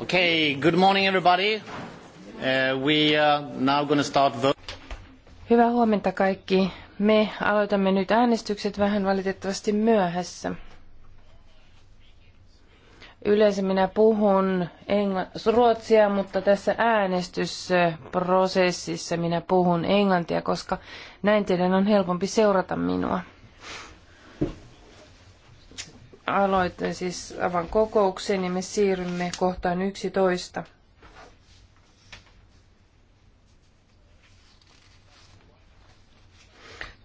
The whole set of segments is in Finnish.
Uh, Hyvää huomenta kaikki. Me aloitamme nyt äänestykset vähän valitettavasti myöhässä. Yleensä minä puhun engl- ruotsia, mutta tässä äänestysprosessissa minä puhun englantia, koska näin teidän on helpompi seurata minua aloitan siis avan kokouksen ja me siirrymme kohtaan 11.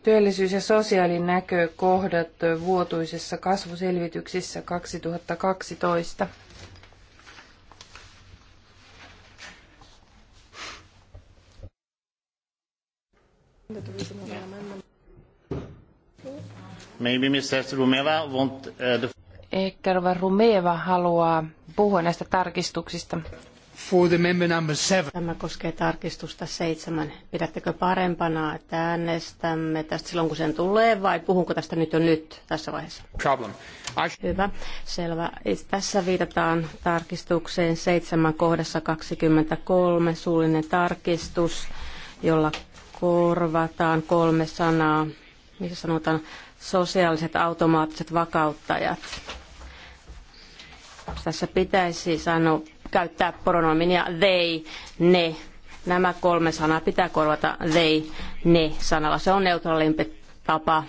Työllisyys- ja sosiaalinäkökohdat vuotuisessa kasvuselvityksessä 2012. Maybe Mr. Rumeva want uh, the Ehkä Rumeva haluaa puhua näistä tarkistuksista. For the member number seven. Tämä koskee tarkistusta seitsemän. Pidättekö parempana, että äänestämme tästä silloin, kun sen tulee, vai puhunko tästä nyt jo nyt tässä vaiheessa? Problem. I... Hyvä, selvä. Tässä viitataan tarkistukseen seitsemän kohdassa 23, suullinen tarkistus, jolla korvataan kolme sanaa, missä sanotaan sosiaaliset automaattiset vakauttajat tässä pitäisi sanoa, käyttää pronominia they, ne. Nämä kolme sanaa pitää korvata they, ne sanalla. Se on neutraalimpi tapa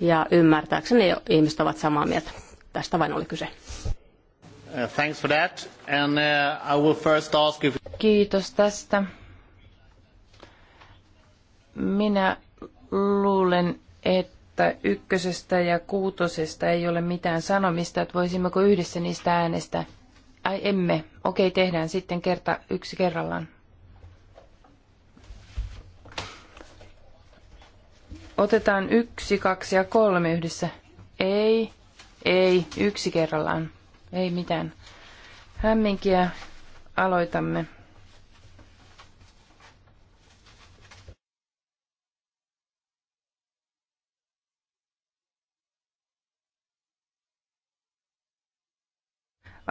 ja ymmärtääkseni ihmiset ovat samaa mieltä. Tästä vain oli kyse. Uh, uh, Kiitos tästä. Minä luulen, että että ykkösestä ja kuutosesta ei ole mitään sanomista, että voisimmeko yhdessä niistä äänestää? Ai emme. Okei, tehdään sitten kerta yksi kerrallaan. Otetaan yksi, kaksi ja kolme yhdessä. Ei, ei, yksi kerrallaan. Ei mitään. Hämminkiä aloitamme.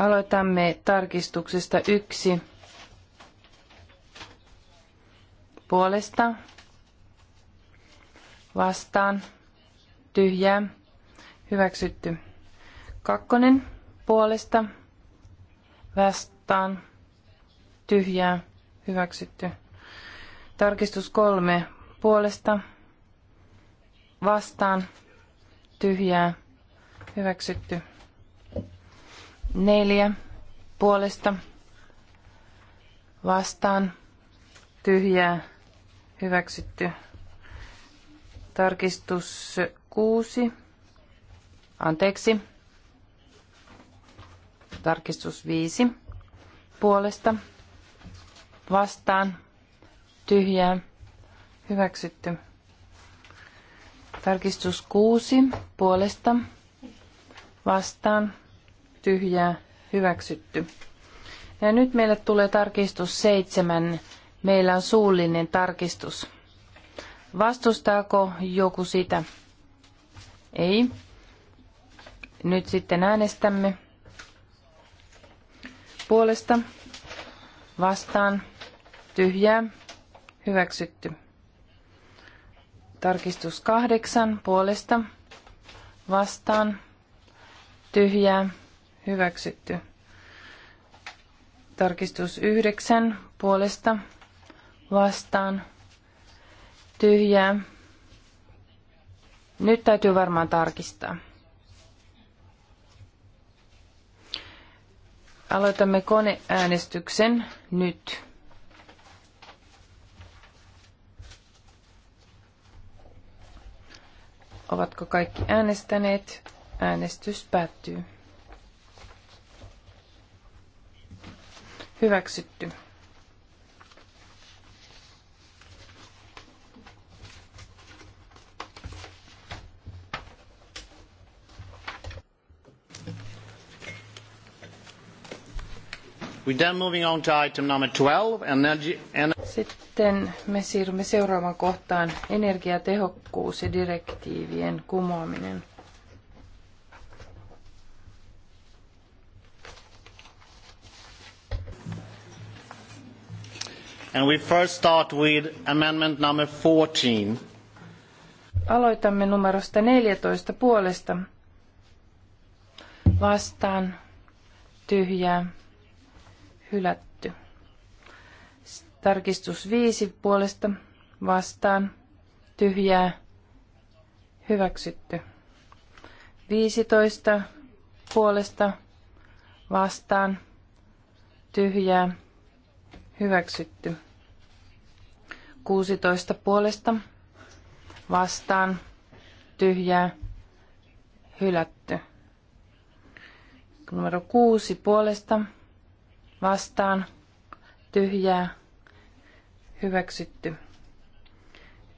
Aloitamme tarkistuksesta yksi puolesta vastaan tyhjää hyväksytty. Kakkonen puolesta vastaan tyhjää hyväksytty. Tarkistus kolme puolesta vastaan tyhjää hyväksytty. Neljä puolesta vastaan tyhjää hyväksytty. Tarkistus kuusi. Anteeksi. Tarkistus viisi. Puolesta vastaan tyhjää hyväksytty. Tarkistus kuusi puolesta vastaan tyhjää hyväksytty. Ja nyt meille tulee tarkistus seitsemän. Meillä on suullinen tarkistus. Vastustaako joku sitä? Ei. Nyt sitten äänestämme puolesta vastaan tyhjää hyväksytty. Tarkistus kahdeksan puolesta vastaan tyhjää hyväksytty. Tarkistus yhdeksän puolesta vastaan tyhjää. Nyt täytyy varmaan tarkistaa. Aloitamme koneäänestyksen nyt. Ovatko kaikki äänestäneet? Äänestys päättyy. Hyväksytty. Sitten me siirrymme seuraavaan kohtaan, energiatehokkuus ja direktiivien kumoaminen. And we first start with amendment number 14. Aloitamme numerosta 14 puolesta. Vastaan tyhjää hylätty. Tarkistus 5 puolesta vastaan tyhjää hyväksytty. 15 puolesta vastaan tyhjää Hyväksytty. 16 puolesta vastaan tyhjää hylätty. Numero 6 puolesta vastaan tyhjää hyväksytty.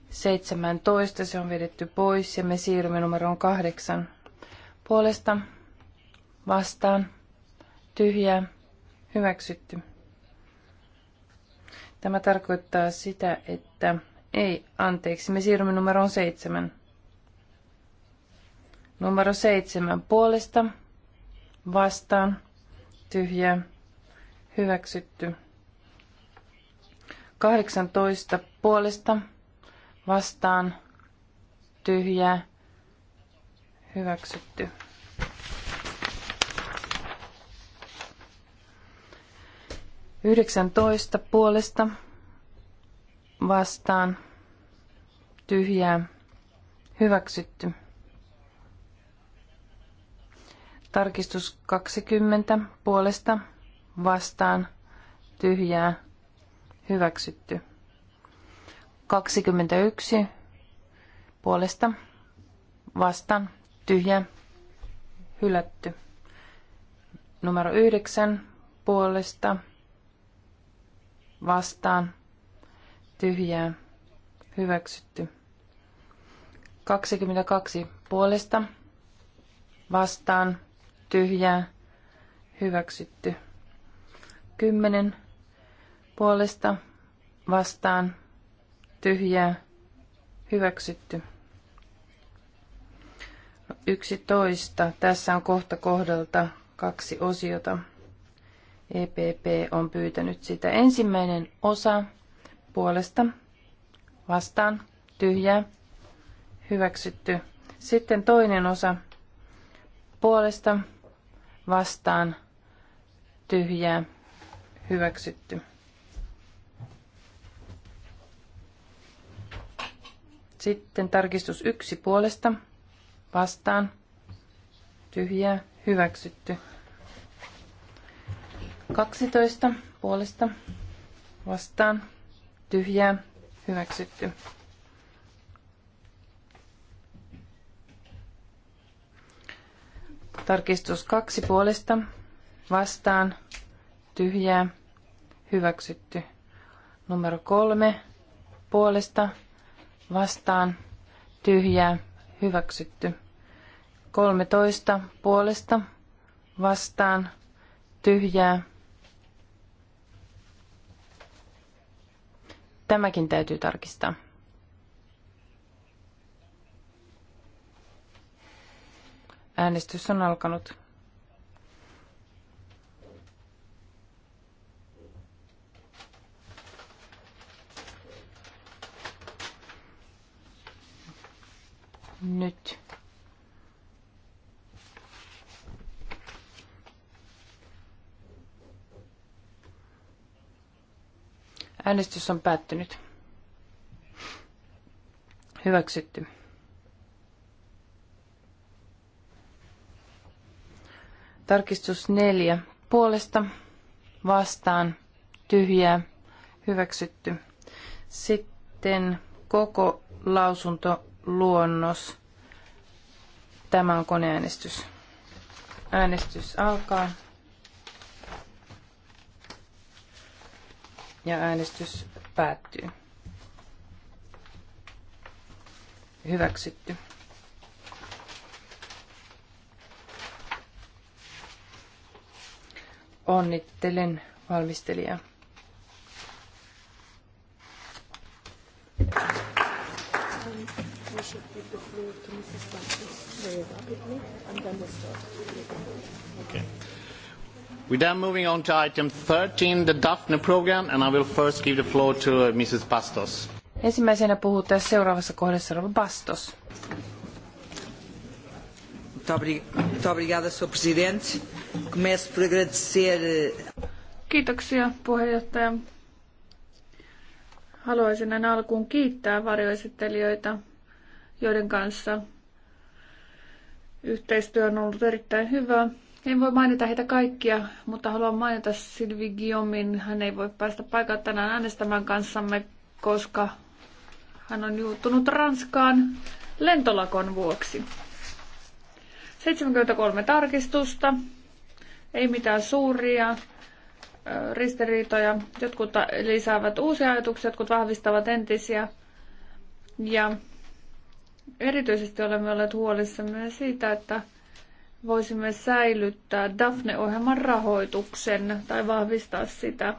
17 se on vedetty pois ja me siirrymme numeroon 8 puolesta vastaan tyhjää hyväksytty. Tämä tarkoittaa sitä, että ei, anteeksi, me siirrymme numeroon seitsemän. Numero seitsemän puolesta, vastaan, tyhjä hyväksytty. 18 puolesta, vastaan, tyhjä hyväksytty. 19 puolesta vastaan tyhjää hyväksytty. Tarkistus 20 puolesta vastaan tyhjää hyväksytty. 21 puolesta vastaan tyhjää hylätty. Numero 9 puolesta vastaan tyhjää hyväksytty. 22 puolesta vastaan tyhjää hyväksytty. 10 puolesta vastaan tyhjää hyväksytty. 11. Tässä on kohta kohdalta kaksi osiota. EPP on pyytänyt sitä. Ensimmäinen osa puolesta vastaan tyhjää hyväksytty. Sitten toinen osa puolesta vastaan tyhjää hyväksytty. Sitten tarkistus yksi puolesta vastaan tyhjää hyväksytty. 12 puolesta vastaan tyhjää hyväksytty. Tarkistus kaksi puolesta vastaan tyhjää hyväksytty. Numero kolme puolesta vastaan tyhjää hyväksytty. 13 puolesta vastaan tyhjää Tämäkin täytyy tarkistaa. Äänestys on alkanut. Nyt Äänestys on päättynyt. Hyväksytty. Tarkistus neljä. Puolesta, vastaan, tyhjää, hyväksytty. Sitten koko lausuntoluonnos. Tämä on koneäänestys. Äänestys alkaa. ja äänestys päättyy. Hyväksytty. Onnittelen valmistelijaa. Okay. We're then moving on to item 13, the Daphne program, and I will first give the floor to uh, Mrs. Bastos. Ensimmäisenä puhuu tässä seuraavassa kohdassa Rob Bastos. Muito obrigada, Sr. Presidente. Uh, Kiitoksia, puheenjohtaja. Haluaisin näin alkuun kiittää varjoesittelijöitä, joiden kanssa yhteistyö on ollut erittäin hyvää. En voi mainita heitä kaikkia, mutta haluan mainita Silvi Giomin. Hän ei voi päästä paikalle tänään äänestämään kanssamme, koska hän on juuttunut Ranskaan lentolakon vuoksi. 73 tarkistusta, ei mitään suuria ristiriitoja. Jotkut lisäävät uusia ajatuksia, jotkut vahvistavat entisiä. Ja erityisesti olemme olleet huolissamme siitä, että voisimme säilyttää Daphne-ohjelman rahoituksen tai vahvistaa sitä.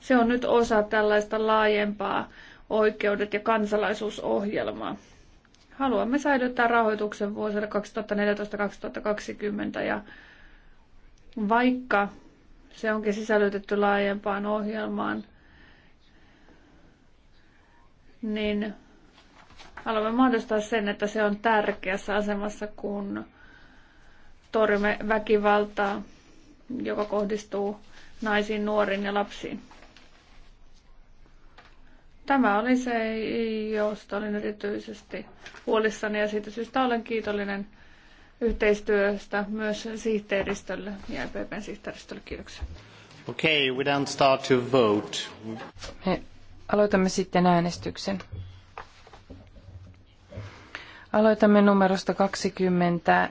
Se on nyt osa tällaista laajempaa oikeudet- ja kansalaisuusohjelmaa. Haluamme säilyttää rahoituksen vuosille 2014-2020 ja vaikka se onkin sisällytetty laajempaan ohjelmaan, niin haluamme mahdollistaa sen, että se on tärkeässä asemassa, kun torjumme väkivaltaa, joka kohdistuu naisiin, nuoriin ja lapsiin. Tämä oli se, josta olin erityisesti huolissani ja siitä syystä olen kiitollinen yhteistyöstä myös sihteeristölle ja EPPn sihteeristölle. Kiitoksia. Okay, we don't start to vote. Me aloitamme sitten äänestyksen. Aloitamme numerosta 20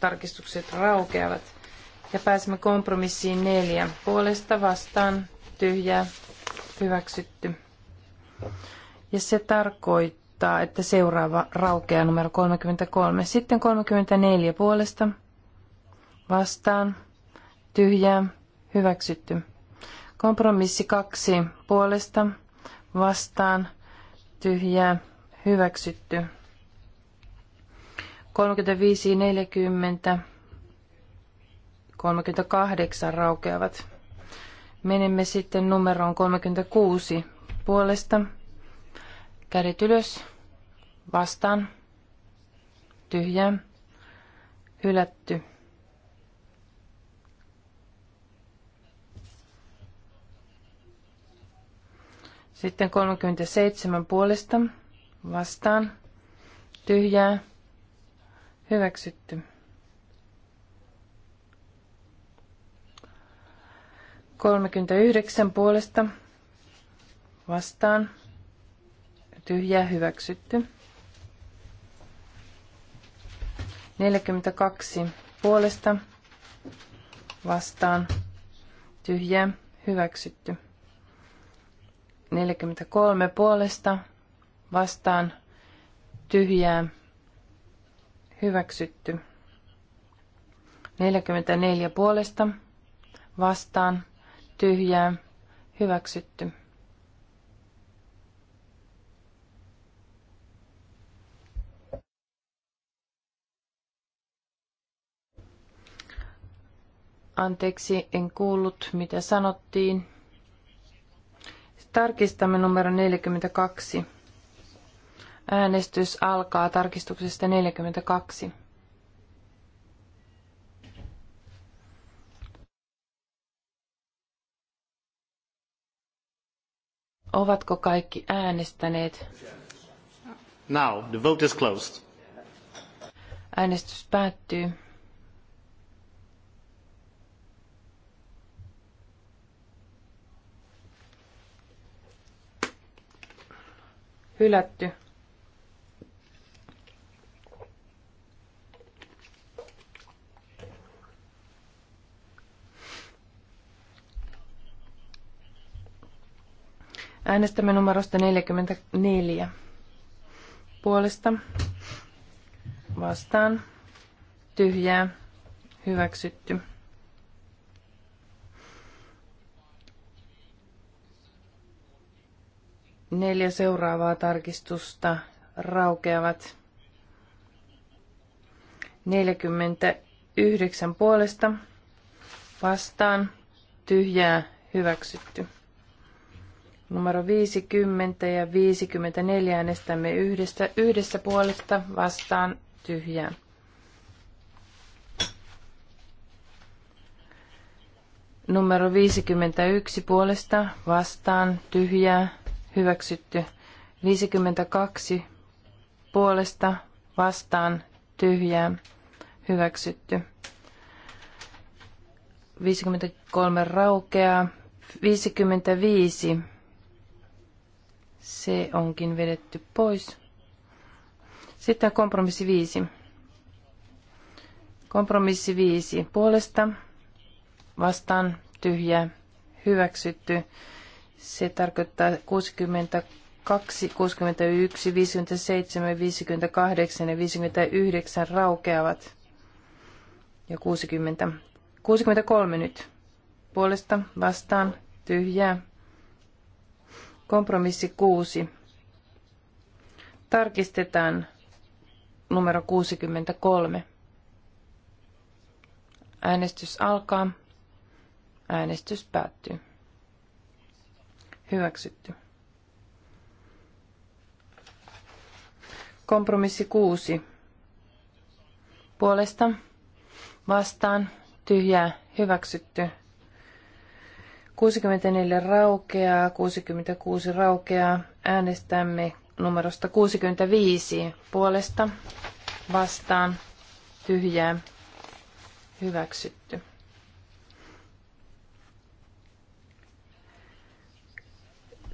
tarkistukset raukeavat. Ja pääsemme kompromissiin neljä. Puolesta vastaan tyhjää hyväksytty. Ja se tarkoittaa, että seuraava raukeaa numero 33. Sitten 34 puolesta vastaan tyhjää hyväksytty. Kompromissi kaksi puolesta vastaan tyhjää hyväksytty. 35, 40, 38 raukeavat. Menemme sitten numeroon 36 puolesta. Kädet ylös, vastaan, tyhjä, hylätty. Sitten 37 puolesta, vastaan, tyhjää, Hyväksytty. yhdeksän puolesta vastaan. Tyhjää hyväksytty. 42 puolesta vastaan. Tyhjää hyväksytty. 43 puolesta vastaan. Tyhjää hyväksytty. 44 puolesta vastaan tyhjää hyväksytty. Anteeksi, en kuullut mitä sanottiin. Tarkistamme numero 42. Äänestys alkaa tarkistuksesta 42. Ovatko kaikki äänestäneet? Now the vote is closed. Äänestys päättyy. Hylätty. Äänestämme numerosta 44. Puolesta. Vastaan. Tyhjää. Hyväksytty. Neljä seuraavaa tarkistusta raukeavat. 49 puolesta vastaan tyhjää hyväksytty. Numero 50 ja 54 äänestämme yhdestä, yhdessä puolesta vastaan tyhjään. Numero 51 puolesta vastaan tyhjää hyväksytty. 52 puolesta vastaan tyhjää hyväksytty. 53 raukeaa. 55 se onkin vedetty pois. Sitten kompromissi 5. Kompromissi 5. Puolesta vastaan tyhjä hyväksytty. Se tarkoittaa 62, 61, 57, 58 ja 59 raukeavat. Ja 60. 63 nyt. Puolesta vastaan tyhjää Kompromissi 6. Tarkistetaan numero 63. Äänestys alkaa. Äänestys päättyy. Hyväksytty. Kompromissi 6. Puolesta, vastaan, tyhjää, hyväksytty. 64 raukeaa, 66 raukeaa. Äänestämme numerosta 65 puolesta vastaan tyhjää hyväksytty.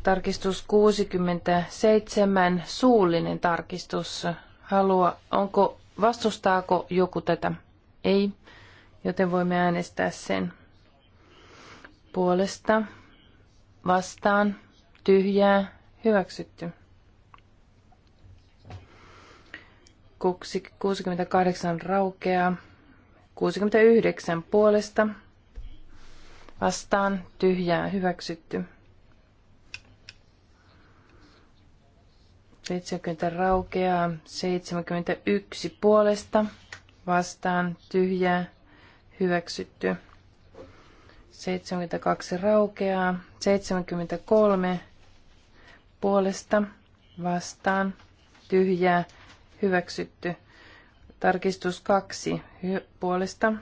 Tarkistus 67, suullinen tarkistus. Halua, onko, vastustaako joku tätä? Ei, joten voimme äänestää sen puolesta vastaan tyhjää hyväksytty. 68 raukeaa. 69 puolesta vastaan tyhjää hyväksytty. 70 raukeaa, 71 puolesta vastaan tyhjää hyväksytty. 72 raukeaa, 73 puolesta vastaan tyhjää hyväksytty. Tarkistus 2 hy- puolesta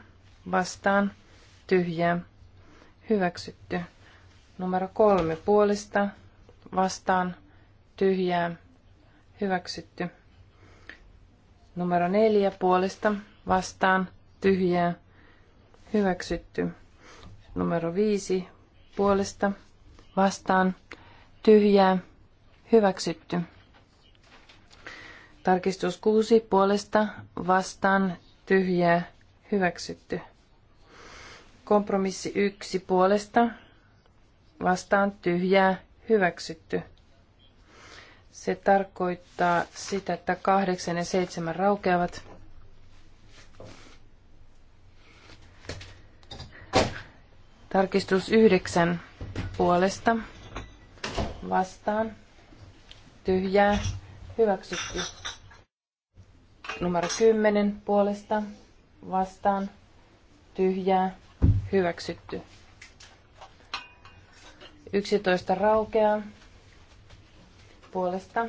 vastaan tyhjää hyväksytty. Numero 3 puolesta vastaan tyhjää hyväksytty. Numero 4 puolesta vastaan tyhjää hyväksytty. Numero viisi puolesta vastaan tyhjää hyväksytty. Tarkistus kuusi puolesta vastaan tyhjää hyväksytty. Kompromissi yksi puolesta vastaan tyhjää hyväksytty. Se tarkoittaa sitä, että kahdeksan ja seitsemän raukeavat. Tarkistus yhdeksän puolesta vastaan. Tyhjää. Hyväksytty. Numero 10 puolesta vastaan. Tyhjää. Hyväksytty. 11 raukeaa puolesta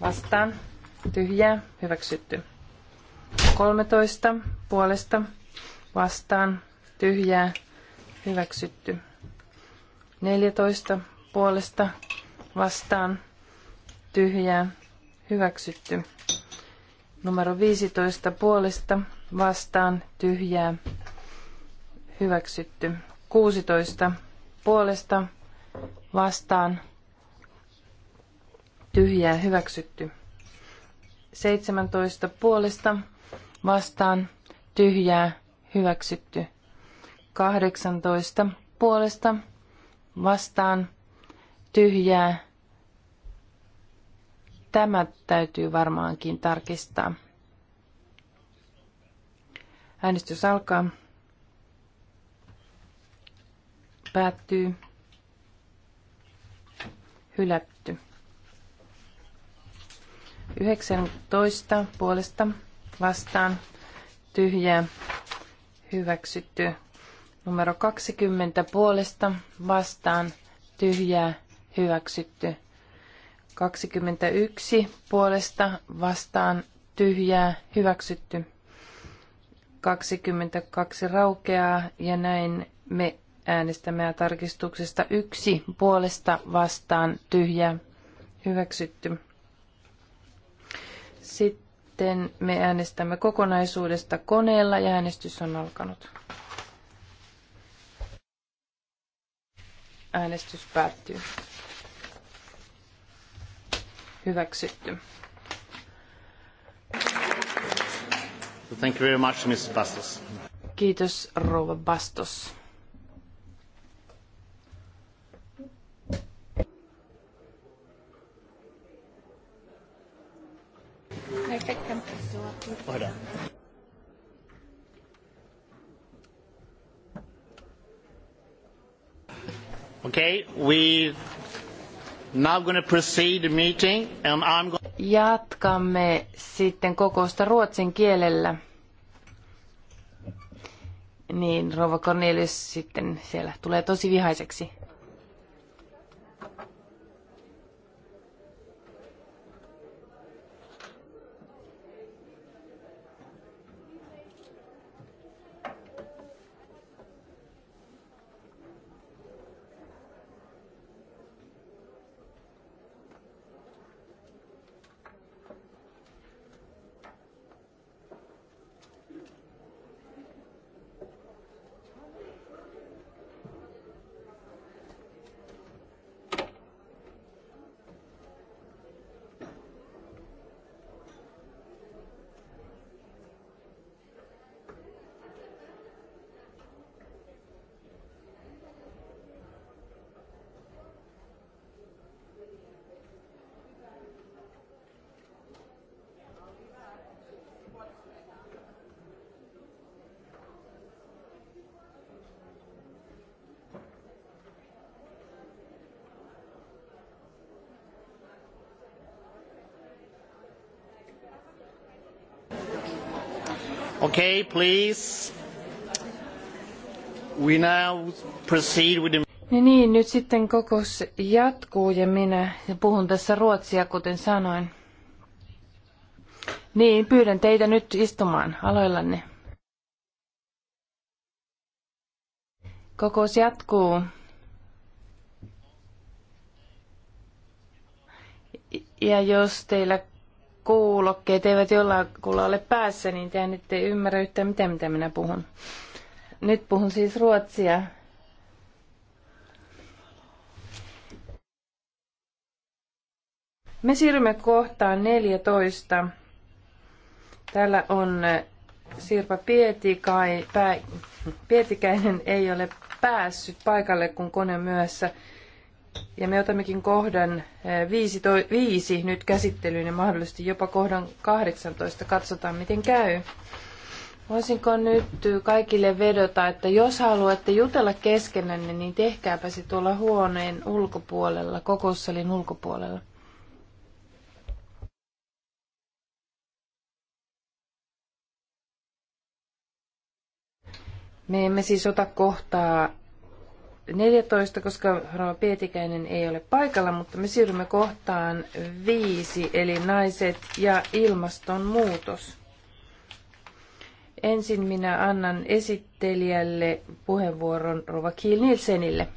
vastaan. Tyhjää. Hyväksytty. 13 puolesta vastaan tyhjää, hyväksytty. 14 puolesta vastaan, tyhjää, hyväksytty. Numero 15 puolesta vastaan, tyhjää, hyväksytty. 16 puolesta vastaan, tyhjää, hyväksytty. 17 puolesta vastaan, tyhjää, hyväksytty. 18 puolesta vastaan tyhjää. Tämä täytyy varmaankin tarkistaa. Äänestys alkaa. Päättyy. Hylätty. 19 puolesta vastaan tyhjää hyväksytty Numero 20 puolesta vastaan tyhjää hyväksytty. 21 puolesta vastaan tyhjää hyväksytty. 22 raukeaa ja näin me äänestämme tarkistuksesta yksi puolesta vastaan tyhjää hyväksytty. Sitten me äänestämme kokonaisuudesta koneella ja äänestys on alkanut. Äänestys päättyy. Hyväksytty. Thank you very much, Mrs. Bastos. Kiitos, rouva Bastos. Voilà. Jatkamme sitten kokousta ruotsin kielellä. Niin, rouva Cornelius sitten siellä tulee tosi vihaiseksi. Okay, please. We now proceed with the... No niin, nyt sitten kokous jatkuu ja minä puhun tässä ruotsia, kuten sanoin. Niin, pyydän teitä nyt istumaan aloillanne. Kokous jatkuu. Ja jos teillä kuulokkeet eivät jollain kuulla ole päässä, niin te ette ymmärrä yhtään mitään, mitä minä puhun. Nyt puhun siis ruotsia. Me siirrymme kohtaan 14. Täällä on äh, Sirpa Pietikai, pää, Pietikäinen ei ole päässyt paikalle, kun kone myöhässä. Ja me otammekin kohdan 5, eh, 5 nyt käsittelyyn ja mahdollisesti jopa kohdan 18. Katsotaan, miten käy. Voisinko nyt kaikille vedota, että jos haluatte jutella keskenänne, niin tehkääpä se tuolla huoneen ulkopuolella, kokoussalin ulkopuolella. Me emme siis ota kohtaa 14, koska Rova Pietikäinen ei ole paikalla, mutta me siirrymme kohtaan viisi, eli naiset ja ilmastonmuutos. Ensin minä annan esittelijälle puheenvuoron Rova Kiil Nielsenille.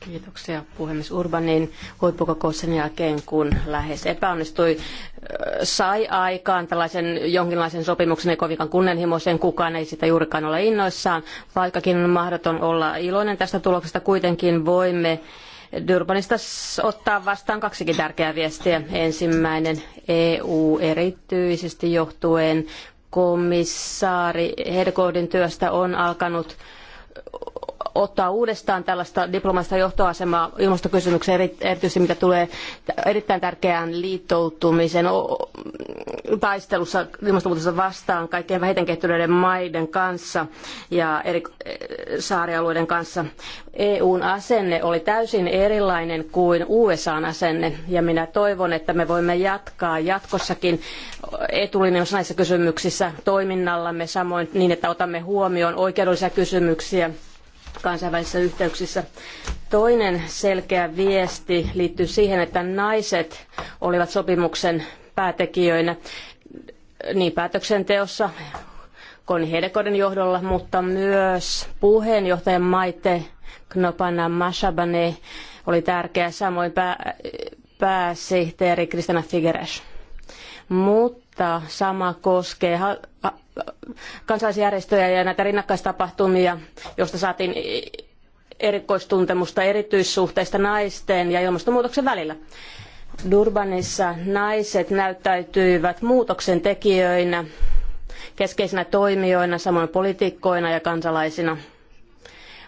Kiitoksia puhemies Urbanin huippukokouksen jälkeen, kun lähes epäonnistui, sai aikaan tällaisen jonkinlaisen sopimuksen, ei kovinkaan kunnianhimoisen, kukaan ei sitä juurikaan ole innoissaan. Vaikkakin on mahdoton olla iloinen tästä tuloksesta, kuitenkin voimme Durbanista ottaa vastaan kaksikin tärkeää viestiä. Ensimmäinen EU erityisesti johtuen komissaari Hedgårdin työstä on alkanut ottaa uudestaan tällaista diplomaattista johtoasemaa ilmastokysymykseen, erityisesti mitä tulee erittäin tärkeään liittoutumisen taistelussa ilmastonmuutosta vastaan kaikkein vähiten kehittyneiden maiden kanssa ja eri saarialueiden kanssa. EUn asenne oli täysin erilainen kuin USAn asenne ja minä toivon, että me voimme jatkaa jatkossakin etulinjassa näissä kysymyksissä toiminnallamme samoin niin, että otamme huomioon oikeudellisia kysymyksiä kansainvälisissä yhteyksissä. Toinen selkeä viesti liittyy siihen, että naiset olivat sopimuksen päätekijöinä niin päätöksenteossa Koni Hedekoden johdolla, mutta myös puheenjohtajan Maite Knopana Mashabane oli tärkeä, samoin pää, pääsihteeri Kristina Figueres. Mutta sama koskee kansalaisjärjestöjä ja näitä rinnakkaistapahtumia, joista saatiin erikoistuntemusta erityissuhteista naisten ja ilmastonmuutoksen välillä. Durbanissa naiset näyttäytyivät muutoksen tekijöinä, keskeisinä toimijoina, samoin poliitikkoina ja kansalaisina.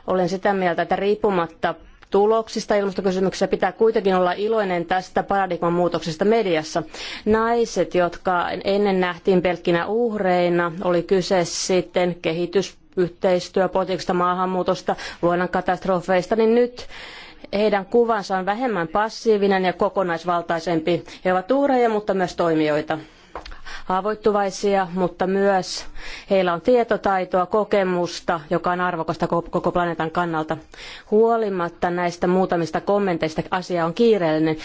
Olen sitä mieltä, että riippumatta tuloksista ilmastokysymyksessä pitää kuitenkin olla iloinen tästä paradigman muutoksesta mediassa. Naiset, jotka ennen nähtiin pelkkinä uhreina, oli kyse sitten kehitysyhteistyöpolitiikasta, maahanmuutosta, luonnonkatastrofeista, niin nyt heidän kuvansa on vähemmän passiivinen ja kokonaisvaltaisempi. He ovat uhreja, mutta myös toimijoita haavoittuvaisia, mutta myös heillä on tietotaitoa, kokemusta, joka on arvokasta koko planeetan kannalta. Huolimatta näistä muutamista kommenteista asia on kiireellinen.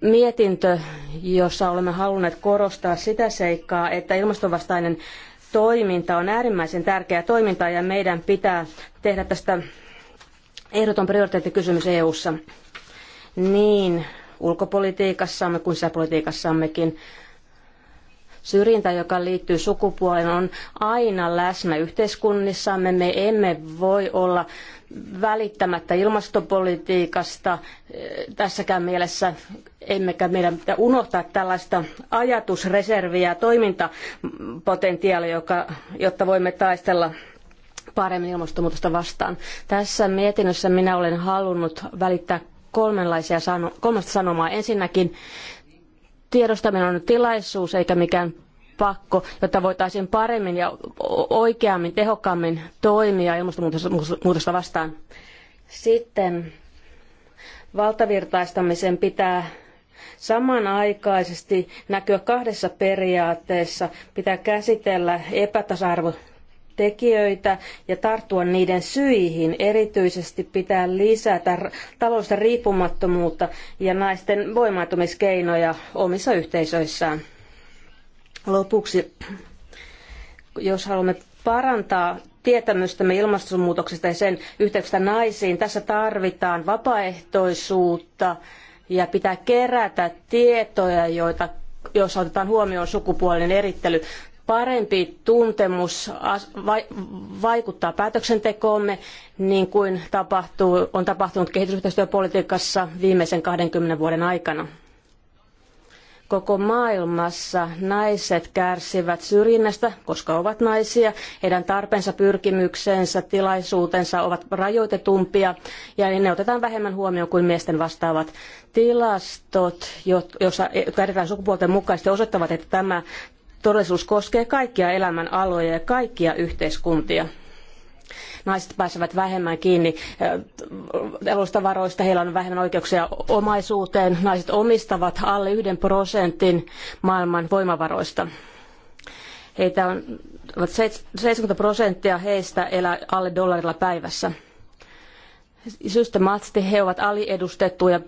Mietintö, jossa olemme halunneet korostaa sitä seikkaa, että ilmastovastainen toiminta on äärimmäisen tärkeää toimintaa ja meidän pitää tehdä tästä ehdoton prioriteettikysymys EU:ssa. Niin ulkopolitiikassamme kuin sisäpolitiikassammekin Syrjintä, joka liittyy sukupuoleen, on aina läsnä yhteiskunnissamme. Me emme voi olla välittämättä ilmastopolitiikasta tässäkään mielessä, emmekä meidän pitää unohtaa tällaista ajatusreserviä ja toimintapotentiaalia, joka, jotta voimme taistella paremmin ilmastonmuutosta vastaan. Tässä mietinnössä minä olen halunnut välittää kolmenlaisia sano, kolmesta sanomaa. Ensinnäkin tiedostaminen on tilaisuus eikä mikään pakko, jotta voitaisiin paremmin ja oikeammin, tehokkaammin toimia ilmastonmuutosta vastaan. Sitten valtavirtaistamisen pitää samanaikaisesti näkyä kahdessa periaatteessa. Pitää käsitellä epätasa-arvo tekijöitä ja tarttua niiden syihin. Erityisesti pitää lisätä taloudellista riippumattomuutta ja naisten voimaantumiskeinoja omissa yhteisöissään. Lopuksi, jos haluamme parantaa tietämystämme ilmastonmuutoksesta ja sen yhteyksistä naisiin, tässä tarvitaan vapaaehtoisuutta ja pitää kerätä tietoja, joita jos otetaan huomioon sukupuolinen erittely parempi tuntemus vaikuttaa päätöksentekoomme, niin kuin tapahtuu, on tapahtunut kehitysyhteistyöpolitiikassa viimeisen 20 vuoden aikana. Koko maailmassa naiset kärsivät syrjinnästä, koska ovat naisia. Heidän tarpeensa, pyrkimyksensä, tilaisuutensa ovat rajoitetumpia ja niin ne otetaan vähemmän huomioon kuin miesten vastaavat tilastot, jotka käytetään sukupuolten mukaisesti, osoittavat, että tämä todellisuus koskee kaikkia elämän aloja ja kaikkia yhteiskuntia. Naiset pääsevät vähemmän kiinni äh, elosta varoista, heillä on vähemmän oikeuksia omaisuuteen. Naiset omistavat alle yhden prosentin maailman voimavaroista. Heitä on 70 prosenttia heistä elää alle dollarilla päivässä. Systemaattisesti he ovat aliedustettuja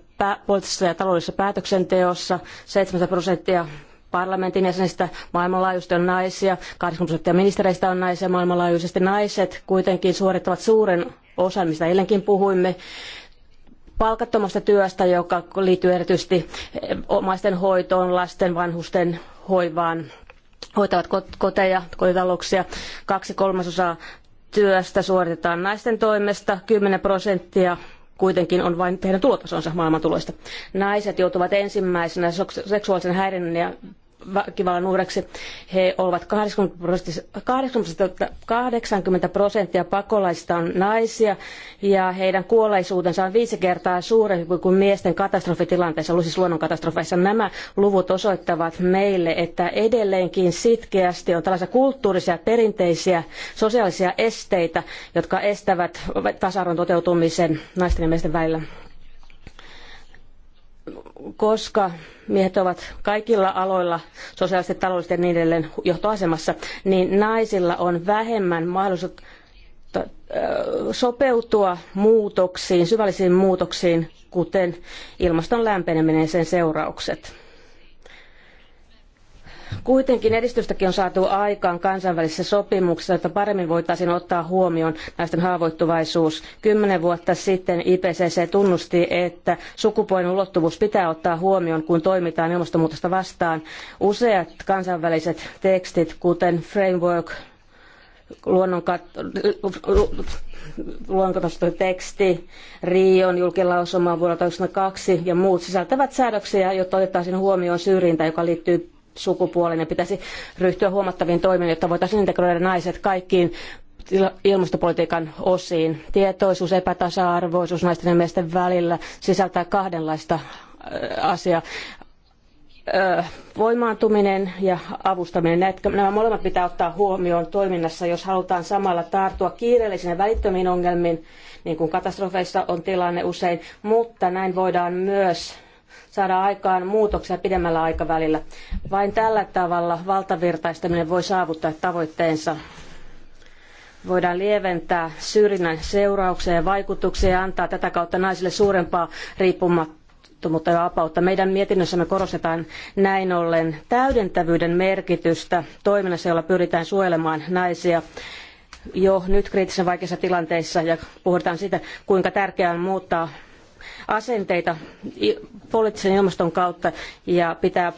poliittisessa ja taloudellisessa päätöksenteossa. 70 prosenttia parlamentin jäsenistä maailmanlaajuisesti on naisia, 80 prosenttia ministereistä on naisia maailmanlaajuisesti. Naiset kuitenkin suorittavat suuren osan, mistä eilenkin puhuimme, palkattomasta työstä, joka liittyy erityisesti eh, omaisten hoitoon, lasten, vanhusten hoivaan, hoitavat koteja, kotitalouksia. Kaksi kolmasosaa työstä suoritetaan naisten toimesta, kymmenen prosenttia kuitenkin on vain heidän tulotasonsa maailmantuloista. Naiset joutuvat ensimmäisenä seksuaalisen häirinnän ja väkivallan uhreksi. He ovat 80 prosenttia pakolaisista on naisia ja heidän kuolleisuutensa on viisi kertaa suurempi kuin miesten katastrofitilanteissa, siis luonnonkatastrofeissa. Nämä luvut osoittavat meille, että edelleenkin sitkeästi on tällaisia kulttuurisia, perinteisiä, sosiaalisia esteitä, jotka estävät tasa-arvon toteutumisen naisten ja miesten välillä koska miehet ovat kaikilla aloilla sosiaalisesti, taloudellisesti ja niin edelleen johtoasemassa, niin naisilla on vähemmän mahdollisuutta äh, sopeutua muutoksiin, syvällisiin muutoksiin, kuten ilmaston lämpeneminen ja sen seuraukset. Kuitenkin edistystäkin on saatu aikaan kansainvälisissä sopimuksissa, jotta paremmin voitaisiin ottaa huomioon naisten haavoittuvaisuus. Kymmenen vuotta sitten IPCC tunnusti, että sukupuolen ulottuvuus pitää ottaa huomioon, kun toimitaan ilmastonmuutosta vastaan. Useat kansainväliset tekstit, kuten Framework, luonnonkatosta teksti, Rion julkilausuma vuodelta 2002 ja muut sisältävät säädöksiä, jotta otettaisiin huomioon syrjintä, joka liittyy sukupuolen ja pitäisi ryhtyä huomattaviin toimiin, jotta voitaisiin integroida naiset kaikkiin ilmastopolitiikan osiin. Tietoisuus, epätasa-arvoisuus naisten ja miesten välillä sisältää kahdenlaista asiaa. Voimaantuminen ja avustaminen, nämä molemmat pitää ottaa huomioon toiminnassa, jos halutaan samalla tarttua kiireellisiin ja välittömiin ongelmiin, niin kuin katastrofeissa on tilanne usein, mutta näin voidaan myös saada aikaan muutoksia pidemmällä aikavälillä. Vain tällä tavalla valtavirtaistaminen voi saavuttaa tavoitteensa. Voidaan lieventää syrjinnän seurauksia ja vaikutuksia ja antaa tätä kautta naisille suurempaa riippumattomuutta ja vapautta. Meidän mietinnössämme korostetaan näin ollen täydentävyyden merkitystä toiminnassa, jolla pyritään suojelemaan naisia jo nyt kriittisen vaikeissa tilanteissa ja puhutaan siitä, kuinka tärkeää on muuttaa asenteita poliittisen ilmaston kautta ja pitää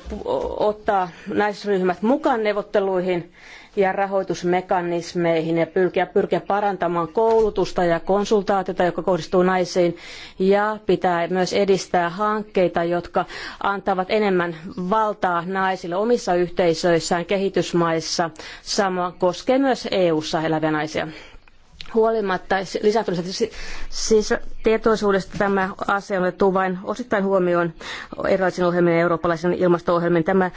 ottaa naisryhmät mukaan neuvotteluihin ja rahoitusmekanismeihin ja pyrkiä, pyrkiä parantamaan koulutusta ja konsultaatiota, joka kohdistuu naisiin. Ja pitää myös edistää hankkeita, jotka antavat enemmän valtaa naisille omissa yhteisöissään kehitysmaissa. Sama koskee myös EU-ssa eläviä naisia. Huolimatta lisääntymisestä siis tietoisuudesta tämä asia on otettu vain osittain huomioon erilaisiin ohjelmiin ja eurooppalaisiin ilmasto Tämä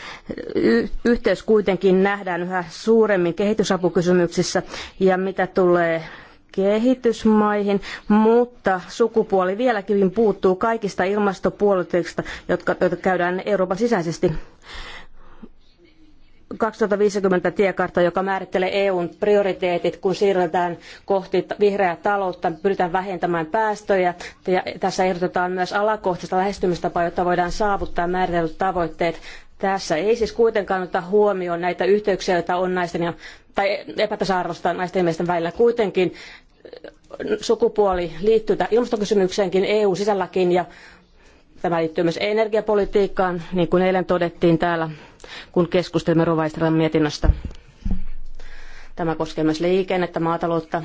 yhteys kuitenkin nähdään yhä suuremmin kehitysapukysymyksissä ja mitä tulee kehitysmaihin, mutta sukupuoli vieläkin puuttuu kaikista ilmastopuolitteista, jotka, joita käydään Euroopan sisäisesti 2050 tiekartta, joka määrittelee EUn prioriteetit, kun siirrytään kohti vihreää taloutta, pyritään vähentämään päästöjä. Ja tässä ehdotetaan myös alakohtaista lähestymistapaa, jotta voidaan saavuttaa määritellyt tavoitteet. Tässä ei siis kuitenkaan oteta huomioon näitä yhteyksiä, joita on naisten ja, tai epätasa-arvosta naisten ja miesten välillä. Kuitenkin sukupuoli liittyy ilmastokysymykseenkin EU-sisälläkin ja Tämä liittyy myös energiapolitiikkaan, niin kuin eilen todettiin täällä, kun keskustelimme Rovaistran mietinnöstä. Tämä koskee myös liikennettä, maataloutta.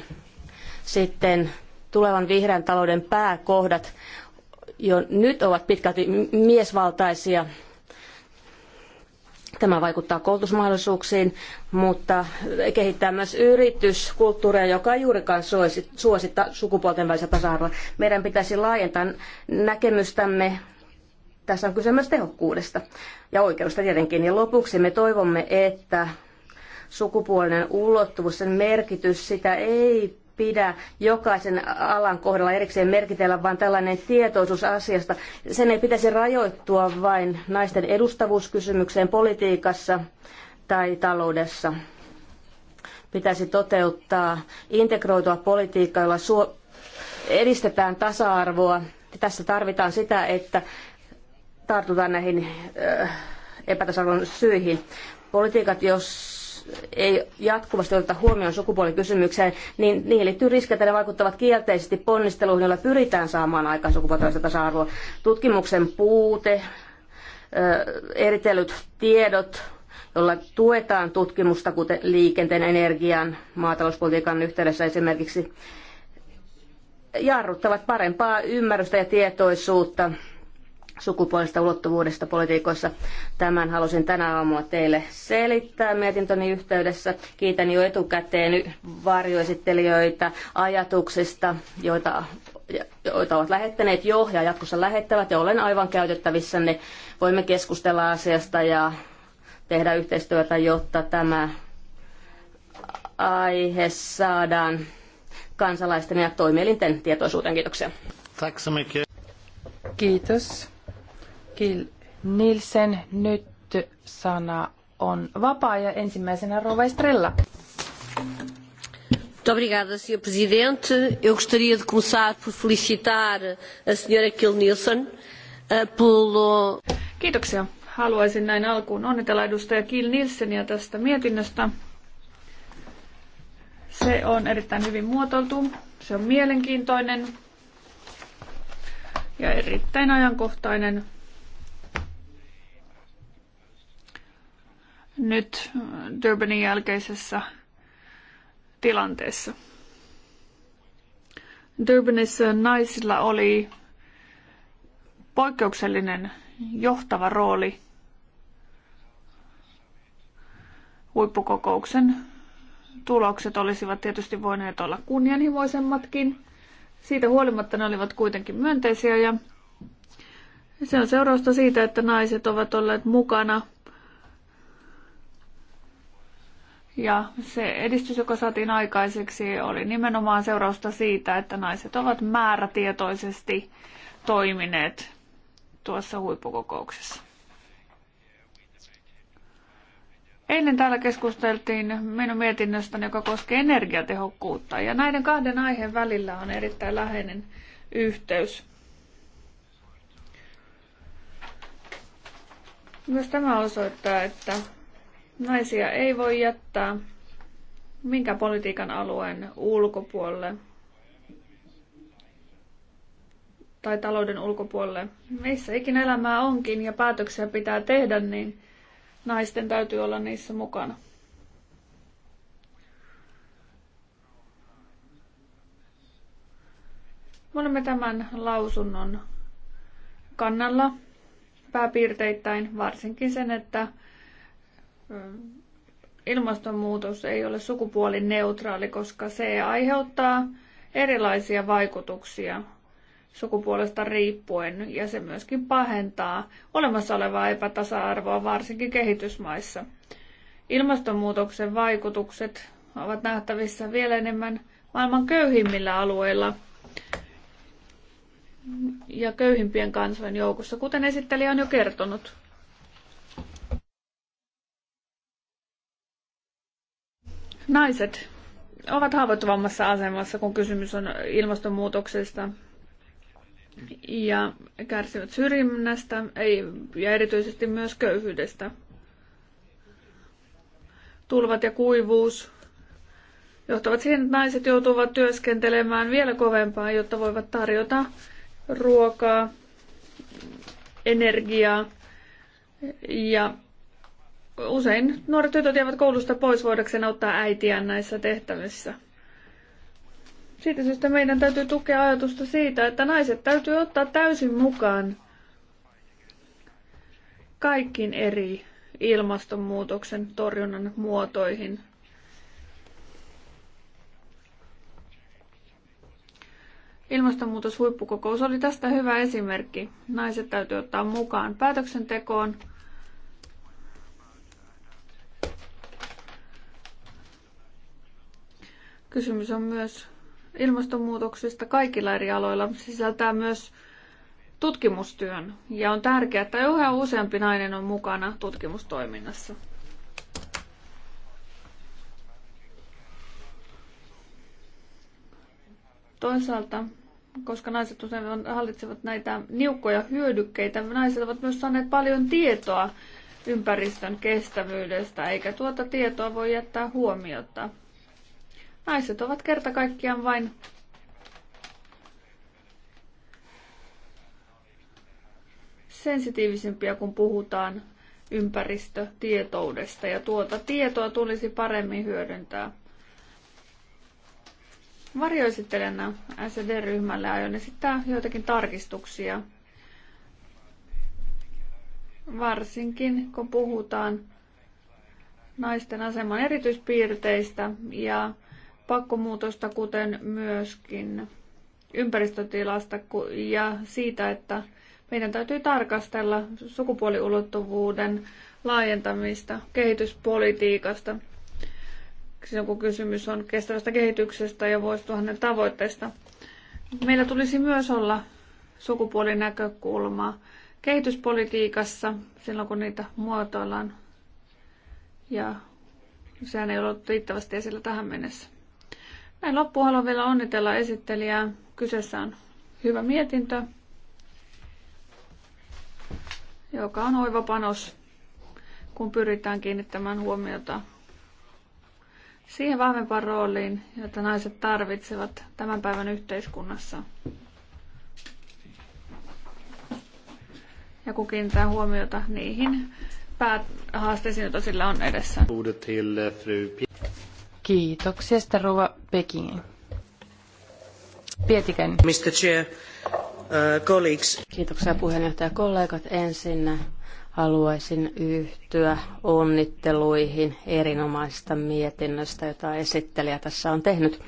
Sitten tulevan vihreän talouden pääkohdat jo nyt ovat pitkälti miesvaltaisia Tämä vaikuttaa koulutusmahdollisuuksiin, mutta kehittää myös yrityskulttuuria, joka ei juurikaan suosita sukupuolten välistä tasa-arvoa. Meidän pitäisi laajentaa näkemystämme. Tässä on kyse myös tehokkuudesta ja oikeudesta tietenkin. Ja lopuksi me toivomme, että sukupuolinen ulottuvuus, sen merkitys, sitä ei pidä jokaisen alan kohdalla erikseen merkitellä, vaan tällainen tietoisuus asiasta, sen ei pitäisi rajoittua vain naisten edustavuuskysymykseen politiikassa tai taloudessa. Pitäisi toteuttaa integroitua politiikkaa, jolla suo- edistetään tasa-arvoa. Tässä tarvitaan sitä, että tartutaan näihin äh, epätasa-arvon syihin. Politiikat, jos ei jatkuvasti oteta huomioon sukupuolikysymykseen, niin niihin liittyy riskejä, että ne vaikuttavat kielteisesti ponnisteluihin, joilla pyritään saamaan aikaan sukupuolista tasa-arvoa. Tutkimuksen puute, eritellyt tiedot, jolla tuetaan tutkimusta, kuten liikenteen, energian, maatalouspolitiikan yhteydessä esimerkiksi, jarruttavat parempaa ymmärrystä ja tietoisuutta sukupuolista ulottuvuudesta politiikoissa. Tämän halusin tänä aamuna teille selittää mietintöni yhteydessä. Kiitän jo etukäteen varjoesittelijöitä ajatuksista, joita, joita ovat lähettäneet jo ja jatkossa lähettävät ja olen aivan käytettävissä, niin voimme keskustella asiasta ja tehdä yhteistyötä, jotta tämä aihe saadaan kansalaisten ja toimielinten tietoisuuteen. Kiitoksia. Kiitos. Kill Nielsen. Nyt sana on vapaa ja ensimmäisenä Rova Estrella. Muito obrigada, Sr. Presidente. Eu gostaria de começar por felicitar a Sra. Kill Nielsen eh, pelo. Kiitoksia. Haluaisin näin alkuun onnitella edustaja Kill Nielseniä tästä mietinnöstä. Se on erittäin hyvin muotoiltu, se on mielenkiintoinen ja erittäin ajankohtainen nyt Durbanin jälkeisessä tilanteessa. Durbanissa naisilla oli poikkeuksellinen johtava rooli huippukokouksen tulokset olisivat tietysti voineet olla kunnianhimoisemmatkin. Siitä huolimatta ne olivat kuitenkin myönteisiä ja se on seurausta siitä, että naiset ovat olleet mukana Ja se edistys, joka saatiin aikaiseksi, oli nimenomaan seurausta siitä, että naiset ovat määrätietoisesti toimineet tuossa huippukokouksessa. Eilen täällä keskusteltiin minun mietinnöstäni, joka koskee energiatehokkuutta. Ja näiden kahden aiheen välillä on erittäin läheinen yhteys. Myös tämä osoittaa, että Naisia ei voi jättää minkä politiikan alueen ulkopuolelle tai talouden ulkopuolelle. Missä ikinä elämää onkin ja päätöksiä pitää tehdä, niin naisten täytyy olla niissä mukana. Me olemme tämän lausunnon kannalla pääpiirteittäin, varsinkin sen, että ilmastonmuutos ei ole sukupuolineutraali, koska se aiheuttaa erilaisia vaikutuksia sukupuolesta riippuen ja se myöskin pahentaa olemassa olevaa epätasa-arvoa varsinkin kehitysmaissa. Ilmastonmuutoksen vaikutukset ovat nähtävissä vielä enemmän maailman köyhimmillä alueilla ja köyhimpien kansojen joukossa, kuten esittelijä on jo kertonut. Naiset ovat haavoittuvammassa asemassa, kun kysymys on ilmastonmuutoksesta ja kärsivät syrjinnästä ja erityisesti myös köyhyydestä. Tulvat ja kuivuus johtavat siihen, että naiset joutuvat työskentelemään vielä kovempaa, jotta voivat tarjota ruokaa, energiaa ja usein nuoret tytöt jäävät koulusta pois voidakseen auttaa äitiään näissä tehtävissä. Siitä syystä meidän täytyy tukea ajatusta siitä, että naiset täytyy ottaa täysin mukaan kaikkiin eri ilmastonmuutoksen torjunnan muotoihin. Ilmastonmuutoshuippukokous oli tästä hyvä esimerkki. Naiset täytyy ottaa mukaan päätöksentekoon – Kysymys on myös ilmastonmuutoksesta kaikilla eri aloilla. Sisältää myös tutkimustyön ja on tärkeää, että yhä useampi nainen on mukana tutkimustoiminnassa. Toisaalta, koska naiset usein hallitsevat näitä niukkoja hyödykkeitä, naiset ovat myös saaneet paljon tietoa ympäristön kestävyydestä, eikä tuota tietoa voi jättää huomiota. Naiset ovat kerta kaikkiaan vain sensitiivisempiä, kun puhutaan ympäristötietoudesta ja tuota tietoa tulisi paremmin hyödyntää. Varjoesittelijänä SD-ryhmälle aion esittää joitakin tarkistuksia, varsinkin kun puhutaan naisten aseman erityispiirteistä ja pakkomuutosta, kuten myöskin ympäristötilasta ja siitä, että meidän täytyy tarkastella sukupuoliulottuvuuden laajentamista kehityspolitiikasta silloin, kun kysymys on kestävästä kehityksestä ja vuosituhannen tavoitteista. Meillä tulisi myös olla sukupuolinäkökulma kehityspolitiikassa silloin, kun niitä muotoillaan. Ja sehän ei ollut riittävästi esillä tähän mennessä. Näin loppuun haluan vielä onnitella esittelijää. Kyseessä on hyvä mietintö, joka on oiva panos, kun pyritään kiinnittämään huomiota siihen vahvempaan rooliin, jota naiset tarvitsevat tämän päivän yhteiskunnassa. Ja kun kiinnittää huomiota niihin päähaasteisiin, joita sillä on edessä. Kiitoksia, sitä Rova Pekingin. Pietikäinen. Mr. Chair, uh, colleagues. Kiitoksia puheenjohtaja kollegat. Ensin haluaisin yhtyä onnitteluihin erinomaisesta mietinnöstä, jota esittelijä tässä on tehnyt.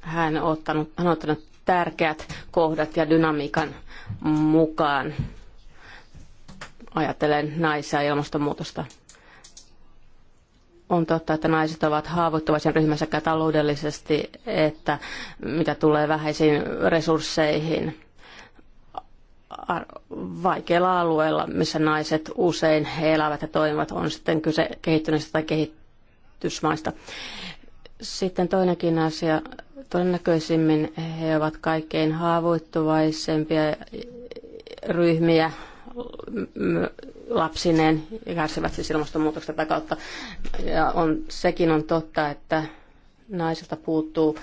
Hän on ottanut, hän on ottanut tärkeät kohdat ja dynamiikan mukaan. Ajatellen naisia ja ilmastonmuutosta on totta, että naiset ovat haavoittuvaisen ryhmä sekä taloudellisesti että mitä tulee vähäisiin resursseihin vaikeilla alueilla, missä naiset usein he elävät ja toimivat, on sitten kyse kehittyneistä tai kehitysmaista. Sitten toinenkin asia, todennäköisimmin he ovat kaikkein haavoittuvaisempia ryhmiä lapsineen ja kärsivät siis ilmastonmuutosta tätä kautta. Ja on, sekin on totta, että naisilta puuttuu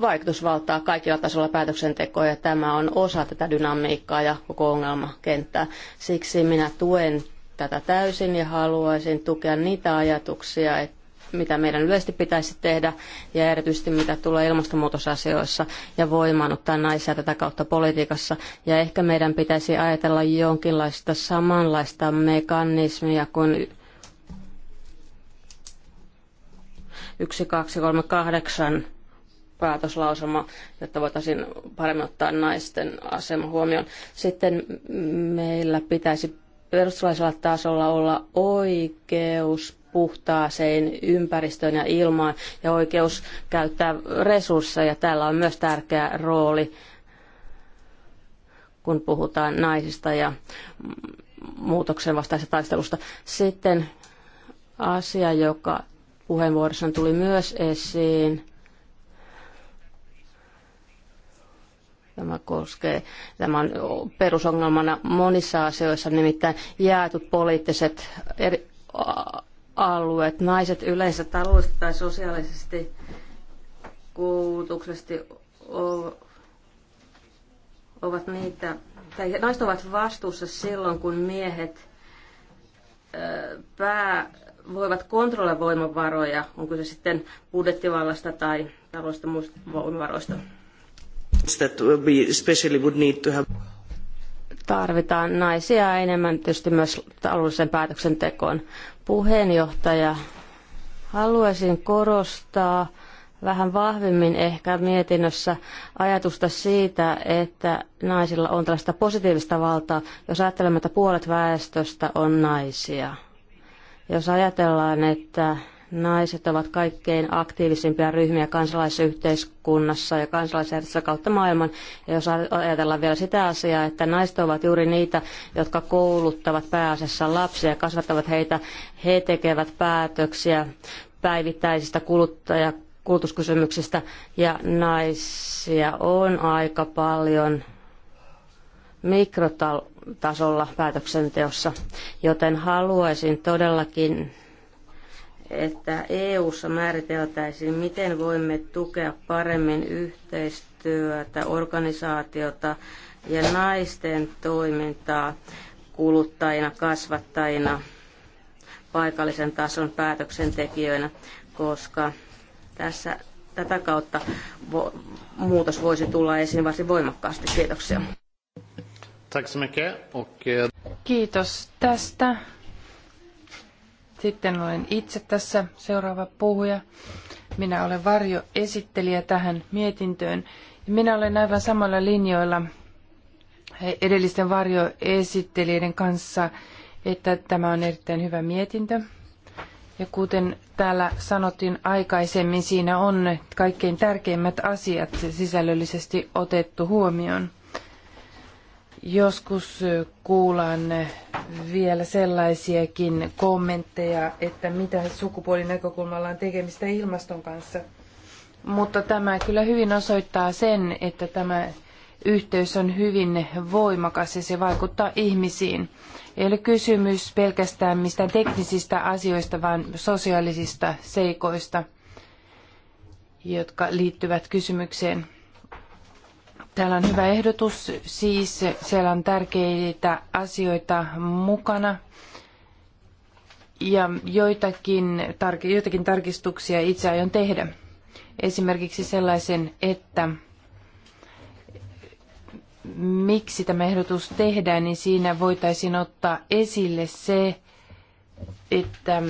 vaikutusvaltaa kaikilla tasolla päätöksentekoa ja tämä on osa tätä dynamiikkaa ja koko ongelmakenttää. Siksi minä tuen tätä täysin ja haluaisin tukea niitä ajatuksia, että mitä meidän yleisesti pitäisi tehdä ja erityisesti mitä tulee ilmastonmuutosasioissa ja voimaanottaa naisia tätä kautta politiikassa. Ja ehkä meidän pitäisi ajatella jonkinlaista samanlaista mekanismia kuin 1238 päätöslausuma, jotta voitaisiin paremmin ottaa naisten asema huomioon. Sitten meillä pitäisi perustuslaisella tasolla olla oikeus puhtaaseen ympäristöön ja ilmaan ja oikeus käyttää resursseja. Tällä on myös tärkeä rooli, kun puhutaan naisista ja muutoksen vastaisesta taistelusta. Sitten asia, joka puheenvuorossa tuli myös esiin, Tämä koskee, tämä on perusongelmana monissa asioissa, nimittäin jäätyt poliittiset eri alueet. Naiset yleensä taloudellisesti tai sosiaalisesti koulutuksesti ovat niitä, tai naiset ovat vastuussa silloin, kun miehet pää, voivat kontrolloida voimavaroja, onko se sitten budjettivallasta tai taloudellisista muista voimavaroista that we especially would need to have tarvitaan naisia enemmän tietysti myös taloudelliseen päätöksentekoon. Puheenjohtaja, haluaisin korostaa vähän vahvemmin ehkä mietinnössä ajatusta siitä, että naisilla on tällaista positiivista valtaa, jos ajattelemme, että puolet väestöstä on naisia. Jos ajatellaan, että Naiset ovat kaikkein aktiivisimpia ryhmiä kansalaisyhteiskunnassa ja kansalaisjärjestössä kautta maailman. Ja jos ajatellaan vielä sitä asiaa, että naiset ovat juuri niitä, jotka kouluttavat pääasiassa lapsia ja kasvattavat heitä, he tekevät päätöksiä päivittäisistä kuluttaja kulutuskysymyksistä ja naisia on aika paljon mikrotasolla päätöksenteossa, joten haluaisin todellakin että EU-ssa määriteltäisiin, miten voimme tukea paremmin yhteistyötä, organisaatiota ja naisten toimintaa kuluttajina, kasvattajina, paikallisen tason päätöksentekijöinä, koska tässä tätä kautta vo, muutos voisi tulla esiin varsin voimakkaasti. Kiitoksia. Eh, Kiitos tästä. Sitten olen itse tässä seuraava puhuja. Minä olen varjoesittelijä tähän mietintöön. Minä olen aivan samalla linjoilla edellisten varjoesittelijöiden kanssa, että tämä on erittäin hyvä mietintö. Ja kuten täällä sanottiin aikaisemmin, siinä on kaikkein tärkeimmät asiat sisällöllisesti otettu huomioon. Joskus kuulan vielä sellaisiakin kommentteja, että mitä sukupuolinäkökulmalla on tekemistä ilmaston kanssa. Mutta tämä kyllä hyvin osoittaa sen, että tämä yhteys on hyvin voimakas ja se vaikuttaa ihmisiin. Ei ole kysymys pelkästään mistään teknisistä asioista, vaan sosiaalisista seikoista, jotka liittyvät kysymykseen. Täällä on hyvä ehdotus, siis siellä on tärkeitä asioita mukana. Ja joitakin, joitakin tarkistuksia itse aion tehdä. Esimerkiksi sellaisen, että miksi tämä ehdotus tehdään, niin siinä voitaisiin ottaa esille se, että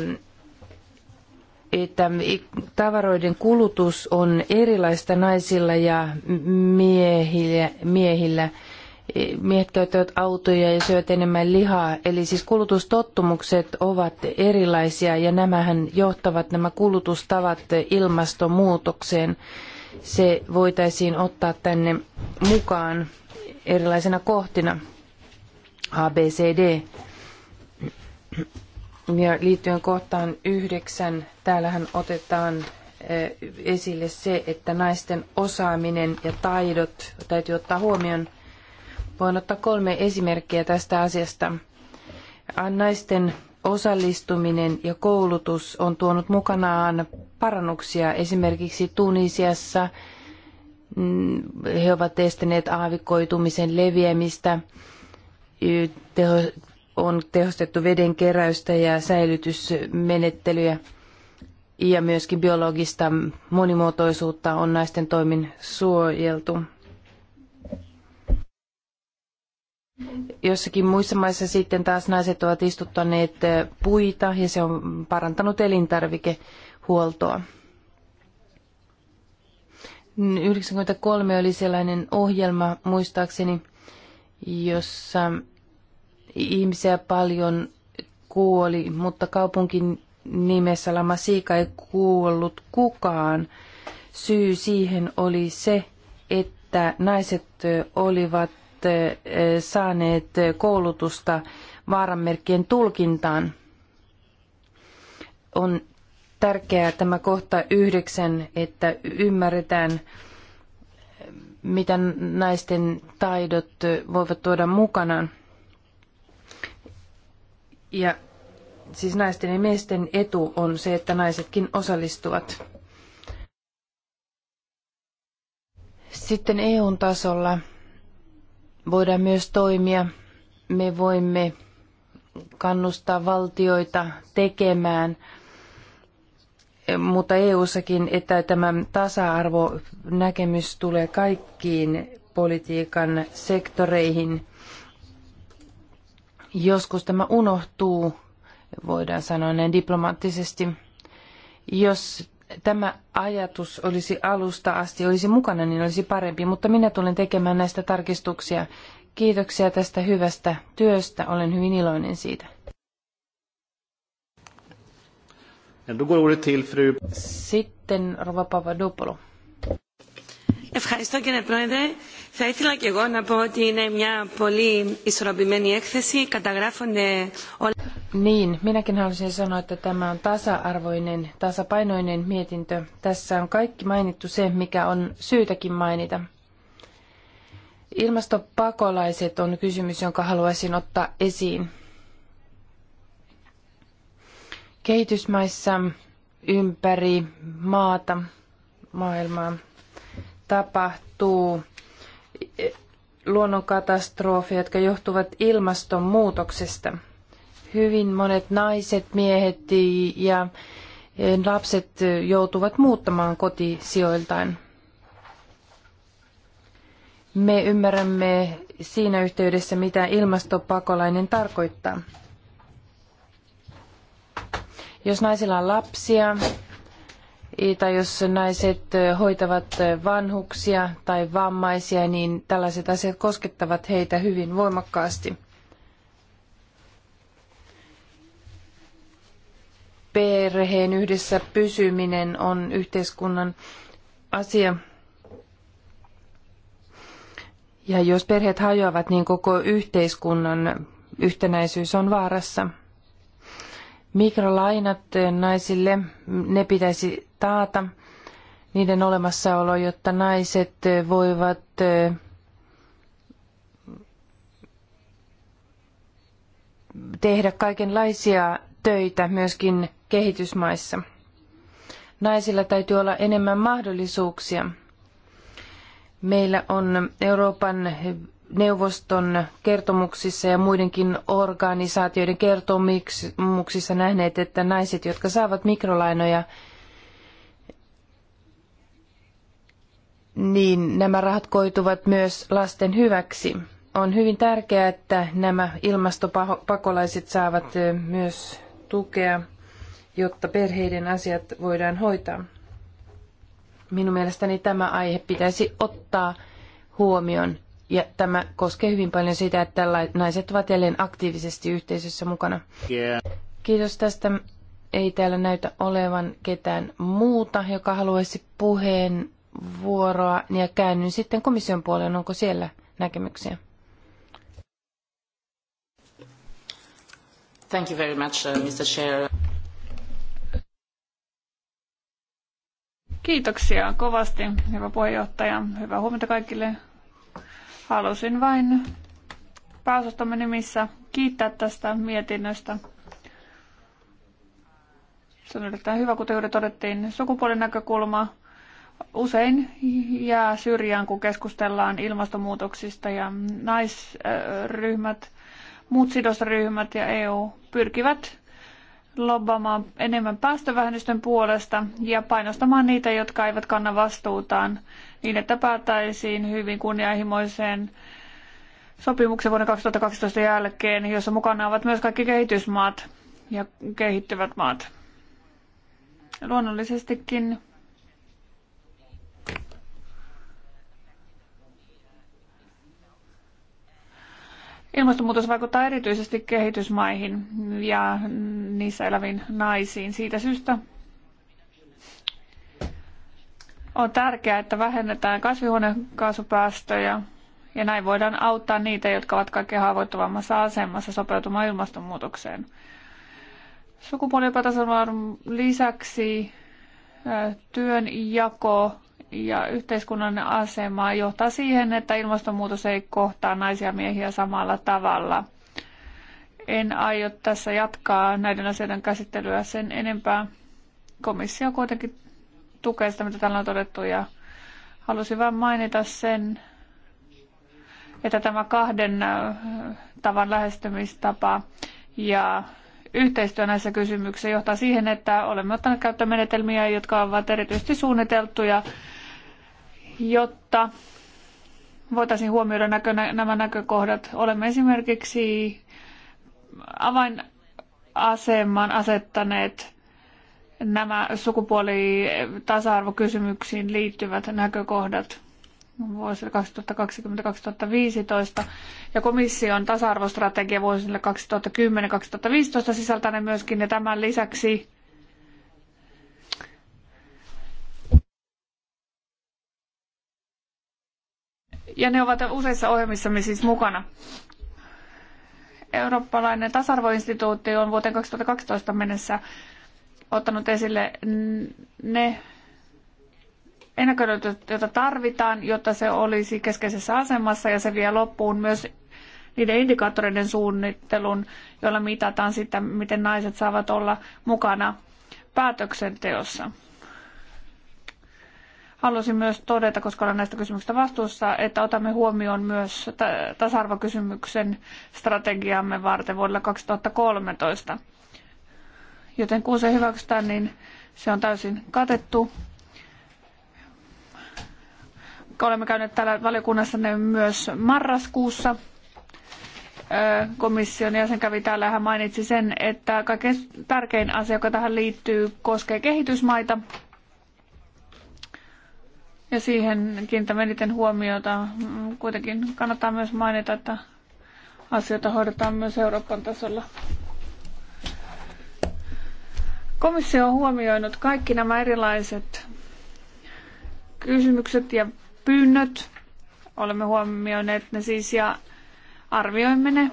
että tavaroiden kulutus on erilaista naisilla ja miehillä. miehillä. E, miehet käyttävät autoja ja syövät enemmän lihaa, eli siis kulutustottumukset ovat erilaisia ja nämähän johtavat nämä kulutustavat ilmastonmuutokseen. Se voitaisiin ottaa tänne mukaan erilaisena kohtina. ABCD. Ja liittyen kohtaan yhdeksän, täällähän otetaan esille se, että naisten osaaminen ja taidot täytyy ottaa huomioon. Voin ottaa kolme esimerkkiä tästä asiasta. Naisten osallistuminen ja koulutus on tuonut mukanaan parannuksia esimerkiksi Tunisiassa. Mm, he ovat estäneet aavikoitumisen leviämistä, on tehostettu veden keräystä ja säilytysmenettelyjä ja myöskin biologista monimuotoisuutta on naisten toimin suojeltu. Jossakin muissa maissa sitten taas naiset ovat istuttaneet puita ja se on parantanut elintarvikehuoltoa. 93 oli sellainen ohjelma muistaakseni, jossa ihmisiä paljon kuoli, mutta kaupunkin nimessä Siika ei kuollut kukaan. Syy siihen oli se, että naiset olivat saaneet koulutusta vaaranmerkkien tulkintaan. On tärkeää tämä kohta yhdeksän, että ymmärretään, mitä naisten taidot voivat tuoda mukanaan. Ja siis naisten ja miesten etu on se, että naisetkin osallistuvat. Sitten eu tasolla voidaan myös toimia. Me voimme kannustaa valtioita tekemään, mutta EU-sakin, että tämä tasa-arvonäkemys tulee kaikkiin politiikan sektoreihin. Joskus tämä unohtuu, voidaan sanoa näin diplomaattisesti. Jos tämä ajatus olisi alusta asti olisi mukana, niin olisi parempi, mutta minä tulen tekemään näistä tarkistuksia. Kiitoksia tästä hyvästä työstä, olen hyvin iloinen siitä. Sitten Rova Papadopoulou. Ευχαριστώ κύριε Πρόεδρε. Θα ήθελα και εγώ να πω ότι είναι μια πολύ ισορροπημένη έκθεση. Καταγράφονται όλα. Niin, minäkin haluaisin sanoa, että tämä on tasa-arvoinen, tasapainoinen mietintö. Tässä on kaikki mainittu se, mikä on syytäkin mainita. Ilmastopakolaiset on kysymys, jonka haluaisin ottaa esiin. Kehitysmaissa ympäri maata, maailmaa tapahtuu luonnonkatastrofeja, jotka johtuvat ilmastonmuutoksesta. Hyvin monet naiset, miehet ja e, lapset joutuvat muuttamaan kotisijoiltaan. Me ymmärrämme siinä yhteydessä, mitä ilmastopakolainen tarkoittaa. Jos naisilla on lapsia, tai jos naiset hoitavat vanhuksia tai vammaisia, niin tällaiset asiat koskettavat heitä hyvin voimakkaasti. Perheen yhdessä pysyminen on yhteiskunnan asia. Ja jos perheet hajoavat, niin koko yhteiskunnan yhtenäisyys on vaarassa. Mikrolainat naisille, ne pitäisi taata niiden olemassaolo, jotta naiset voivat eh, tehdä kaikenlaisia töitä myöskin kehitysmaissa. Naisilla täytyy olla enemmän mahdollisuuksia. Meillä on Euroopan neuvoston kertomuksissa ja muidenkin organisaatioiden kertomuksissa nähneet, että naiset, jotka saavat mikrolainoja, niin nämä rahat koituvat myös lasten hyväksi. On hyvin tärkeää, että nämä ilmastopakolaiset saavat myös tukea, jotta perheiden asiat voidaan hoitaa. Minun mielestäni tämä aihe pitäisi ottaa huomioon. Ja tämä koskee hyvin paljon sitä, että naiset ovat jälleen aktiivisesti yhteisössä mukana. Yeah. Kiitos tästä. Ei täällä näytä olevan ketään muuta, joka haluaisi puheen puheenvuoroa ja käännyn sitten komission puoleen. Onko siellä näkemyksiä? Thank you very much, uh, Mr. Chair. Kiitoksia kovasti, hyvä puheenjohtaja. Hyvää huomenta kaikille. Halusin vain pääosastamme nimissä kiittää tästä mietinnöstä. Se on erittäin hyvä, kuten juuri todettiin, sukupuolinäkökulma näkökulma usein jää syrjään, kun keskustellaan ilmastonmuutoksista ja naisryhmät, muut sidosryhmät ja EU pyrkivät lobbaamaan enemmän päästövähennysten puolesta ja painostamaan niitä, jotka eivät kanna vastuutaan niin, että päätäisiin hyvin kunnianhimoiseen sopimuksen vuoden 2012 jälkeen, jossa mukana ovat myös kaikki kehitysmaat ja kehittyvät maat. Luonnollisestikin Ilmastonmuutos vaikuttaa erityisesti kehitysmaihin ja niissä eläviin naisiin. Siitä syystä on tärkeää, että vähennetään kasvihuonekaasupäästöjä ja näin voidaan auttaa niitä, jotka ovat kaikkein haavoittuvammassa asemassa sopeutumaan ilmastonmuutokseen. Sukupuoliepätasa lisäksi työnjako ja yhteiskunnan asema johtaa siihen, että ilmastonmuutos ei kohtaa naisia ja miehiä samalla tavalla. En aio tässä jatkaa näiden asioiden käsittelyä sen enempää. Komissio kuitenkin tukee sitä, mitä täällä on todettu ja halusin vain mainita sen, että tämä kahden äh, tavan lähestymistapa ja yhteistyö näissä kysymyksissä johtaa siihen, että olemme ottaneet käyttömenetelmiä, jotka ovat erityisesti suunniteltuja jotta voitaisiin huomioida näkö, nämä näkökohdat. Olemme esimerkiksi avainasemaan asettaneet nämä tasa arvokysymyksiin liittyvät näkökohdat vuosille 2020-2015 ja komission tasa-arvostrategia vuosille 2010-2015 sisältää ne myöskin ja tämän lisäksi ja ne ovat useissa ohjelmissamme siis mukana. Eurooppalainen tasa-arvoinstituutti on vuoteen 2012 mennessä ottanut esille ne ennakkoluulot, joita tarvitaan, jotta se olisi keskeisessä asemassa ja se vie loppuun myös niiden indikaattoreiden suunnittelun, joilla mitataan sitä, miten naiset saavat olla mukana päätöksenteossa. Haluaisin myös todeta, koska olen näistä kysymyksistä vastuussa, että otamme huomioon myös tasa-arvokysymyksen strategiamme varten vuodelle 2013. Joten kun se hyväksytään, niin se on täysin katettu. Olemme käyneet täällä valiokunnassa ne myös marraskuussa. Komission jäsen kävi täällä ja hän mainitsi sen, että kaikkein tärkein asia, joka tähän liittyy, koskee kehitysmaita – ja siihen kiinnitämme eniten huomiota. Mm, kuitenkin kannattaa myös mainita, että asioita hoidetaan myös Euroopan tasolla. Komissio on huomioinut kaikki nämä erilaiset kysymykset ja pyynnöt. Olemme huomioineet ne siis ja arvioimme ne.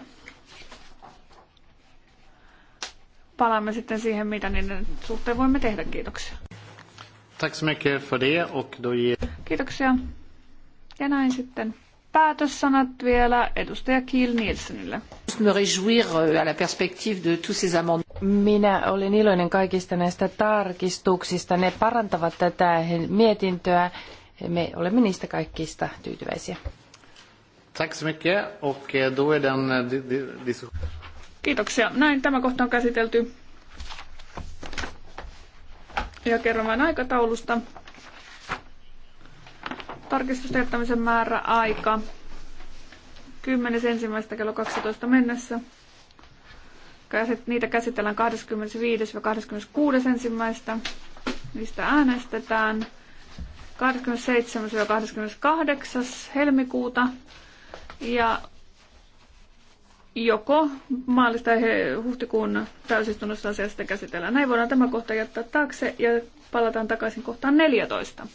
Palaamme sitten siihen, mitä niiden suhteen voimme tehdä. Kiitoksia. Tack så mycket för det och då ger... Kiitoksia. Ja näin sitten päätössanat vielä edustaja Kiel Nielsenille. Euh, Minä olin iloinen kaikista näistä tarkistuksista. Ne parantavat tätä mietintöä. Me olemme niistä kaikista tyytyväisiä. Tack så mycket och eh, då är den eh, Kiitoksia. Näin tämä kohta on käsitelty. Ja kerron vain aikataulusta. Tarkistustehtämisen määrä aika 10.1. kello 12 mennessä. Niitä käsitellään 25. ja 26. ensimmäistä. Niistä äänestetään 27. ja 28. helmikuuta. Ja joko maalista tai huhtikuun täysistunnossa asiasta käsitellään. Näin voidaan tämä kohta jättää taakse ja palataan takaisin kohtaan 14.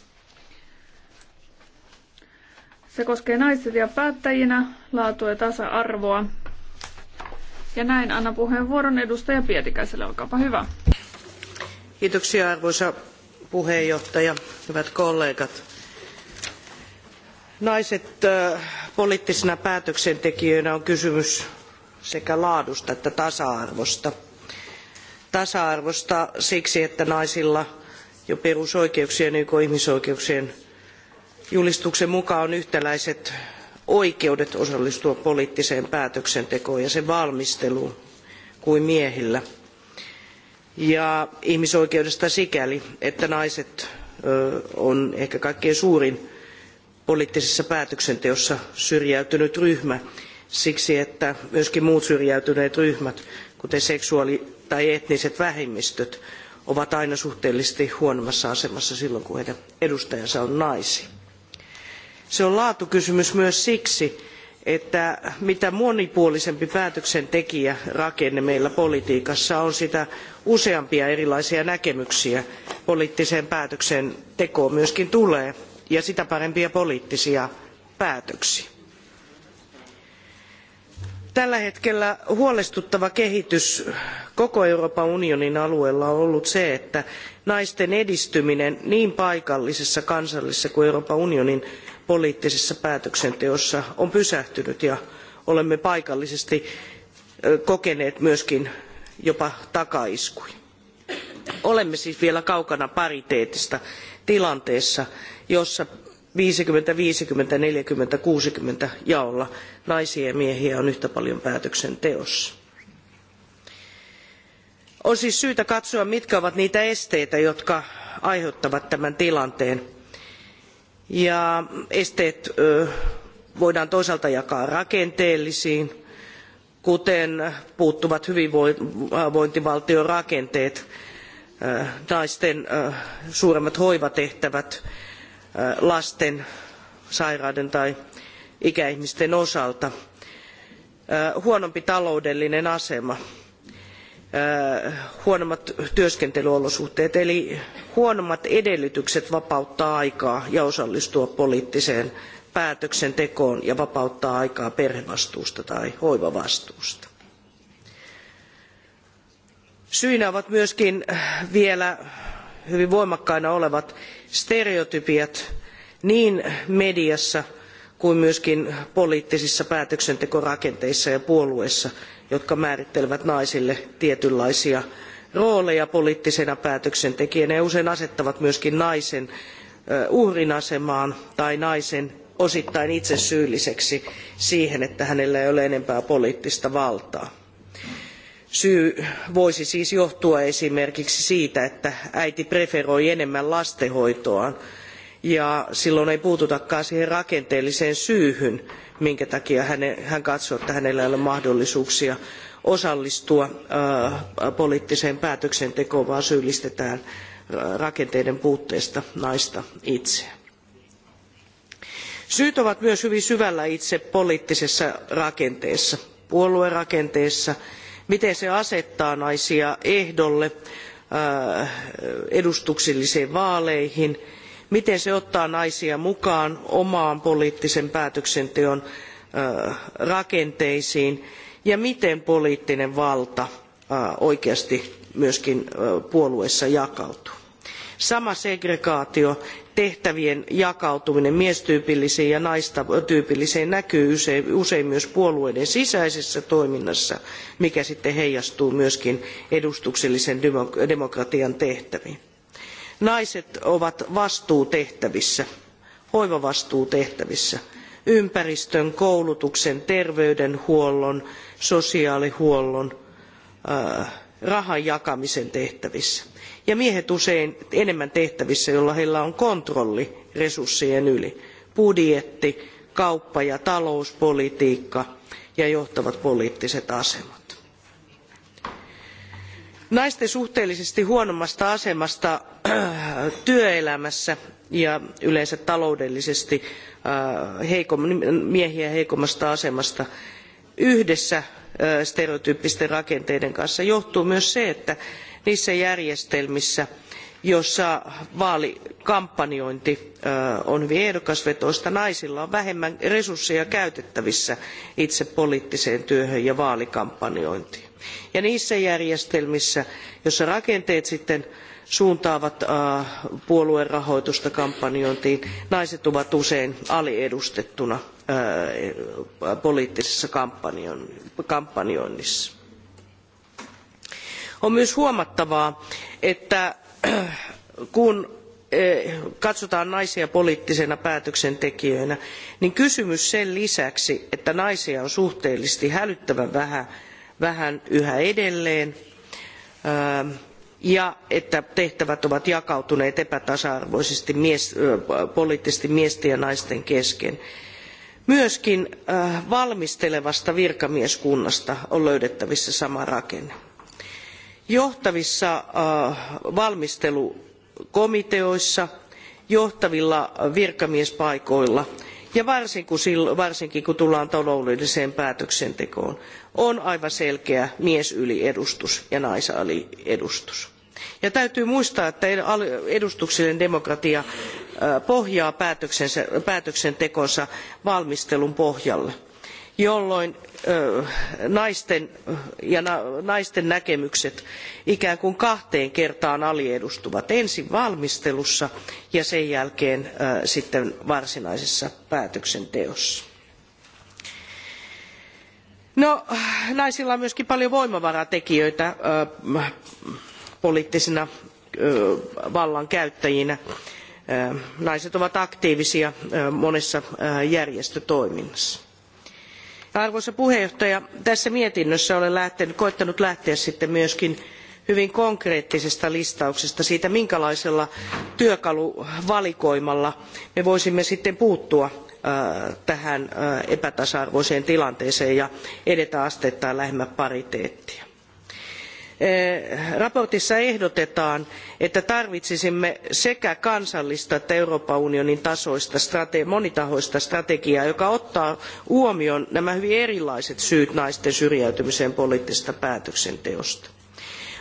Se koskee naiset ja päättäjinä, laatua ja tasa-arvoa. Ja näin annan puheenvuoron edustaja Pietikäiselle. Olkaapa hyvä. Kiitoksia arvoisa puheenjohtaja, hyvät kollegat. Naiset poliittisina päätöksentekijöinä on kysymys sekä laadusta että tasa-arvosta. Tasa-arvosta siksi, että naisilla jo perusoikeuksien ja ihmisoikeuksien julistuksen mukaan on yhtäläiset oikeudet osallistua poliittiseen päätöksentekoon ja sen valmisteluun kuin miehillä. Ja ihmisoikeudesta sikäli, että naiset on ehkä kaikkein suurin poliittisessa päätöksenteossa syrjäytynyt ryhmä siksi, että myöskin muut syrjäytyneet ryhmät, kuten seksuaali- tai etniset vähemmistöt, ovat aina suhteellisesti huonommassa asemassa silloin, kun heidän edustajansa on naisia. Se on laatukysymys myös siksi, että mitä monipuolisempi päätöksentekijä rakenne meillä politiikassa on, sitä useampia erilaisia näkemyksiä poliittiseen päätöksentekoon myöskin tulee ja sitä parempia poliittisia päätöksiä tällä hetkellä huolestuttava kehitys koko euroopan unionin alueella on ollut se että naisten edistyminen niin paikallisessa kansallisessa kuin euroopan unionin poliittisessa päätöksenteossa on pysähtynyt ja olemme paikallisesti kokeneet myös jopa takaiskuja. olemme siis vielä kaukana pariteetista tilanteessa jossa 50, 50, 40, 60 jaolla naisia ja miehiä on yhtä paljon päätöksenteossa. On siis syytä katsoa, mitkä ovat niitä esteitä, jotka aiheuttavat tämän tilanteen. Ja esteet ö, voidaan toisaalta jakaa rakenteellisiin, kuten puuttuvat hyvinvointivaltion rakenteet, naisten suuremmat hoivatehtävät, lasten sairaiden tai ikäihmisten osalta. huonompi taloudellinen asema huonommat työskentelyolosuhteet eli huonommat edellytykset vapauttaa aikaa ja osallistua poliittiseen päätöksentekoon ja vapauttaa aikaa perhevastuusta tai hoivavastuusta. syinä ovat myös vielä hyvin voimakkaina olevat stereotypiat niin mediassa kuin myöskin poliittisissa päätöksentekorakenteissa ja puolueissa jotka määrittelevät naisille tietynlaisia rooleja poliittisena päätöksentekijänä ja usein asettavat myöskin naisen uhrin asemaan tai naisen osittain itse syylliseksi siihen että hänellä ei ole enempää poliittista valtaa syy voisi siis johtua esimerkiksi siitä että äiti preferoi enemmän lastenhoitoaan ja silloin ei puututakaan siihen rakenteelliseen syyhyn minkä takia hän katsoo että hänellä ei ole mahdollisuuksia osallistua poliittiseen päätöksentekoon vaan syyllistetään rakenteiden puutteesta naista itseään. syyt ovat myös hyvin syvällä itse poliittisessa rakenteessa puoluerakenteessa miten se asettaa naisia ehdolle edustuksellisiin vaaleihin miten se ottaa naisia mukaan omaan poliittisen päätöksenteon rakenteisiin ja miten poliittinen valta oikeasti myöskin puolueessa jakautuu. sama segregaatio tehtävien jakautuminen miestyypilliseen ja naistyypilliseen näkyy usein, usein myös puolueiden sisäisessä toiminnassa, mikä sitten heijastuu myöskin edustuksellisen demokratian tehtäviin. Naiset ovat vastuutehtävissä, hoivavastuutehtävissä, ympäristön, koulutuksen, terveydenhuollon, sosiaalihuollon, äh, rahan jakamisen tehtävissä ja miehet usein enemmän tehtävissä joilla heillä on kontrolli resurssien yli budjetti kauppa ja talouspolitiikka ja johtavat poliittiset asemat. naisten suhteellisesti huonommasta asemasta äh, työelämässä ja yleensä taloudellisesti äh, miehiä heikommasta asemasta yhdessä äh, stereotyyppisten rakenteiden kanssa johtuu myös se että niissä järjestelmissä joissa vaalikampanjointi on hyvin ehdokasvetoista naisilla on vähemmän resursseja käytettävissä itse poliittiseen työhön ja vaalikampanjointiin ja niissä järjestelmissä joissa rakenteet sitten suuntaavat puoluerahoitusta kampanjointiin naiset ovat usein aliedustettuna poliittisessa kampanjoinnissa on myös huomattavaa että kun eh, katsotaan naisia poliittisina päätöksentekijöinä niin kysymys sen lisäksi että naisia on suhteellisesti hälyttävän vähän, vähän yhä edelleen eh, ja että tehtävät ovat jakautuneet epätasa arvoisesti eh, poliittisesti miesten ja naisten kesken myös valmistelevasta virkamieskunnasta on löydettävissä sama rakenne johtavissa äh, valmistelukomiteoissa johtavilla virkamiespaikoilla ja varsinkin kun tullaan taloudelliseen päätöksentekoon on aivan selkeä miesyliedustus ja naisaliedustus. Ja täytyy muistaa että edustuksellinen demokratia äh, pohjaa päätöksentekonsa valmistelun pohjalle jolloin naisten, ja naisten näkemykset ikään kuin kahteen kertaan aliedustuvat. Ensin valmistelussa ja sen jälkeen sitten varsinaisessa päätöksenteossa. No, naisilla on myöskin paljon voimavaratekijöitä poliittisina vallan Naiset ovat aktiivisia monessa järjestötoiminnassa arvoisa puhemies tässä mietinnössä olen lähtenyt, koettanut lähteä sitten myöskin hyvin konkreettisesta listauksesta siitä minkälaisella työkaluvalikoimalla me voisimme sitten puuttua tähän epätasa arvoiseen tilanteeseen ja edetä asteittain lähemmäs pariteettia mietinnössä eh, ehdotetaan että tarvitsisimme sekä kansallista että euroopan unionin tasoista monitahoista strategiaa joka ottaa huomioon nämä hyvin erilaiset syyt naisten syrjäytymiseen poliittisesta päätöksenteosta.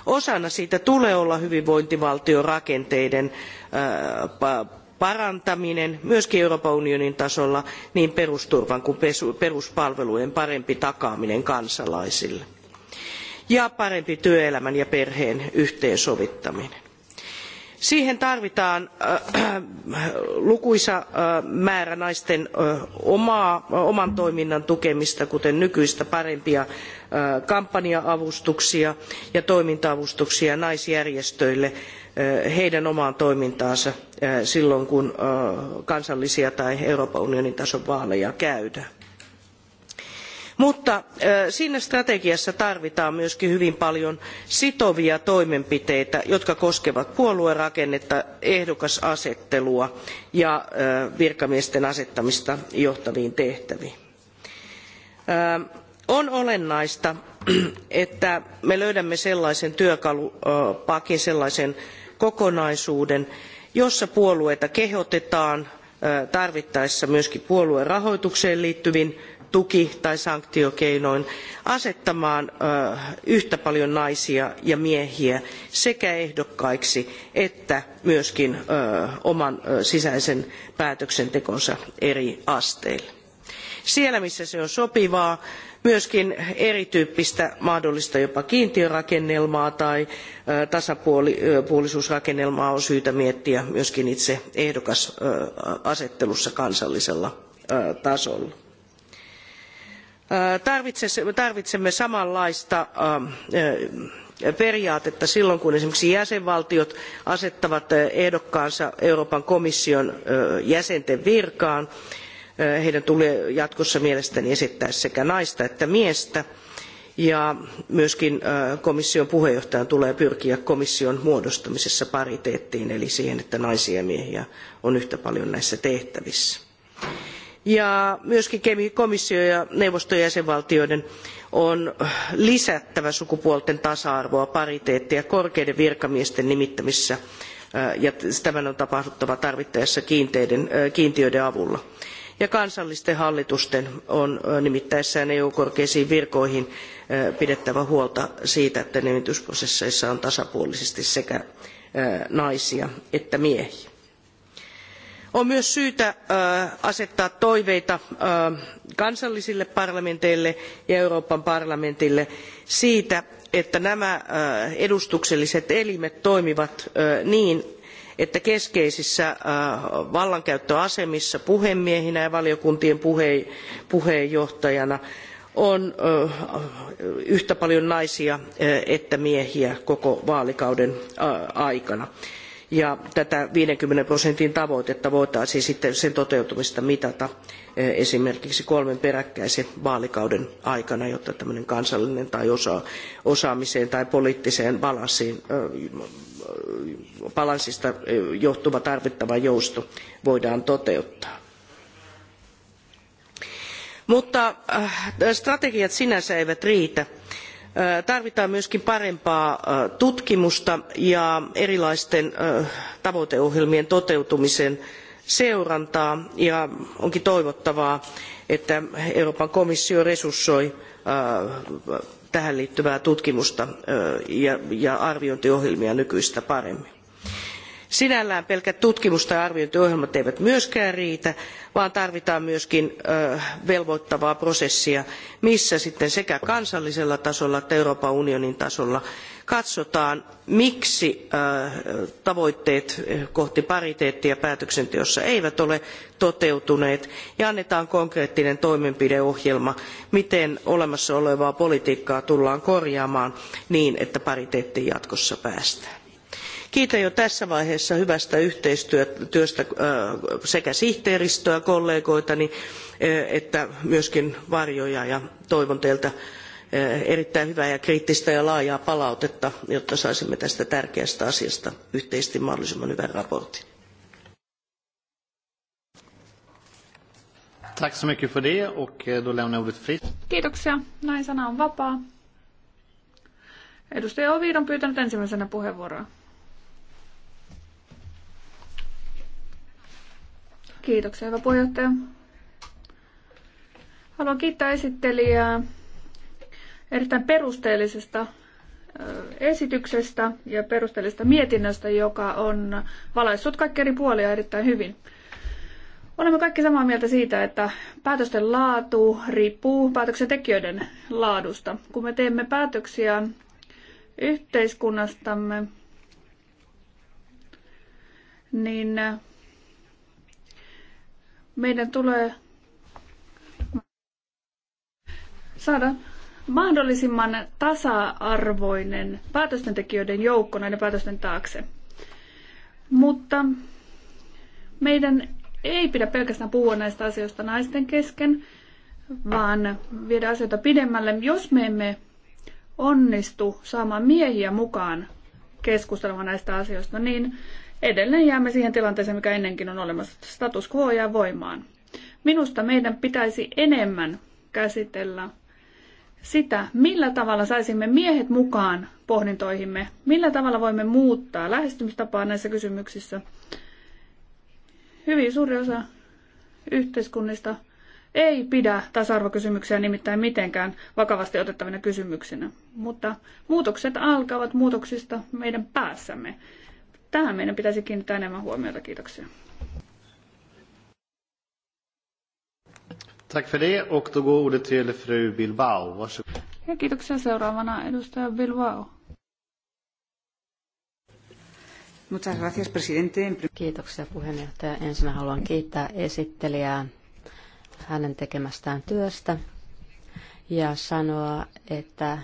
osana sitä tulee olla hyvinvointivaltiorakenteiden eh, parantaminen myös euroopan unionin tasolla niin perusturvan kuin peruspalvelujen parempi takaaminen kansalaisille ja parempi työelämän ja perheen yhteensovittaminen. Siihen tarvitaan äh, äh, lukuisa äh, määrä naisten omaa, oman toiminnan tukemista, kuten nykyistä parempia kampanja-avustuksia ja toiminta-avustuksia naisjärjestöille heidän omaan toimintaansa silloin, kun kansallisia tai Euroopan unionin tason vaaleja käydään mutta siinä strategiassa tarvitaan myös hyvin paljon sitovia toimenpiteitä jotka koskevat puoluerakennetta ehdokasasettelua ja virkamiesten asettamista johtaviin tehtäviin. on olennaista että me löydämme sellaisen työkalupakin sellaisen kokonaisuuden jossa puolueita kehotetaan tarvittaessa myös puoluerahoitukseen liittyvin tuki tai sanktiokeinoin asettamaan yhtä paljon naisia ja miehiä sekä ehdokkaiksi että myös oman sisäisen päätöksentekonsa eri asteille. siellä missä se on sopivaa myös erityyppistä mahdollista jopa kiintiörakennelmaa tai tasapuolisuusrakennelmaa on syytä miettiä myös itse ehdokasasettelussa kansallisella tasolla tarvitsemme samanlaista ähm, äh, periaatetta silloin kun esimerkiksi jäsenvaltiot asettavat äh, ehdokkaansa euroopan komission äh, jäsenten virkaan heidän tulee jatkossa mielestäni esittää sekä naista että miestä ja myös komission puheenjohtajan tulee pyrkiä komission muodostamisessa pariteettiin eli siihen että naisia ja miehiä on yhtä paljon näissä tehtävissä ja myös komission ja neuvoston jäsenvaltioiden on lisättävä sukupuolten tasa arvoa pariteettia korkeiden virkamiesten nimittämisessä äh, ja tämän on tapahduttava tarvittaessa äh, kiintiöiden avulla ja kansallisten hallitusten on äh, nimittäessään eu korkeisiin virkoihin pidettävä huolta siitä että nimitysprosesseissa on tasapuolisesti sekä naisia että miehiä on myös syytä asettaa toiveita kansallisille parlamenteille ja euroopan parlamentille siitä että nämä edustukselliset elimet toimivat niin että keskeisissä vallankäyttöasemissa puhemiehinä ja valiokuntien puheenjohtajina on yhtä paljon naisia kuin miehiä koko vaalikauden aikana ja tätä 50 prosentin tavoitetta voitaisiin sitten sen toteutumista mitata eh, esimerkiksi kolmen peräkkäisen vaalikauden aikana, jotta tämmöinen kansallinen tai osa, osaamiseen tai poliittiseen balanssiin, eh, balanssista eh, johtuva tarvittava jousto voidaan toteuttaa. Mutta strategiat sinänsä eivät riitä tarvitaan myös parempaa tutkimusta ja erilaisten tavoiteohjelmien toteutumisen seurantaa ja onkin toivottavaa että euroopan komissio resursoi tähän liittyvää tutkimusta ja arviointiohjelmia nykyistä paremmin sinällään pelkät tutkimus tai arviointiohjelmat eivät myöskään riitä vaan tarvitaan myös velvoittavaa prosessia missä sitten sekä kansallisella tasolla että euroopan unionin tasolla katsotaan miksi tavoitteet kohti pariteettia päätöksenteossa eivät ole toteutuneet ja annetaan konkreettinen toimenpideohjelma miten olemassa olevaa politiikkaa tullaan korjaamaan niin että pariteettiin jatkossa päästään kiitän jo tässä vaiheessa hyvästä yhteistyöstä sekä sihteeristöä kollegoitani että myös varjoja ja toivon teiltä erittäin hyvää ja kriittistä ja laajaa palautetta jotta saisimme tästä tärkeästä asiasta yhteisesti mahdollisimman hyvän raportin. Eh, Kiitoksia. Näin sana on vapaa. Edustaja Oviid on pyytänyt ensimmäisenä puheenvuoroa. Kiitoksia, hyvä puheenjohtaja. Haluan kiittää esittelijää erittäin perusteellisesta esityksestä ja perusteellisesta mietinnöstä, joka on valaissut kaikki eri puolia erittäin hyvin. Olemme kaikki samaa mieltä siitä, että päätösten laatu riippuu päätöksentekijöiden laadusta. Kun me teemme päätöksiä yhteiskunnastamme, niin meidän tulee saada mahdollisimman tasa-arvoinen päätöstentekijöiden joukko näiden päätösten taakse. Mutta meidän ei pidä pelkästään puhua näistä asioista naisten kesken, vaan viedä asioita pidemmälle. Jos me emme onnistu saamaan miehiä mukaan keskustelemaan näistä asioista, niin edelleen jäämme siihen tilanteeseen, mikä ennenkin on olemassa. Status quo jää voimaan. Minusta meidän pitäisi enemmän käsitellä sitä, millä tavalla saisimme miehet mukaan pohdintoihimme, millä tavalla voimme muuttaa lähestymistapaa näissä kysymyksissä. Hyvin suuri osa yhteiskunnista ei pidä tasa-arvokysymyksiä nimittäin mitenkään vakavasti otettavina kysymyksinä, mutta muutokset alkavat muutoksista meidän päässämme. Tähän meidän pitäisi kiinnittää enemmän huomiota. Kiitoksia. Tack för det och då går ordet till fru Bilbao. Varsågod. Ja, kiitoksia seuraavana edustaja Bilbao. Muchas gracias, presidente. Kiitoksia puheenjohtaja. Ensin haluan kiittää esittelijää hänen tekemästään työstä ja sanoa, että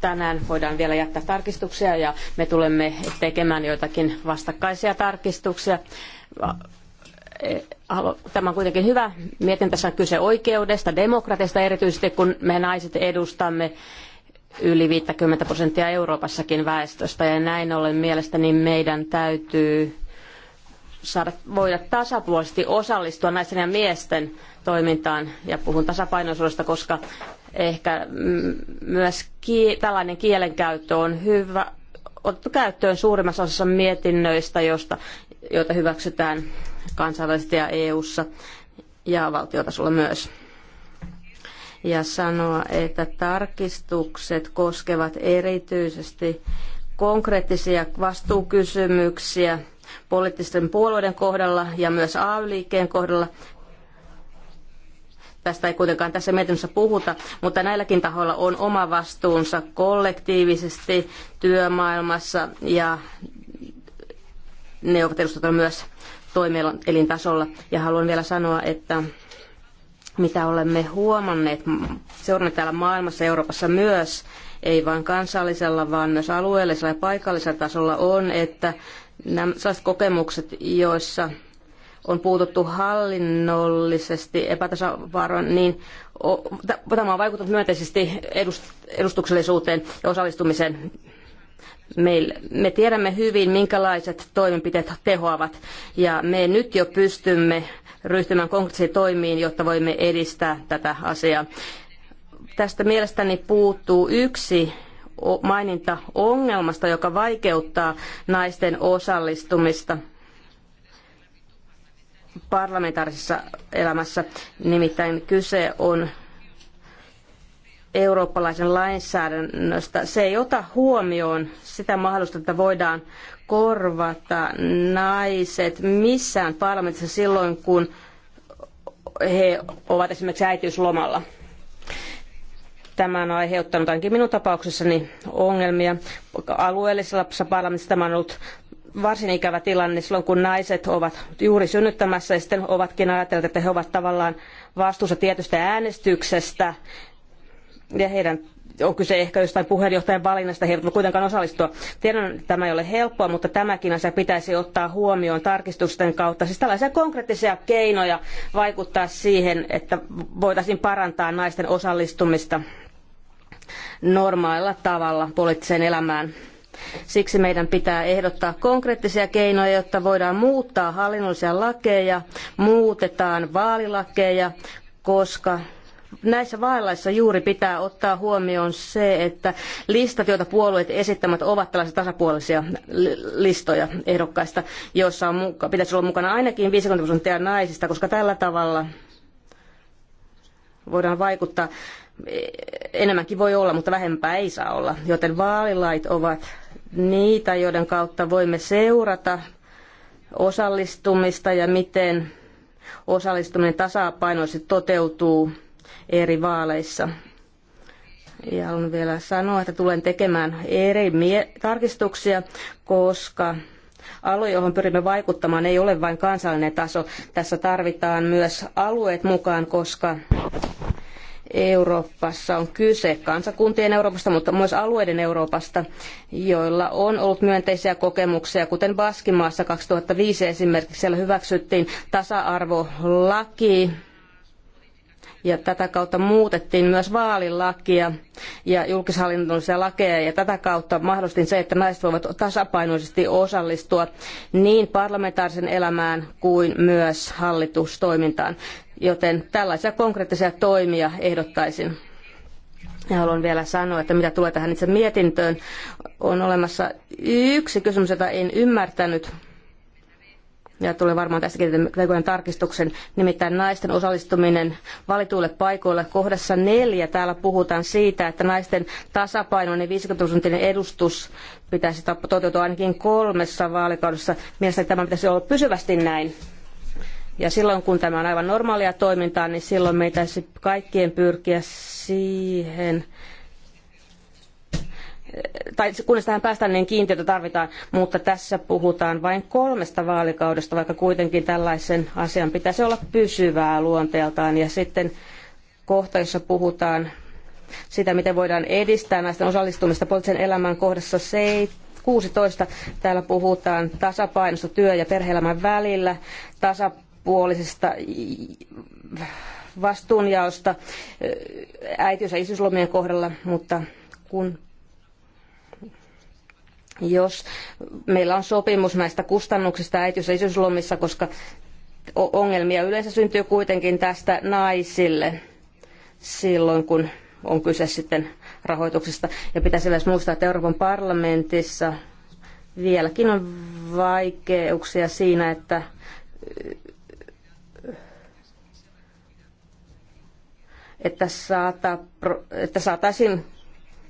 tänään voidaan vielä jättää tarkistuksia ja me tulemme tekemään joitakin vastakkaisia tarkistuksia. E, Tämä on kuitenkin hyvä. Mietin tässä on kyse oikeudesta, demokratiasta erityisesti, kun me naiset edustamme yli 50 prosenttia Euroopassakin väestöstä ja näin ollen mielestäni meidän täytyy saada, voida tasapuolisesti osallistua naisten ja miesten toimintaan. Ja puhun tasapainoisuudesta, koska Ehkä myös tällainen kielenkäyttö on hyvä otettu käyttöön suurimmassa osassa mietinnöistä, josta, joita hyväksytään kansainvälisesti ja EU-ssa ja valtiotasolla myös. Ja sanoa, että tarkistukset koskevat erityisesti konkreettisia vastuukysymyksiä poliittisten puolueiden kohdalla ja myös AY-liikkeen kohdalla. Tästä ei kuitenkaan tässä mietinnössä puhuta, mutta näilläkin tahoilla on oma vastuunsa kollektiivisesti työmaailmassa ja ne ovat edustettuna myös toimielintasolla. Ja haluan vielä sanoa, että mitä olemme huomanneet, on täällä maailmassa Euroopassa myös, ei vain kansallisella, vaan myös alueellisella ja paikallisella tasolla on, että nämä sellaiset kokemukset, joissa on puututtu hallinnollisesti epätasavaroin, niin tämä on vaikuttanut myönteisesti edustuksellisuuteen ja osallistumiseen. Me tiedämme hyvin, minkälaiset toimenpiteet tehoavat, ja me nyt jo pystymme ryhtymään konkreettisiin toimiin, jotta voimme edistää tätä asiaa. Tästä mielestäni puuttuu yksi maininta ongelmasta, joka vaikeuttaa naisten osallistumista parlamentaarisessa elämässä. Nimittäin kyse on eurooppalaisen lainsäädännöstä. Se ei ota huomioon sitä mahdollisuutta, että voidaan korvata naiset missään parlamentissa silloin, kun he ovat esimerkiksi äitiyslomalla. Tämä on aiheuttanut ainakin minun tapauksessani ongelmia. Alueellisessa parlamentissa tämä on ollut varsin ikävä tilanne silloin, kun naiset ovat juuri synnyttämässä ja sitten ovatkin ajatelleet, että he ovat tavallaan vastuussa tietystä äänestyksestä ja heidän on kyse ehkä jostain puheenjohtajan valinnasta, he eivät voi kuitenkaan osallistua. Tiedän, että tämä ei ole helppoa, mutta tämäkin asia pitäisi ottaa huomioon tarkistusten kautta. Siis tällaisia konkreettisia keinoja vaikuttaa siihen, että voitaisiin parantaa naisten osallistumista normaalilla tavalla poliittiseen elämään. Siksi meidän pitää ehdottaa konkreettisia keinoja, jotta voidaan muuttaa hallinnollisia lakeja, muutetaan vaalilakeja, koska näissä vaaleissa juuri pitää ottaa huomioon se, että listat, joita puolueet esittämät, ovat tällaisia tasapuolisia listoja ehdokkaista, joissa on muka, pitäisi olla mukana ainakin 50 prosenttia naisista, koska tällä tavalla voidaan vaikuttaa. E- enemmänkin voi olla, mutta vähempää ei saa olla, joten vaalilait ovat niitä, joiden kautta voimme seurata osallistumista ja miten osallistuminen tasapainoisesti toteutuu eri vaaleissa. Ja haluan vielä sanoa, että tulen tekemään eri tarkistuksia, koska alue, johon pyrimme vaikuttamaan, ei ole vain kansallinen taso. Tässä tarvitaan myös alueet mukaan, koska Euroopassa on kyse kansakuntien Euroopasta, mutta myös alueiden Euroopasta, joilla on ollut myönteisiä kokemuksia, kuten Baskimaassa 2005 esimerkiksi. Siellä hyväksyttiin tasa-arvolaki, ja tätä kautta muutettiin myös vaalilakia ja julkishallinnollisia lakeja ja tätä kautta mahdollistin se, että naiset voivat tasapainoisesti osallistua niin parlamentaarisen elämään kuin myös hallitustoimintaan. Joten tällaisia konkreettisia toimia ehdottaisin. Ja haluan vielä sanoa, että mitä tulee tähän itse mietintöön, on olemassa yksi kysymys, jota en ymmärtänyt. Ja tulee varmaan tästäkin tekojen tarkistuksen, nimittäin naisten osallistuminen valituille paikoille. Kohdassa neljä täällä puhutaan siitä, että naisten tasapainoinen 50 prosenttinen edustus pitäisi toteutua ainakin kolmessa vaalikaudessa. Mielestäni tämä pitäisi olla pysyvästi näin ja silloin kun tämä on aivan normaalia toimintaa, niin silloin meitä kaikkien pyrkiä siihen, tai kunnes tähän päästään, niin kiintiötä tarvitaan, mutta tässä puhutaan vain kolmesta vaalikaudesta, vaikka kuitenkin tällaisen asian pitäisi olla pysyvää luonteeltaan. Ja sitten kohta, jossa puhutaan sitä, miten voidaan edistää naisten osallistumista poliittisen elämän kohdassa 16. Täällä puhutaan tasapainosta työ- ja perheelämän välillä, tasapainosta tasapuolisesta vastuunjaosta äitiys- ja isyyslomien kohdalla, mutta kun jos meillä on sopimus näistä kustannuksista äitiys- ja isyyslomissa, koska ongelmia yleensä syntyy kuitenkin tästä naisille silloin, kun on kyse sitten rahoituksesta. Ja pitäisi myös muistaa, että Euroopan parlamentissa vieläkin on vaikeuksia siinä, että että, saata, että saataisiin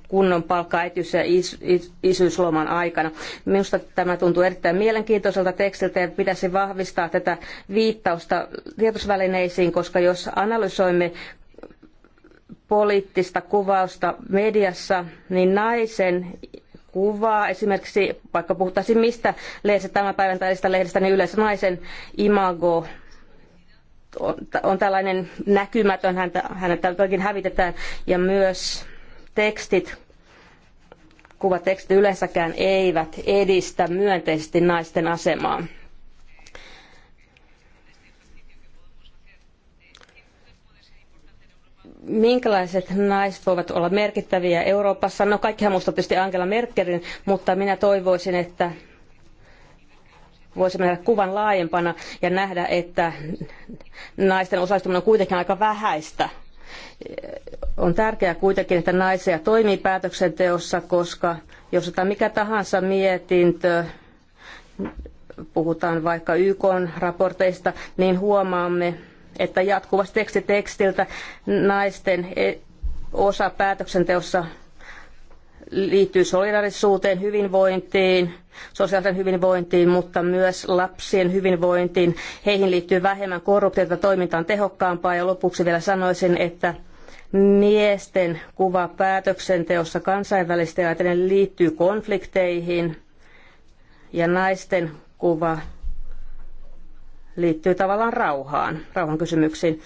kunnon palkkaa äitiys- ja is, is, isyysloman aikana. Minusta tämä tuntuu erittäin mielenkiintoiselta tekstiltä ja pitäisi vahvistaa tätä viittausta tietosvälineisiin, koska jos analysoimme poliittista kuvausta mediassa, niin naisen kuvaa, esimerkiksi vaikka puhuttaisiin mistä lehdestä tämän päivän tai lehdestä, niin yleensä naisen imago on, on tällainen näkymätön, häntä, hänet tältäkin hävitetään, ja myös tekstit, kuvatekstit yleensäkään eivät edistä myönteisesti naisten asemaa. minkälaiset naiset voivat olla merkittäviä Euroopassa? No kaikkihan muistavat tietysti Angela Merkelin, mutta minä toivoisin, että voisimme nähdä kuvan laajempana ja nähdä, että naisten osallistuminen on kuitenkin aika vähäistä. On tärkeää kuitenkin, että naisia toimii päätöksenteossa, koska jos otetaan mikä tahansa mietintö, puhutaan vaikka YK-raporteista, niin huomaamme, että jatkuvasti teksti tekstiltä naisten e- osa päätöksenteossa liittyy solidarisuuteen, hyvinvointiin, sosiaalisen hyvinvointiin, mutta myös lapsien hyvinvointiin. Heihin liittyy vähemmän korruptiota, toiminta on tehokkaampaa ja lopuksi vielä sanoisin, että miesten kuva päätöksenteossa kansainvälisesti ajatellen liittyy konflikteihin ja naisten kuva liittyy tavallaan rauhaan, rauhan kysymyksiin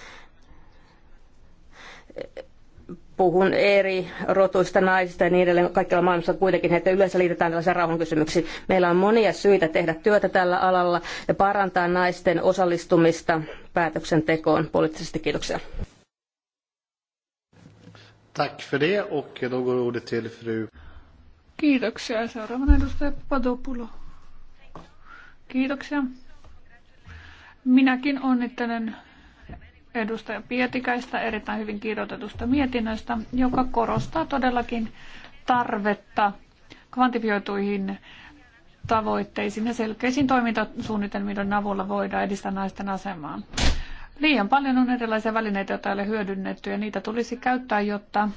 puhun eri rotuista naisista ja niin edelleen kaikkialla maailmassa kuitenkin, että yleensä liitetään tällaisiin rauhankysymyksiin. Meillä on monia syitä tehdä työtä tällä alalla ja parantaa naisten osallistumista päätöksentekoon poliittisesti. Kiitoksia. Tack för det och då går ordet till fru. Kiitoksia. Seuraavana edustaja Padopulo. Kiitoksia. Minäkin onnittelen edustaja Pietikäistä erittäin hyvin kirjoitetusta mietinnöstä, joka korostaa todellakin tarvetta kvantifioituihin tavoitteisiin ja selkeisiin toimintasuunnitelmien avulla voidaan edistää naisten asemaa. Liian paljon on erilaisia välineitä, joita ei ole hyödynnetty ja niitä tulisi käyttää, jotta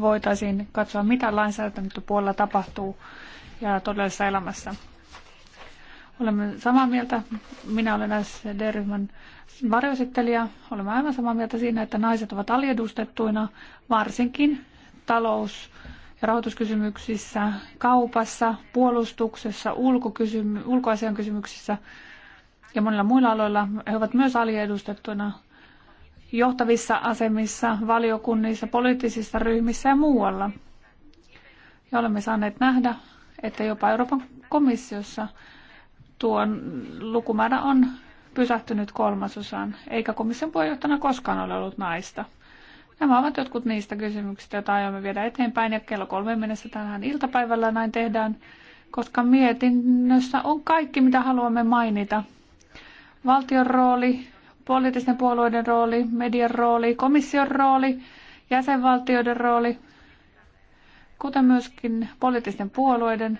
voitaisiin katsoa, mitä puolella tapahtuu ja todellisessa elämässä. Olemme samaa mieltä. Minä olen SD-ryhmän varjoesittelijä, olemme aivan samaa mieltä siinä, että naiset ovat aliedustettuina, varsinkin talous- ja rahoituskysymyksissä, kaupassa, puolustuksessa, ulkokysym- ulkoasian kysymyksissä ja monilla muilla aloilla. He ovat myös aliedustettuina johtavissa asemissa, valiokunnissa, poliittisissa ryhmissä ja muualla. Ja olemme saaneet nähdä, että jopa Euroopan komissiossa tuo lukumäärä on pysähtynyt kolmasosaan, eikä komission puheenjohtajana koskaan ole ollut naista. Nämä ovat jotkut niistä kysymyksistä, joita aiomme viedä eteenpäin ja kello kolme mennessä tänään iltapäivällä näin tehdään, koska mietinnössä on kaikki, mitä haluamme mainita. Valtion rooli, poliittisten puolueiden rooli, median rooli, komission rooli, jäsenvaltioiden rooli, kuten myöskin poliittisten puolueiden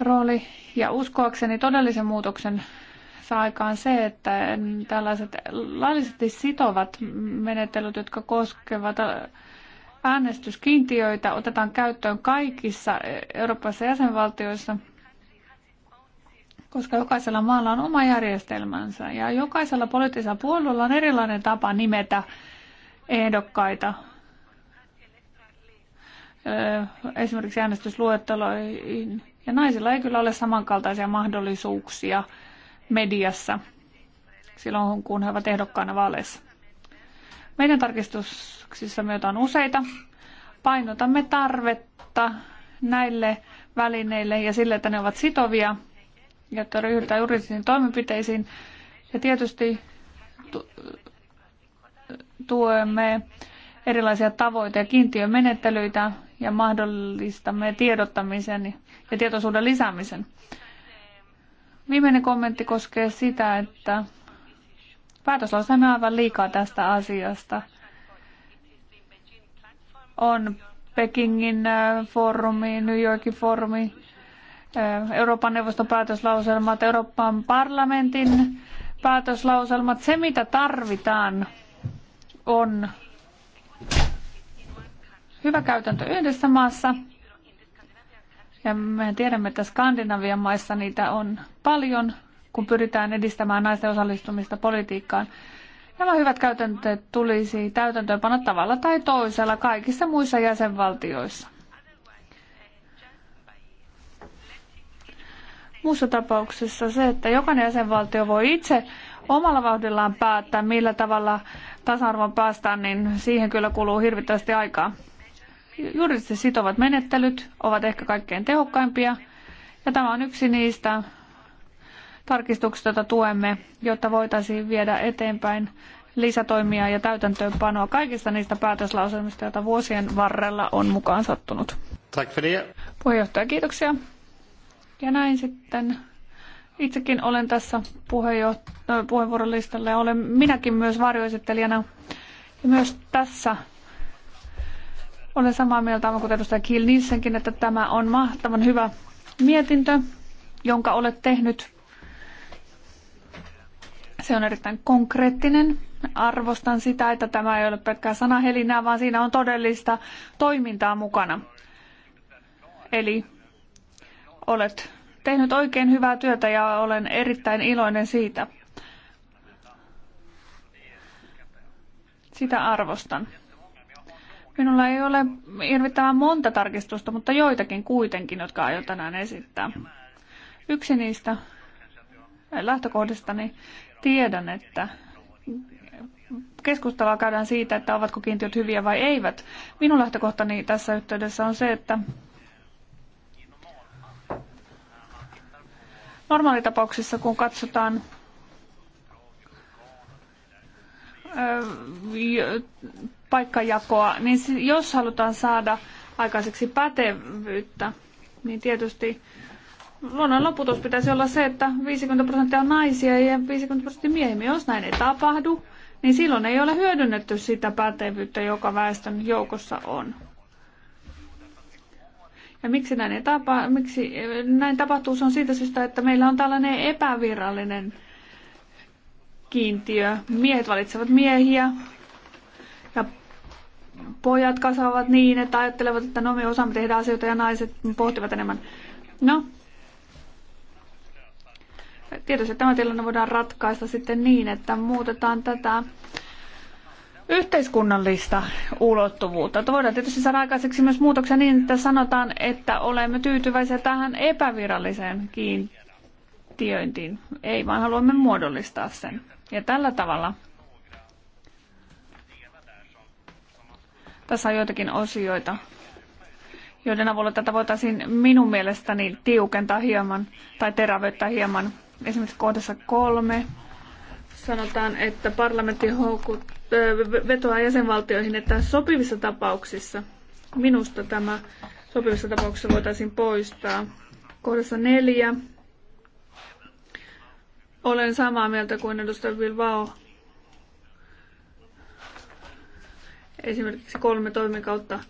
rooli. Ja uskoakseni todellisen muutoksen saa aikaan se, että tällaiset laillisesti sitovat menettelyt, jotka koskevat äänestyskiintiöitä, otetaan käyttöön kaikissa Euroopassa jäsenvaltioissa, koska jokaisella maalla on oma järjestelmänsä ja jokaisella poliittisella puolueella on erilainen tapa nimetä ehdokkaita esimerkiksi äänestysluetteloihin. Ja naisilla ei kyllä ole samankaltaisia mahdollisuuksia mediassa silloin, kun he ovat ehdokkaana vaaleissa. Meidän tarkistuksissa myötä on useita. Painotamme tarvetta näille välineille ja sille, että ne ovat sitovia, jotta ryhdytään juridisiin toimenpiteisiin. Ja tietysti tuemme erilaisia tavoite- ja kiintiömenettelyitä ja mahdollistamme tiedottamisen ja tietoisuuden lisäämisen. Viimeinen kommentti koskee sitä, että päätöslauselma aivan liikaa tästä asiasta. On Pekingin äh, foorumi, New Yorkin foorumi, äh, Euroopan neuvoston päätöslauselmat, Euroopan parlamentin päätöslauselmat. Se, mitä tarvitaan, on hyvä käytäntö yhdessä maassa – ja me tiedämme, että Skandinavian maissa niitä on paljon, kun pyritään edistämään naisten osallistumista politiikkaan. Nämä hyvät käytänteet tulisi täytäntöönpanna tavalla tai toisella kaikissa muissa jäsenvaltioissa. Muussa tapauksessa se, että jokainen jäsenvaltio voi itse omalla vauhdillaan päättää, millä tavalla tasa arvoon päästään, niin siihen kyllä kuluu hirvittävästi aikaa juridisesti sitovat menettelyt ovat ehkä kaikkein tehokkaimpia, ja tämä on yksi niistä tarkistuksista, joita tuemme, jotta voitaisiin viedä eteenpäin lisätoimia ja täytäntöönpanoa kaikista niistä päätöslauselmista, joita vuosien varrella on mukaan sattunut. Tack för det. Puheenjohtaja, kiitoksia. Ja näin sitten itsekin olen tässä äh, puheenvuorolistalla ja olen minäkin myös varjoesittelijänä. Ja myös tässä olen samaa mieltä, aivan kuten edustaja Kiel Niissenkin, että tämä on mahtavan hyvä mietintö, jonka olet tehnyt. Se on erittäin konkreettinen. Arvostan sitä, että tämä ei ole pelkkää sanahelinää, vaan siinä on todellista toimintaa mukana. Eli olet tehnyt oikein hyvää työtä ja olen erittäin iloinen siitä. Sitä arvostan. Minulla ei ole hirvittävän monta tarkistusta, mutta joitakin kuitenkin, jotka aion tänään esittää. Yksi niistä lähtökohdistani tiedän, että keskustelua käydään siitä, että ovatko kiintiöt hyviä vai eivät. Minun lähtökohtani tässä yhteydessä on se, että normaalitapauksissa, kun katsotaan paikkajakoa, niin jos halutaan saada aikaiseksi pätevyyttä, niin tietysti luonnon loputus pitäisi olla se, että 50 prosenttia on naisia ja 50 prosenttia miehiä. Jos näin ei tapahdu, niin silloin ei ole hyödynnetty sitä pätevyyttä, joka väestön joukossa on. Ja miksi näin, ei tapa, miksi näin tapahtuu, se on siitä syystä, että meillä on tällainen epävirallinen kiintiö. Miehet valitsevat miehiä, pojat kasvavat niin, että ajattelevat, että no me osaamme tehdä asioita ja naiset pohtivat enemmän. No, tietysti tämä tilanne voidaan ratkaista sitten niin, että muutetaan tätä yhteiskunnallista ulottuvuutta. Voidaan tietysti saada aikaiseksi myös muutoksia niin, että sanotaan, että olemme tyytyväisiä tähän epäviralliseen kiintiöintiin. Ei vaan haluamme muodollistaa sen. Ja tällä tavalla Tässä on joitakin osioita, joiden avulla tätä voitaisiin minun mielestäni tiukentaa hieman tai terävöittää hieman. Esimerkiksi kohdassa kolme sanotaan, että parlamentti houkut, vetoaa jäsenvaltioihin, että sopivissa tapauksissa, minusta tämä sopivissa tapauksissa voitaisiin poistaa. Kohdassa neljä olen samaa mieltä kuin edustaja Bilbao esimerkiksi kolme toimikautta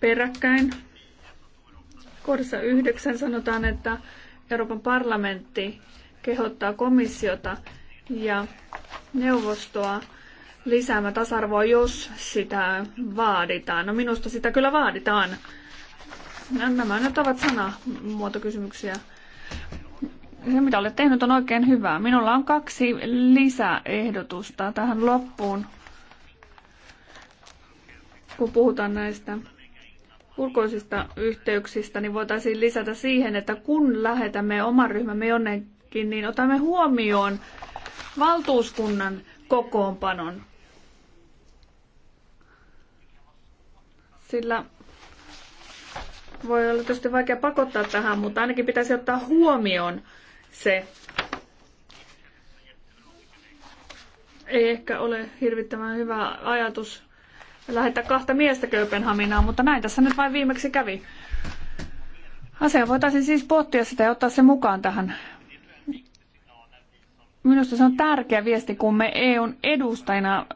peräkkäin. Kohdassa yhdeksän sanotaan, että Euroopan parlamentti kehottaa komissiota ja neuvostoa lisäämään tasa-arvoa, jos sitä vaaditaan. No minusta sitä kyllä vaaditaan. Nämä nyt ovat sanamuotokysymyksiä. Se, mitä olet tehnyt, on oikein hyvää. Minulla on kaksi lisäehdotusta tähän loppuun kun puhutaan näistä ulkoisista yhteyksistä, niin voitaisiin lisätä siihen, että kun lähetämme oman ryhmämme jonnekin, niin otamme huomioon valtuuskunnan kokoonpanon. Sillä voi olla tietysti vaikea pakottaa tähän, mutta ainakin pitäisi ottaa huomioon se. Ei ehkä ole hirvittävän hyvä ajatus lähettää kahta miestä Kööpenhaminaan, mutta näin tässä nyt vain viimeksi kävi. Asia voitaisiin siis pohtia sitä ja ottaa se mukaan tähän. Minusta se on tärkeä viesti, kun me EUn edustajina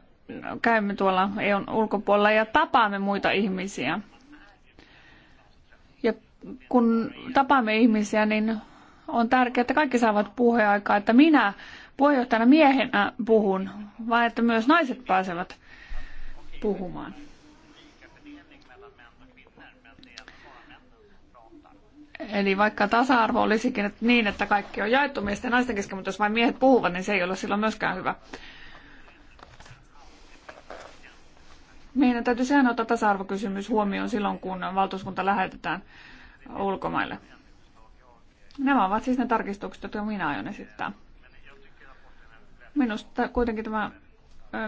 käymme tuolla EUn ulkopuolella ja tapaamme muita ihmisiä. Ja kun tapaamme ihmisiä, niin on tärkeää, että kaikki saavat puheaikaa, että minä puheenjohtajana miehenä puhun, vaan että myös naiset pääsevät puhumaan. Eli vaikka tasa-arvo olisikin että niin, että kaikki on jaettu miesten ja naisten kesken, mutta jos vain miehet puhuvat, niin se ei ole silloin myöskään hyvä. Meidän täytyy sehän ottaa tasa-arvokysymys huomioon silloin, kun valtuuskunta lähetetään ulkomaille. Nämä ovat siis ne tarkistukset, joita minä aion esittää. Minusta kuitenkin tämä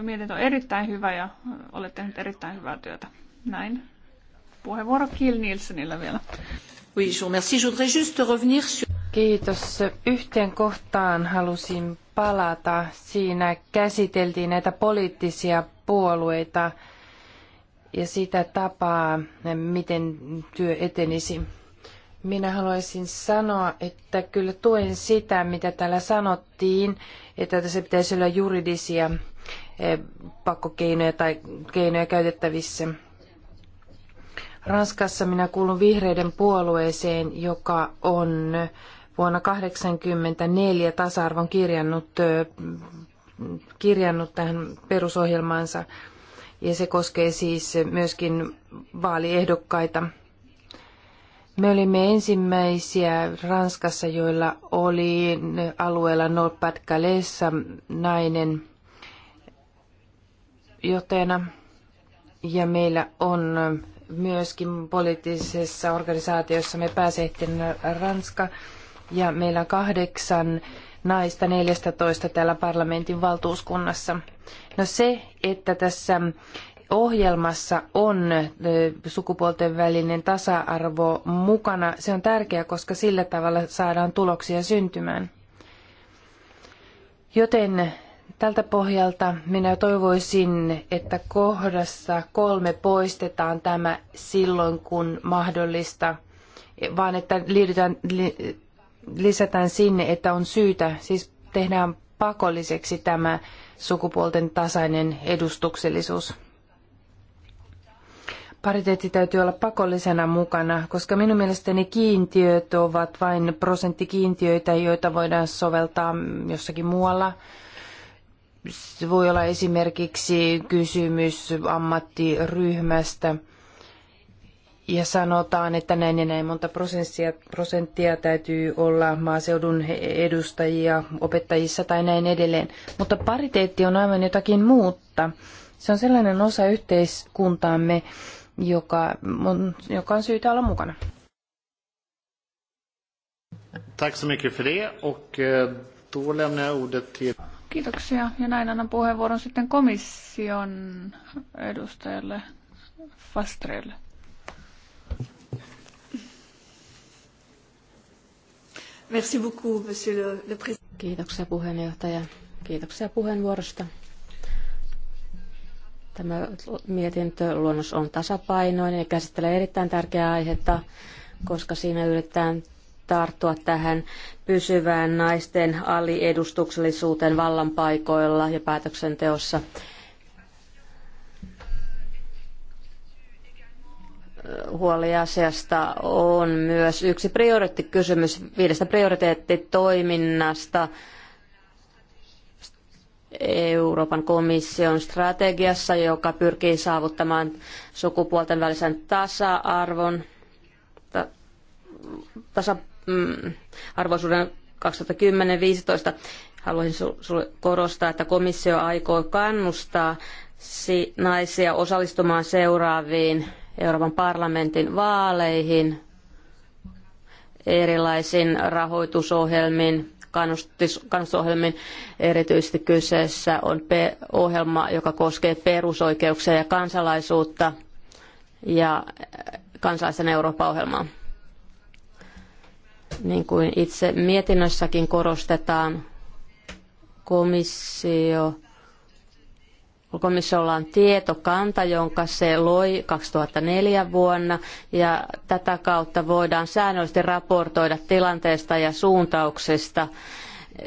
mietintö on erittäin hyvä ja olet tehnyt erittäin hyvää työtä. Näin. Puheenvuoro Kiel Nielsenillä vielä. Kiitos. Yhteen kohtaan halusin palata. Siinä käsiteltiin näitä poliittisia puolueita ja sitä tapaa, miten työ etenisi. Minä haluaisin sanoa, että kyllä tuen sitä, mitä täällä sanottiin, että tässä pitäisi olla juridisia pakkokeinoja tai keinoja käytettävissä. Ranskassa minä kuulun vihreiden puolueeseen, joka on vuonna 1984 tasa-arvon kirjannut, kirjannut tähän perusohjelmaansa. Ja se koskee siis myöskin vaaliehdokkaita. Me olimme ensimmäisiä Ranskassa, joilla oli alueella Nord-Pas-de-Calaisissa nainen johtajana ja meillä on myöskin poliittisessa organisaatiossa me pääsehtinä Ranska ja meillä on kahdeksan naista 14 täällä parlamentin valtuuskunnassa. No se, että tässä ohjelmassa on sukupuolten välinen tasa-arvo mukana, se on tärkeää, koska sillä tavalla saadaan tuloksia syntymään. Joten Tältä pohjalta minä toivoisin, että kohdassa kolme poistetaan tämä silloin, kun mahdollista, vaan että lisätään sinne, että on syytä, siis tehdään pakolliseksi tämä sukupuolten tasainen edustuksellisuus. Pariteetti täytyy olla pakollisena mukana, koska minun mielestäni kiintiöt ovat vain prosenttikiintiöitä, joita voidaan soveltaa jossakin muualla se voi olla esimerkiksi kysymys ammattiryhmästä ja sanotaan, että näin ja näin monta prosenttia, prosenttia täytyy olla maaseudun edustajia opettajissa tai näin edelleen. Mutta pariteetti on aivan jotakin muutta. Se on sellainen osa yhteiskuntaamme, joka on, joka on syytä olla mukana. Tack så mycket för det och eh, då lämnar jag ordet till Kiitoksia. Ja näin annan puheenvuoron sitten komission edustajalle Fastrelle. Merci beaucoup, monsieur le, le président. Kiitoksia puheenjohtaja. Kiitoksia puheenvuorosta. Tämä mietintöluonnos on tasapainoinen ja käsittelee erittäin tärkeää aihetta, koska siinä yritetään tarttua tähän pysyvään naisten aliedustuksellisuuteen vallanpaikoilla ja päätöksenteossa. huoli asiasta on myös yksi prioriteettikysymys viidestä prioriteettitoiminnasta Euroopan komission strategiassa, joka pyrkii saavuttamaan sukupuolten välisen tasa-arvon, ta- tasa- mm, arvoisuuden 2010-2015 haluaisin korostaa, että komissio aikoo kannustaa naisia osallistumaan seuraaviin Euroopan parlamentin vaaleihin erilaisin rahoitusohjelmin, kannustusohjelmin. Erityisesti kyseessä on ohjelma, joka koskee perusoikeuksia ja kansalaisuutta ja kansalaisen Eurooppa-ohjelmaa. Niin kuin itse mietinnössäkin korostetaan, komissio komissiolla on tietokanta, jonka se loi 2004 vuonna, ja tätä kautta voidaan säännöllisesti raportoida tilanteesta ja suuntauksesta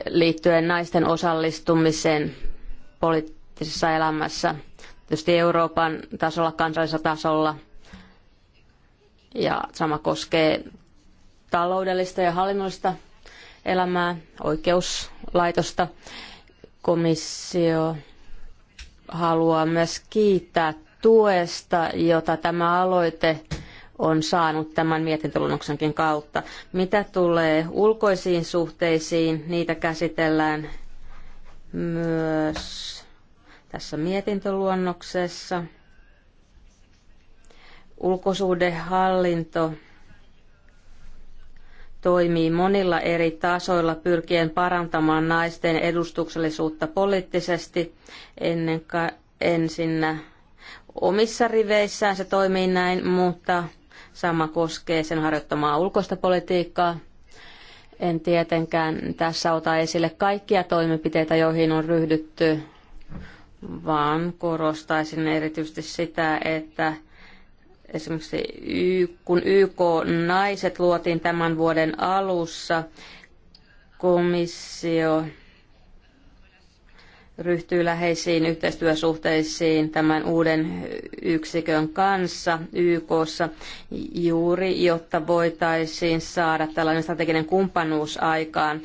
liittyen naisten osallistumiseen poliittisessa elämässä, tietysti Euroopan tasolla, kansallisella tasolla, ja sama koskee taloudellista ja hallinnollista elämää, oikeuslaitosta. Komissio haluaa myös kiittää tuesta, jota tämä aloite on saanut tämän mietintöluonnoksenkin kautta. Mitä tulee ulkoisiin suhteisiin, niitä käsitellään myös tässä mietintöluonnoksessa. Ulkosuhdehallinto toimii monilla eri tasoilla pyrkien parantamaan naisten edustuksellisuutta poliittisesti ennen ka- ensinnä omissa riveissään se toimii näin, mutta sama koskee sen harjoittamaa ulkoista politiikkaa. En tietenkään tässä ota esille kaikkia toimenpiteitä, joihin on ryhdytty, vaan korostaisin erityisesti sitä, että Esimerkiksi kun YK naiset luotiin tämän vuoden alussa, komissio ryhtyy läheisiin yhteistyösuhteisiin tämän uuden yksikön kanssa YKssa juuri, jotta voitaisiin saada tällainen strateginen kumppanuus aikaan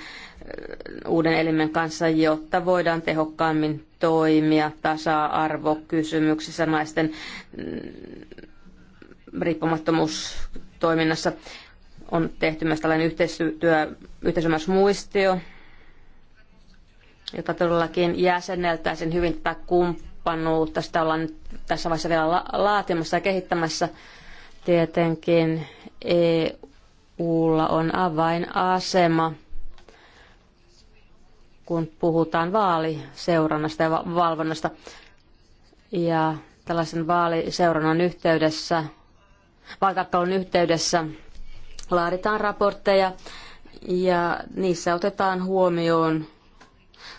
uuden elimen kanssa, jotta voidaan tehokkaammin toimia tasa-arvokysymyksissä naisten riippumattomuus toiminnassa. On tehty myös tällainen yhteistyö, yhteisymmärrysmuistio, jota todellakin jäsenneltäisiin hyvin tätä kumppanuutta. Sitä ollaan nyt tässä vaiheessa vielä laatimassa ja kehittämässä. Tietenkin EUlla on avainasema, kun puhutaan vaaliseurannasta ja valvonnasta. Ja tällaisen vaaliseurannan yhteydessä – valtappelun yhteydessä laaditaan raportteja ja niissä otetaan huomioon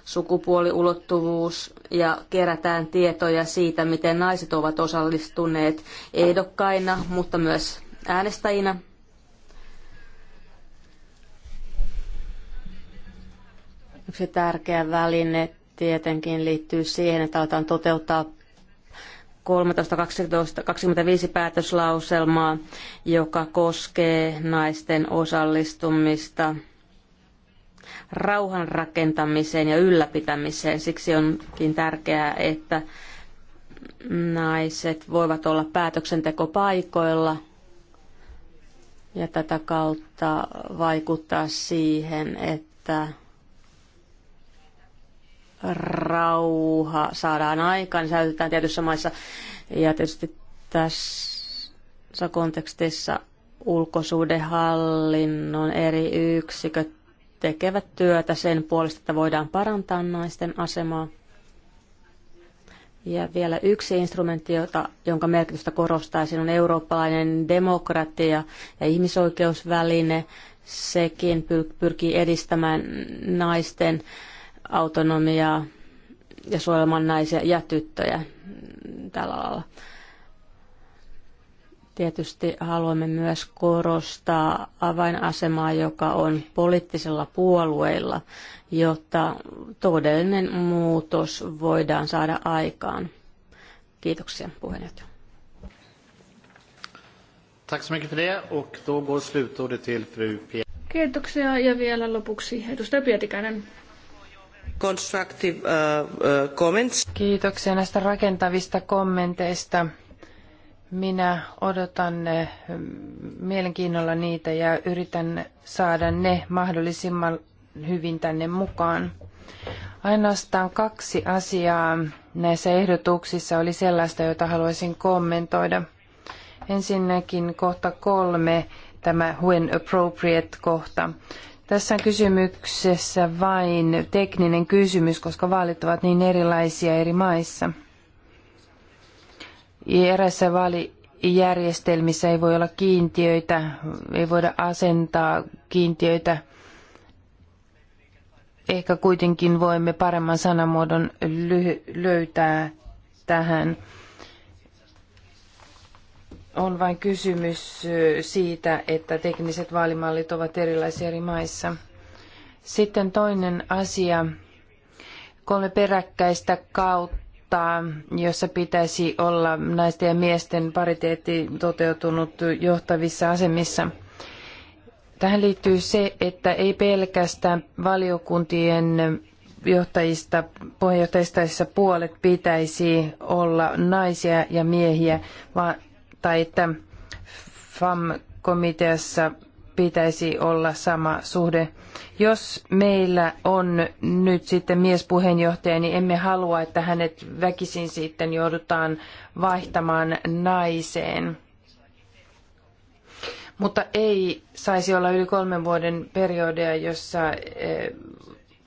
sukupuoliulottuvuus ja kerätään tietoja siitä, miten naiset ovat osallistuneet ehdokkaina, mutta myös äänestäjinä. Yksi tärkeä väline tietenkin liittyy siihen, että aletaan toteuttaa 13, päätöslauselmaa, joka koskee naisten osallistumista rauhan rakentamiseen ja ylläpitämiseen. Siksi onkin tärkeää, että naiset voivat olla päätöksentekopaikoilla ja tätä kautta vaikuttaa siihen, että rauha saadaan aikaan, niin säilytetään tietyissä maissa. Ja tietysti tässä kontekstissa ulkosuhdehallinnon eri yksiköt tekevät työtä sen puolesta, että voidaan parantaa naisten asemaa. Ja vielä yksi instrumentti, jota, jonka merkitystä korostaisin, on eurooppalainen demokratia ja ihmisoikeusväline. Sekin pyrkii edistämään naisten autonomiaa ja suojelemaan naisia ja tyttöjä tällä alalla. Tietysti haluamme myös korostaa avainasemaa, joka on poliittisella puolueilla, jotta todellinen muutos voidaan saada aikaan. Kiitoksia puheenjohtaja. Tack så mycket för det och då går slutordet till fru Pia. Kiitoksia ja vielä lopuksi edustaja Pietikäinen constructive uh, uh, comments. Kiitoksia näistä rakentavista kommenteista. Minä odotan eh, mielenkiinnolla niitä ja yritän saada ne mahdollisimman hyvin tänne mukaan. Ainoastaan kaksi asiaa näissä ehdotuksissa oli sellaista, joita haluaisin kommentoida. Ensinnäkin kohta kolme, tämä when appropriate kohta. Tässä on kysymyksessä vain tekninen kysymys, koska vaalit ovat niin erilaisia eri maissa. Eräissä vaalijärjestelmissä ei voi olla kiintiöitä, ei voida asentaa kiintiöitä. Ehkä kuitenkin voimme paremman sanamuodon löytää tähän on vain kysymys siitä, että tekniset vaalimallit ovat erilaisia eri maissa. Sitten toinen asia, kolme peräkkäistä kautta, jossa pitäisi olla naisten ja miesten pariteetti toteutunut johtavissa asemissa. Tähän liittyy se, että ei pelkästään valiokuntien johtajista, puheenjohtajista puolet pitäisi olla naisia ja miehiä, vaan tai että FAM-komiteassa pitäisi olla sama suhde. Jos meillä on nyt sitten miespuheenjohtaja, niin emme halua, että hänet väkisin sitten joudutaan vaihtamaan naiseen. Mutta ei saisi olla yli kolmen vuoden periodia, jossa eh,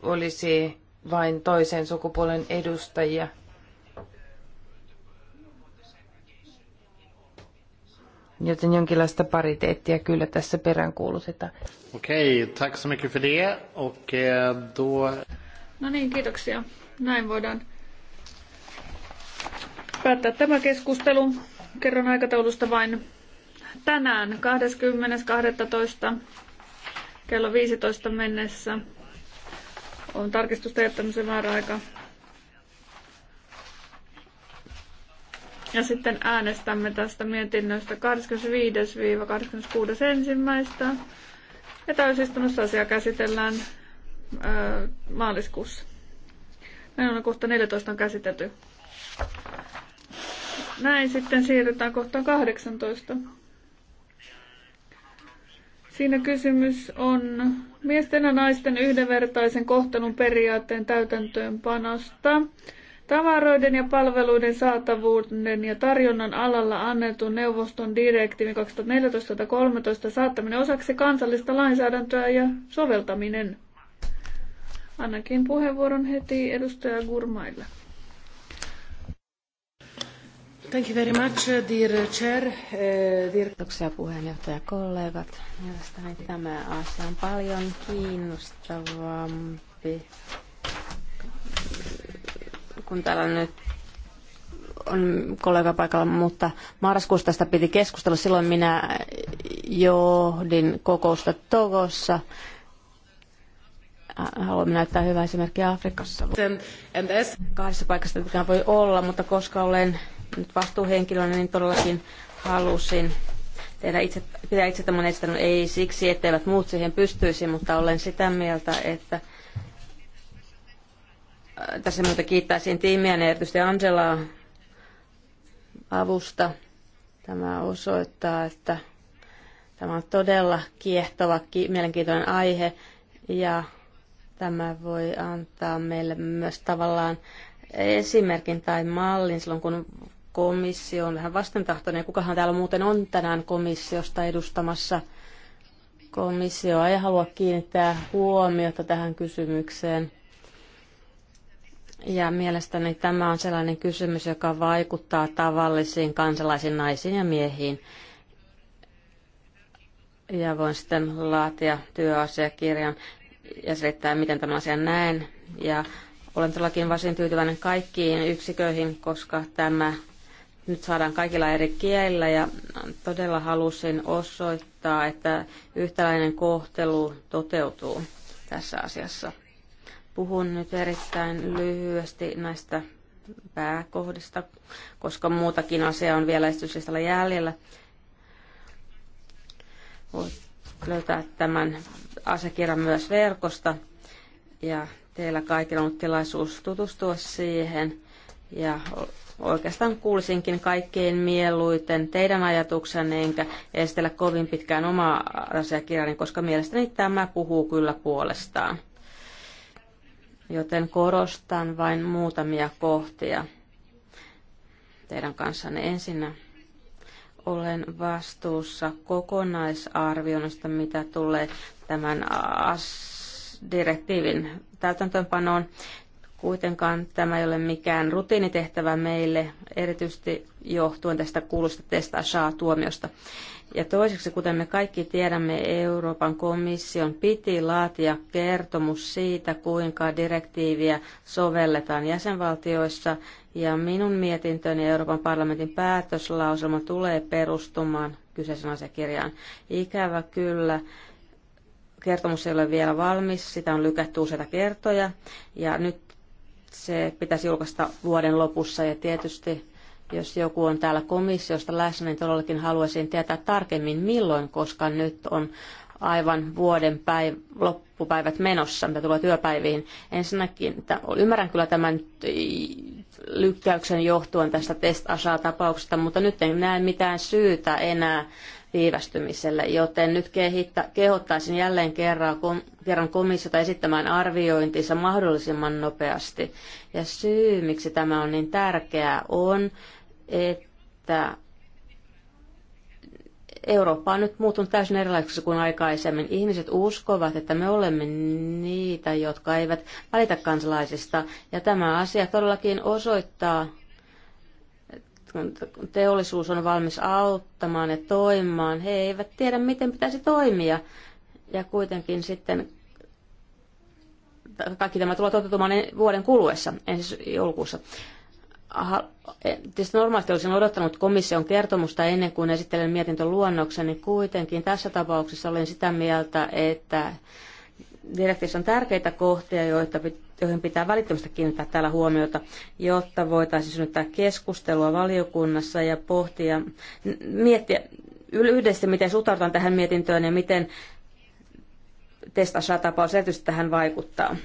olisi vain toisen sukupuolen edustajia. joten jonkinlaista pariteettia kyllä tässä peräänkuulutetaan. Okei, tack så mycket för det. Och eh, då... No niin, kiitoksia. Näin voidaan päättää tämä keskustelu. Kerron aikataulusta vain tänään 20.12. kello 15 mennessä on tarkistusta jättämisen määräaika Ja sitten äänestämme tästä mietinnöstä 25-26.1. Ja täysistunnossa asia käsitellään öö, maaliskuussa. Näin on kohta 14 on käsitelty. Näin sitten siirrytään kohtaan 18. Siinä kysymys on miesten ja naisten yhdenvertaisen kohtelun periaatteen täytäntöönpanosta. panosta tavaroiden ja palveluiden saatavuuden ja tarjonnan alalla annetun neuvoston direktiivin 2014-13 saattaminen osaksi kansallista lainsäädäntöä ja soveltaminen. Annakin puheenvuoron heti edustaja Gurmaille. Thank you very much, uh, dear chair, uh, dear... Kiitoksia puheenjohtaja kollegat. Mielestäni tämä asia on paljon kiinnostavampi kun täällä nyt on kollega paikalla, mutta marraskuussa tästä piti keskustella. Silloin minä johdin kokousta Togossa. Haluamme näyttää hyvää esimerkkiä Afrikassa. Kahdessa paikassa tätä voi olla, mutta koska olen nyt vastuuhenkilönä, niin todellakin halusin tehdä itse, pitää itse tämän esittänyt. Ei siksi, etteivät muut siihen pystyisi, mutta olen sitä mieltä, että tässä minulta kiittäisin tiimiä ja niin erityisesti Angelaa avusta. Tämä osoittaa, että tämä on todella kiehtova, mielenkiintoinen aihe ja tämä voi antaa meille myös tavallaan esimerkin tai mallin silloin, kun komissio on vähän vastentahtoinen. Kukahan täällä muuten on tänään komissiosta edustamassa komissioa ei halua kiinnittää huomiota tähän kysymykseen. Ja mielestäni tämä on sellainen kysymys, joka vaikuttaa tavallisiin kansalaisiin naisiin ja miehiin. Ja voin sitten laatia työasiakirjan ja selittää, miten tämän asian näen. Ja olen todellakin varsin tyytyväinen kaikkiin yksiköihin, koska tämä nyt saadaan kaikilla eri kielillä ja todella halusin osoittaa, että yhtäläinen kohtelu toteutuu tässä asiassa. Puhun nyt erittäin lyhyesti näistä pääkohdista, koska muutakin asiaa on vielä esityslistalla jäljellä. Voit löytää tämän asiakirjan myös verkosta ja teillä kaikilla on ollut tilaisuus tutustua siihen. Ja oikeastaan kuulisinkin kaikkein mieluiten teidän ajatuksenne, enkä esitellä kovin pitkään omaa asiakirjani, koska mielestäni tämä puhuu kyllä puolestaan joten korostan vain muutamia kohtia teidän kanssanne ensinnä. Olen vastuussa kokonaisarvioinnista, mitä tulee tämän direktiivin täytäntöönpanoon. Kuitenkaan tämä ei ole mikään rutiinitehtävä meille, erityisesti johtuen tästä kuulusta testaa saa tuomiosta ja toiseksi, kuten me kaikki tiedämme, Euroopan komission piti laatia kertomus siitä, kuinka direktiiviä sovelletaan jäsenvaltioissa. Ja minun mietintöni Euroopan parlamentin päätöslauselma tulee perustumaan kyseisen asiakirjaan. Ikävä kyllä, kertomus ei ole vielä valmis, sitä on lykätty useita kertoja. Ja nyt se pitäisi julkaista vuoden lopussa ja tietysti jos joku on täällä komissiosta läsnä, niin todellakin haluaisin tietää tarkemmin milloin, koska nyt on aivan vuoden päiv- loppupäivät menossa, mitä tulee työpäiviin. Ensinnäkin että ymmärrän kyllä tämän lykkäyksen johtuen tästä test tapauksesta mutta nyt en näe mitään syytä enää viivästymiselle, joten nyt kehittä, kehottaisin jälleen kerran, kom, kerran komissiota esittämään arviointinsa mahdollisimman nopeasti. Ja syy, miksi tämä on niin tärkeää, on, että Eurooppa on nyt muuttunut täysin erilaiseksi kuin aikaisemmin. Ihmiset uskovat, että me olemme niitä, jotka eivät välitä kansalaisista. Ja tämä asia todellakin osoittaa, kun teollisuus on valmis auttamaan ja toimimaan. He eivät tiedä, miten pitäisi toimia. Ja kuitenkin sitten kaikki tämä tulee toteutumaan vuoden kuluessa, ensi joulukuussa. Tietysti normaalisti olisin odottanut komission kertomusta ennen kuin esittelen mietintöluonnoksen, niin kuitenkin tässä tapauksessa olen sitä mieltä, että direktiivissä on tärkeitä kohtia, joita, joihin pitää välittömästi kiinnittää täällä huomiota, jotta voitaisiin synnyttää keskustelua valiokunnassa ja pohtia, miettiä yhdessä, miten suhtaudutaan tähän mietintöön ja miten testassa tapaus erityisesti tähän vaikuttaa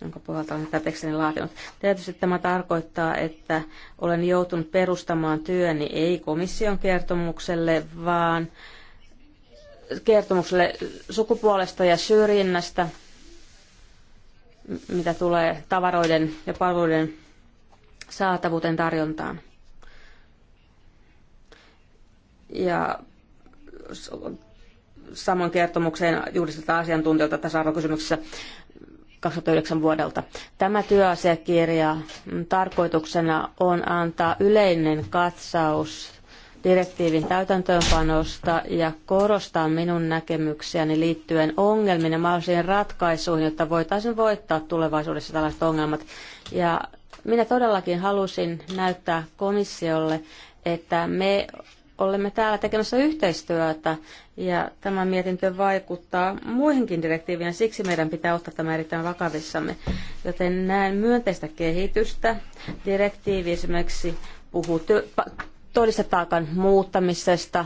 jonka pohjalta olen tätä tekstini laatinut. Tietysti tämä tarkoittaa, että olen joutunut perustamaan työni ei komission kertomukselle, vaan kertomukselle sukupuolesta ja syrjinnästä, mitä tulee tavaroiden ja palveluiden saatavuuteen tarjontaan. Ja samoin kertomukseen juuri sitä asiantuntijoita tasa-arvokysymyksissä 2009 vuodelta. Tämä työasiakirja mm, tarkoituksena on antaa yleinen katsaus direktiivin täytäntöönpanosta ja korostaa minun näkemyksiäni liittyen ongelmiin ja mahdollisiin ratkaisuihin, jotta voitaisiin voittaa tulevaisuudessa tällaiset ongelmat. Ja minä todellakin halusin näyttää komissiolle, että me olemme täällä tekemässä yhteistyötä ja tämä mietintö vaikuttaa muihinkin direktiiviin, siksi meidän pitää ottaa tämä erittäin vakavissamme. Joten näen myönteistä kehitystä. Direktiivi esimerkiksi puhuu todistetaakan muuttamisesta.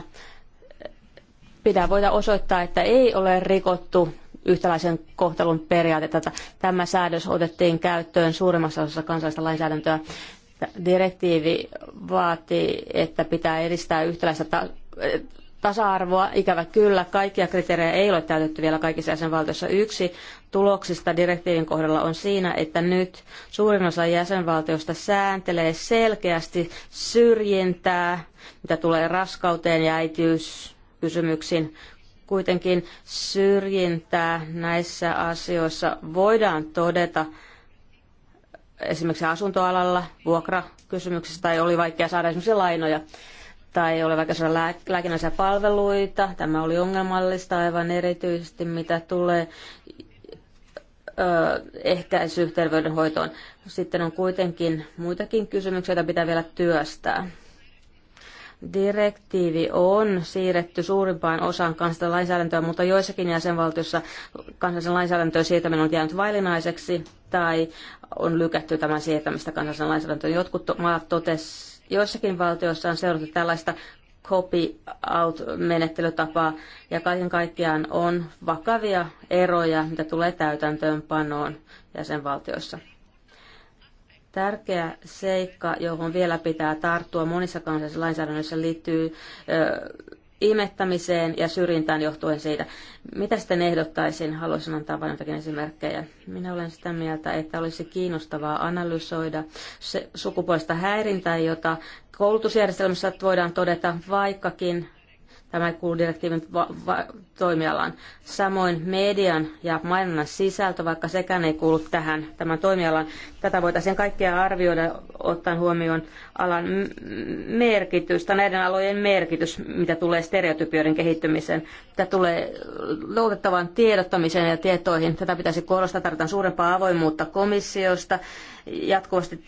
Pitää voida osoittaa, että ei ole rikottu yhtäläisen kohtelun periaatetta. Tämä säädös otettiin käyttöön suurimmassa osassa kansallista lainsäädäntöä. Direktiivi vaatii, että pitää edistää yhtäläistä tasa-arvoa. Ikävä kyllä, kaikkia kriteerejä ei ole täytetty vielä kaikissa jäsenvaltioissa. Yksi tuloksista direktiivin kohdalla on siinä, että nyt suurin osa jäsenvaltioista sääntelee selkeästi syrjintää, mitä tulee raskauteen ja äitiyskysymyksiin. Kuitenkin syrjintää näissä asioissa voidaan todeta esimerkiksi asuntoalalla, vuokrakysymyksissä tai oli vaikea saada esimerkiksi lainoja tai ei ole vaikka lääkinnällisiä palveluita. Tämä oli ongelmallista aivan erityisesti, mitä tulee terveydenhoitoon. Sitten on kuitenkin muitakin kysymyksiä, joita pitää vielä työstää. Direktiivi on siirretty suurimpaan osaan kansallista lainsäädäntöä, mutta joissakin jäsenvaltioissa kansallisen lainsäädäntöön siirtäminen on jäänyt vailinaiseksi tai on lykätty tämän siirtämistä kansallisen lainsäädäntöön. Jotkut maat totesivat, Joissakin valtioissa on seurattu tällaista copy-out-menettelytapaa ja kaiken kaikkiaan on vakavia eroja, mitä tulee täytäntöönpanoon jäsenvaltioissa. Tärkeä seikka, johon vielä pitää tarttua monissa kansallisissa lainsäädännöissä, liittyy imettämiseen ja syrjintään johtuen siitä. Mitä sitten ehdottaisin? Haluaisin antaa vain jotakin esimerkkejä. Minä olen sitä mieltä, että olisi kiinnostavaa analysoida se sukupuolista häirintää, jota koulutusjärjestelmässä voidaan todeta, vaikkakin Tämä ei kuulu direktiivin toimialaan. Samoin median ja mainonnan sisältö, vaikka sekään ei kuulu tähän tämän toimialaan. Tätä voitaisiin kaikkia arvioida ottaen huomioon alan merkitys tai näiden alojen merkitys, mitä tulee stereotypioiden kehittymiseen, mitä tulee luotettavaan tiedottamiseen ja tietoihin. Tätä pitäisi korostaa, tarvitaan suurempaa avoimuutta komissiosta, jatkuvasti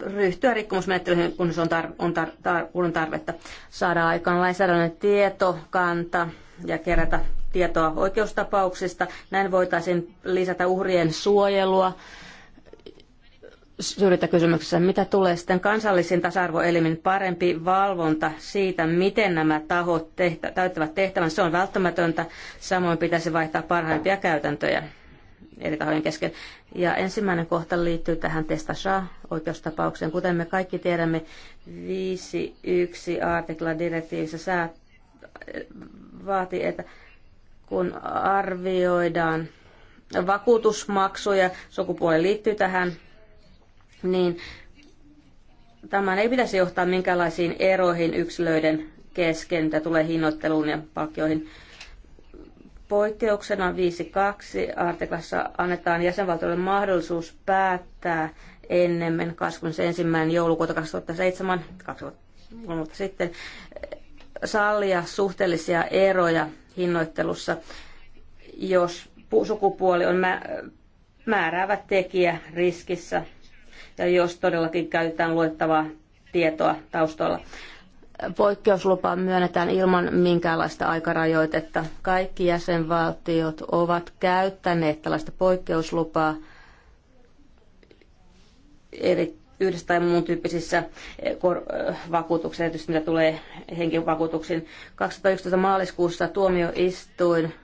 ryhtyä rikkomusmenettelyihin, kun se on, tar- on, tar- tar- kun on tarvetta saada aikaan lainsäädännön tietokanta ja kerätä tietoa oikeustapauksista. Näin voitaisiin lisätä uhrien suojelua kysymyksessä, Mitä tulee sitten kansallisin tasa-arvoelimin parempi valvonta siitä, miten nämä tahot tehtä- täyttävät tehtävän, se on välttämätöntä. Samoin pitäisi vaihtaa parhaimpia käytäntöjä eri tahojen kesken. Ja ensimmäinen kohta liittyy tähän Testasha-oikeustapaukseen. Kuten me kaikki tiedämme, 5.1 artikla direktiivissä sää, vaatii, että kun arvioidaan vakuutusmaksuja, sukupuoli liittyy tähän, niin tämän ei pitäisi johtaa minkälaisiin eroihin yksilöiden kesken, mitä tulee hinnoitteluun ja palkkioihin. Poikkeuksena 5.2 artiklassa annetaan jäsenvaltioille mahdollisuus päättää ennemmin 21. joulukuuta 2007, kaksi vuotta sitten, sallia suhteellisia eroja hinnoittelussa, jos sukupuoli on määräävä tekijä riskissä ja jos todellakin käytetään luettavaa tietoa taustalla. Poikkeuslupa myönnetään ilman minkäänlaista aikarajoitetta. Kaikki jäsenvaltiot ovat käyttäneet tällaista poikkeuslupaa eri yhdessä tai muun tyyppisissä eh, eh, vakuutuksissa, erityisesti mitä tulee henkivakuutuksiin. 2011 maaliskuussa tuomioistuin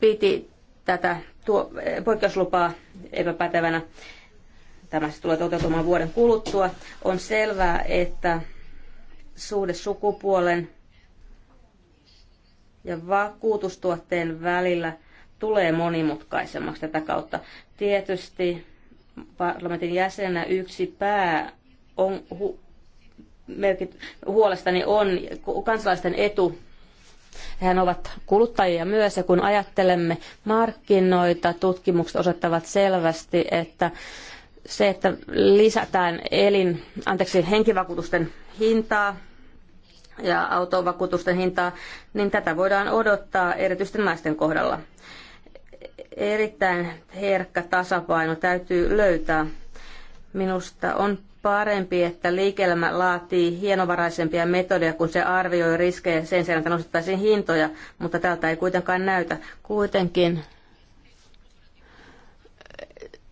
piti tätä tuo, eh, poikkeuslupaa epäpätevänä. Tämä siis tulee toteutumaan vuoden kuluttua. On selvää, että suhde sukupuolen ja vakuutustuotteen välillä tulee monimutkaisemmaksi tätä kautta. Tietysti parlamentin jäsenä yksi pää on, hu, merkit, huolestani on kansalaisten etu. Hän ovat kuluttajia myös, ja kun ajattelemme markkinoita, tutkimukset osoittavat selvästi, että se, että lisätään elin, anteeksi, henkivakuutusten hintaa ja autovakuutusten hintaa, niin tätä voidaan odottaa erityisesti naisten kohdalla. Erittäin herkkä tasapaino täytyy löytää. Minusta on parempi, että liikelmä laatii hienovaraisempia metodeja, kun se arvioi riskejä sen sijaan, että nostettaisiin hintoja, mutta tältä ei kuitenkaan näytä. Kuitenkin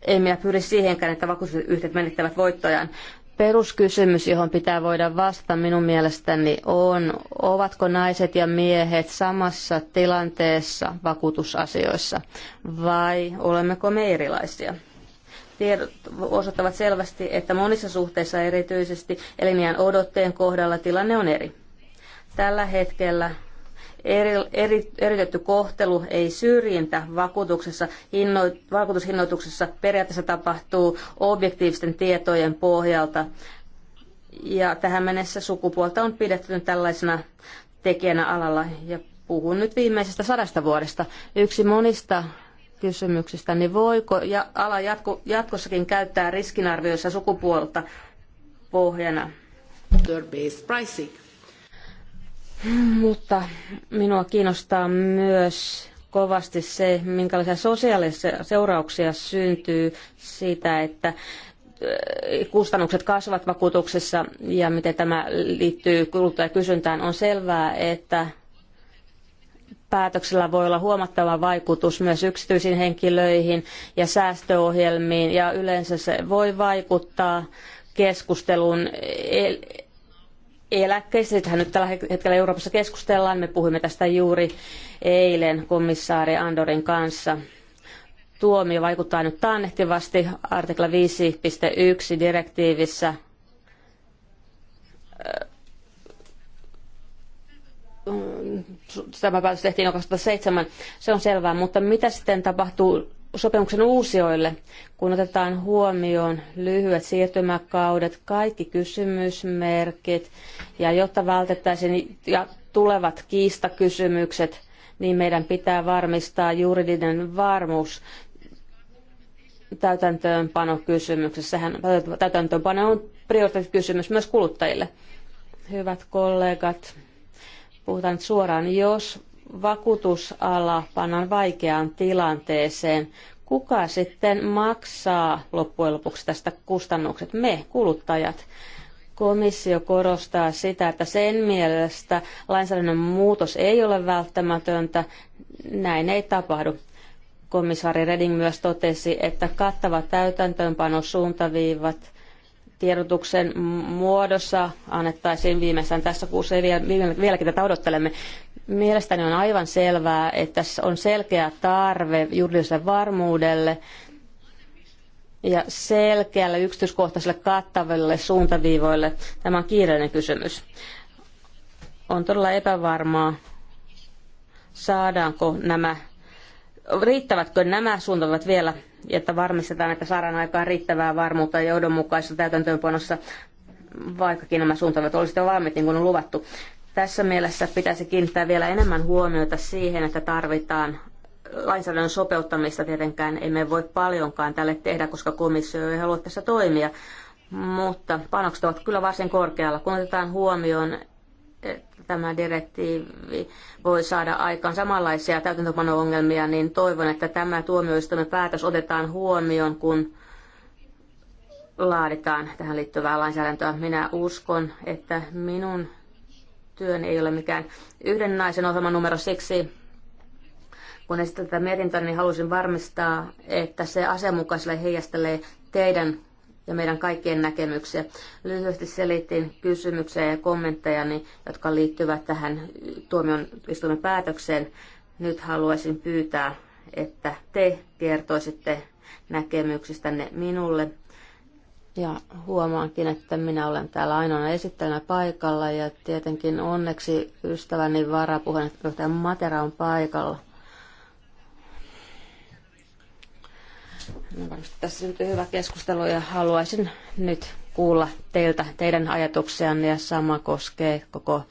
emme pyri siihenkään, että vakuutusyhtiöt menettävät voittojaan. Peruskysymys, johon pitää voida vastata minun mielestäni on, ovatko naiset ja miehet samassa tilanteessa vakuutusasioissa vai olemmeko me erilaisia? Tiedot osoittavat selvästi, että monissa suhteissa erityisesti elinjään odotteen kohdalla tilanne on eri. Tällä hetkellä eri, eri, eritetty kohtelu, ei syrjintä vakuutuksessa, inno, vakuutushinnoituksessa periaatteessa tapahtuu objektiivisten tietojen pohjalta. Ja tähän mennessä sukupuolta on pidetty tällaisena tekijänä alalla. Ja puhun nyt viimeisestä sadasta vuodesta. Yksi monista kysymyksistä, niin voiko ja ala jatku, jatkossakin käyttää riskinarvioissa sukupuolta pohjana? Based pricing. Mutta minua kiinnostaa myös kovasti se, minkälaisia sosiaalisia seurauksia syntyy siitä, että kustannukset kasvavat vakuutuksessa ja miten tämä liittyy kuluttajakysyntään. On selvää, että päätöksellä voi olla huomattava vaikutus myös yksityisiin henkilöihin ja säästöohjelmiin ja yleensä se voi vaikuttaa keskustelun eläkkeistä. Sitähän nyt tällä hetkellä Euroopassa keskustellaan. Me puhuimme tästä juuri eilen komissaari Andorin kanssa. Tuomio vaikuttaa nyt taannehtivasti artikla 5.1 direktiivissä äh, tämä päätös tehtiin jo 2007, se on selvää, mutta mitä sitten tapahtuu sopimuksen uusioille, kun otetaan huomioon lyhyet siirtymäkaudet, kaikki kysymysmerkit ja jotta vältettäisiin ja tulevat kiistakysymykset, niin meidän pitää varmistaa juridinen varmuus täytäntöönpanokysymyksessähän täytäntöönpano on prioriteettikysymys myös kuluttajille. Hyvät kollegat, puhutaan nyt suoraan, jos vakuutusala pannaan vaikeaan tilanteeseen. Kuka sitten maksaa loppujen lopuksi tästä kustannukset? Me, kuluttajat. Komissio korostaa sitä, että sen mielestä lainsäädännön muutos ei ole välttämätöntä. Näin ei tapahdu. Komissaari Reding myös totesi, että kattavat suuntaviivat – tiedotuksen muodossa annettaisiin viimeistään tässä kuussa, ei vielä, vieläkin tätä odottelemme. Mielestäni on aivan selvää, että tässä on selkeä tarve juridiselle varmuudelle ja selkeälle yksityiskohtaiselle kattaville suuntaviivoille. Tämä on kiireinen kysymys. On todella epävarmaa, saadaanko nämä, riittävätkö nämä suuntavat vielä että varmistetaan, että saadaan aikaan riittävää varmuutta ja johdonmukaisessa täytäntöönpanossa, vaikkakin nämä suuntaavat olisivat jo valmiit, niin kuin on luvattu. Tässä mielessä pitäisi kiinnittää vielä enemmän huomiota siihen, että tarvitaan lainsäädännön sopeuttamista tietenkään emme voi paljonkaan tälle tehdä, koska komissio ei halua tässä toimia. Mutta panokset ovat kyllä varsin korkealla. Kun otetaan huomioon tämä direktiivi voi saada aikaan samanlaisia täytäntöpano-ongelmia, niin toivon, että tämä tuomioistuimen päätös otetaan huomioon, kun laaditaan tähän liittyvää lainsäädäntöä. Minä uskon, että minun työn ei ole mikään yhden naisen ohjelman numero siksi, kun esitän tätä mietintöä, niin halusin varmistaa, että se asianmukaiselle heijastelee teidän ja meidän kaikkien näkemyksiä. Lyhyesti selitin kysymyksiä ja kommentteja, jotka liittyvät tähän tuomion istuimen päätökseen. Nyt haluaisin pyytää, että te kertoisitte näkemyksistänne minulle. Ja huomaankin, että minä olen täällä ainoana esittelemä paikalla ja tietenkin onneksi ystäväni varapuheenjohtaja Matera on paikalla – No varmasti tässä syntyy hyvä keskustelu ja haluaisin nyt kuulla teiltä teidän ajatuksianne ja sama koskee koko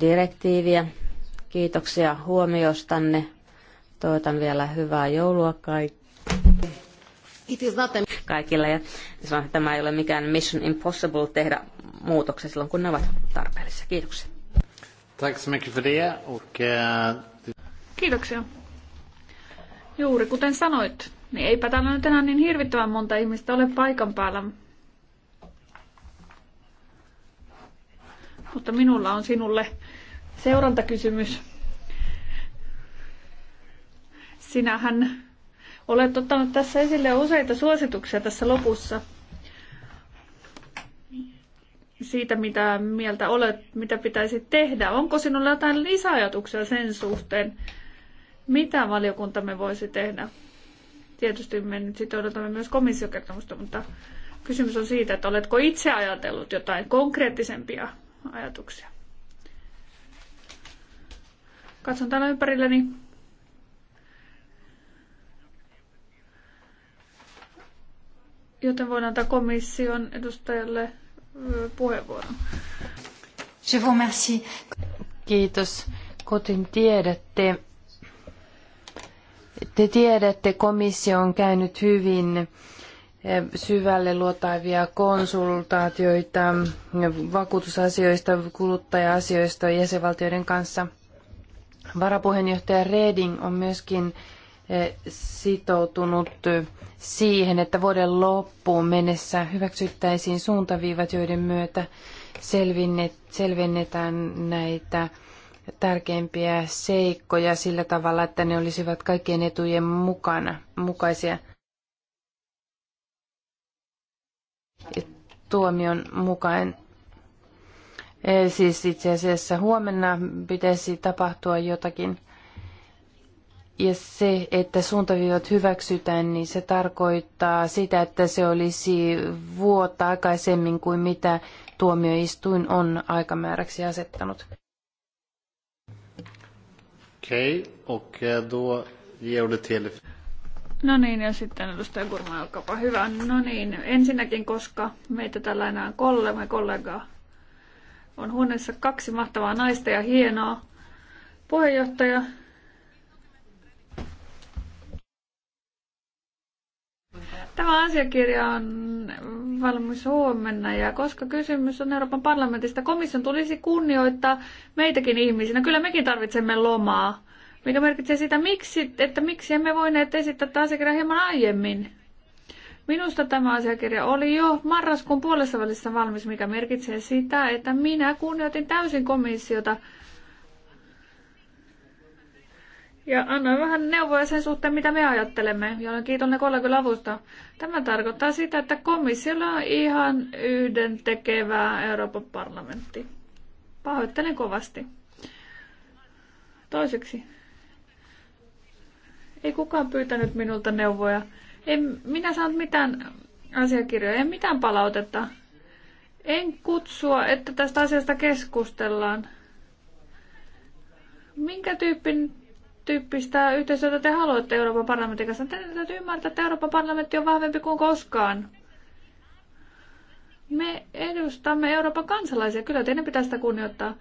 direktiiviä. Kiitoksia huomiostanne. Toivotan vielä hyvää joulua kaikille. Kaikille. Ja sanon, että tämä ei ole mikään mission impossible tehdä muutoksia silloin, kun ne ovat tarpeellisia. Kiitoksia. Eh, Kiitoksia. Juuri kuten sanoit, niin eipä täällä nyt enää niin hirvittävän monta ihmistä ole paikan päällä. Mutta minulla on sinulle seurantakysymys. Sinähän olet ottanut tässä esille useita suosituksia tässä lopussa siitä, mitä mieltä olet, mitä pitäisi tehdä. Onko sinulla jotain lisäajatuksia sen suhteen, mitä valiokuntamme voisi tehdä? Tietysti me nyt sitten odotamme myös komissiokertomusta, mutta kysymys on siitä, että oletko itse ajatellut jotain konkreettisempia ajatuksia. Katson täällä ympärilläni. Joten voin antaa komission edustajalle puheenvuoron. Je vous remercie. Kiitos. Kuten tiedätte, te tiedätte, komissio on käynyt hyvin eh, syvälle luotaavia konsultaatioita vakuutusasioista, kuluttaja-asioista jäsenvaltioiden kanssa. Varapuheenjohtaja Reding on myöskin eh, sitoutunut eh, siihen, että vuoden loppuun mennessä hyväksyttäisiin suuntaviivat, joiden myötä selvennetään näitä tärkeimpiä seikkoja sillä tavalla, että ne olisivat kaikkien etujen mukana, mukaisia. Tuomion mukaan e, Siis itse asiassa huomenna pitäisi tapahtua jotakin. Ja se, että suuntaviivat hyväksytään, niin se tarkoittaa sitä, että se olisi vuotta aikaisemmin kuin mitä tuomioistuin on aikamääräksi asettanut. Okei, okay. okei, eh, okay, tuo Jeudetille. No niin, ja sitten edustaja Kurma, olkaapa hyvä. No niin, ensinnäkin, koska meitä tällä enää kolme kollegaa on huoneessa kaksi mahtavaa naista ja hienoa puheenjohtaja Tämä asiakirja on valmis huomenna ja koska kysymys on Euroopan parlamentista, komission tulisi kunnioittaa meitäkin ihmisinä. Kyllä mekin tarvitsemme lomaa, mikä merkitsee sitä, miksi, että miksi emme voineet esittää tätä asiakirjaa hieman aiemmin. Minusta tämä asiakirja oli jo marraskuun puolessa välissä valmis, mikä merkitsee sitä, että minä kunnioitin täysin komissiota – ja annoin vähän neuvoja sen suhteen, mitä me ajattelemme, ja olen kiitollinen kollegan avusta. Tämä tarkoittaa sitä, että komissiolla on ihan yhden tekevää Euroopan parlamentti. Pahoittelen kovasti. Toiseksi. Ei kukaan pyytänyt minulta neuvoja. En minä saanut mitään asiakirjoja, en mitään palautetta. En kutsua, että tästä asiasta keskustellaan. Minkä tyyppinen tyyppistä yhteistyötä te haluatte Euroopan parlamentin kanssa. Teidän täytyy ymmärtää, että Euroopan parlamentti on vahvempi kuin koskaan. Me edustamme Euroopan kansalaisia. Kyllä teidän pitää sitä kunnioittaa.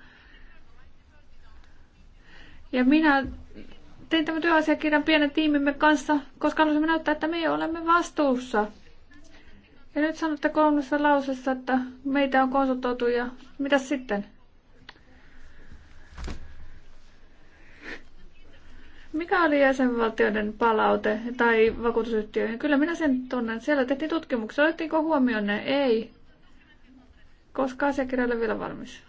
Ja minä tein tämän työasiakirjan pienen tiimimme kanssa, koska haluaisimme näyttää, että me olemme vastuussa. Ja nyt sanotte kolmessa lausessa, että meitä on konsultoitu ja mitä sitten? Mikä oli jäsenvaltioiden palaute tai vakuutusyhtiöihin? Kyllä minä sen tunnen. Siellä tehtiin tutkimuksia. Otettiinko huomioon ne? Ei. Koska asiakirja oli vielä valmis.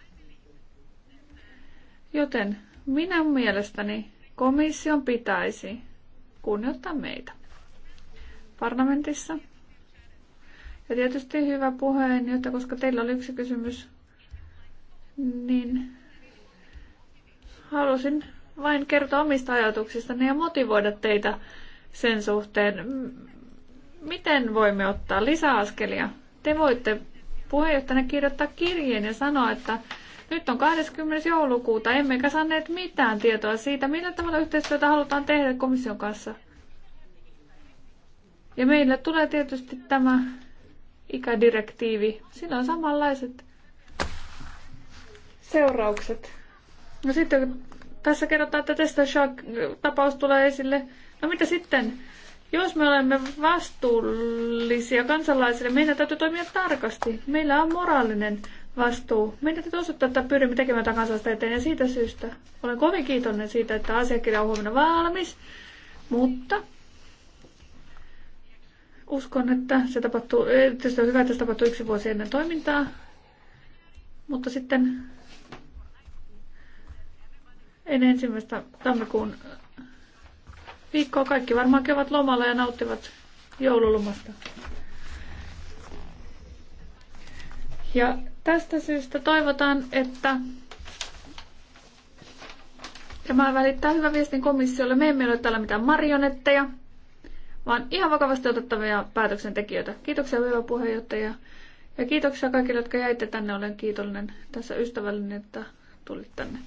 Joten minä mielestäni komission pitäisi kunnioittaa meitä parlamentissa. Ja tietysti hyvä jotta koska teillä oli yksi kysymys, niin halusin vain kertoa omista ajatuksistanne ja motivoida teitä sen suhteen, miten voimme ottaa lisäaskelia. Te voitte puheenjohtajana kirjoittaa kirjeen ja sanoa, että nyt on 20. joulukuuta, emmekä saaneet mitään tietoa siitä, millä tavalla yhteistyötä halutaan tehdä komission kanssa. Ja meillä tulee tietysti tämä ikädirektiivi. Siinä on samanlaiset seuraukset. No sitten tässä kerrotaan, että tästä tapaus tulee esille. No mitä sitten? Jos me olemme vastuullisia kansalaisille, meidän täytyy toimia tarkasti. Meillä on moraalinen vastuu. Meidän täytyy osoittaa, että pyrimme tekemään tämän kansalaista eteen ja siitä syystä olen kovin kiitollinen siitä, että asiakirja on huomenna valmis, mutta uskon, että se tapahtuu, tietysti on hyvä, että se tapahtuu yksi vuosi ennen toimintaa, mutta sitten en ensimmäistä tammikuun viikkoa kaikki varmaan ovat lomalla ja nauttivat joululomasta. Ja tästä syystä toivotaan, että tämä välittää hyvä viestin komissiolle. Me emme ole täällä mitään marionetteja, vaan ihan vakavasti otettavia päätöksentekijöitä. Kiitoksia hyvä puheenjohtaja ja kiitoksia kaikille, jotka jäitte tänne. Olen kiitollinen tässä ystävällinen, että tulit tänne.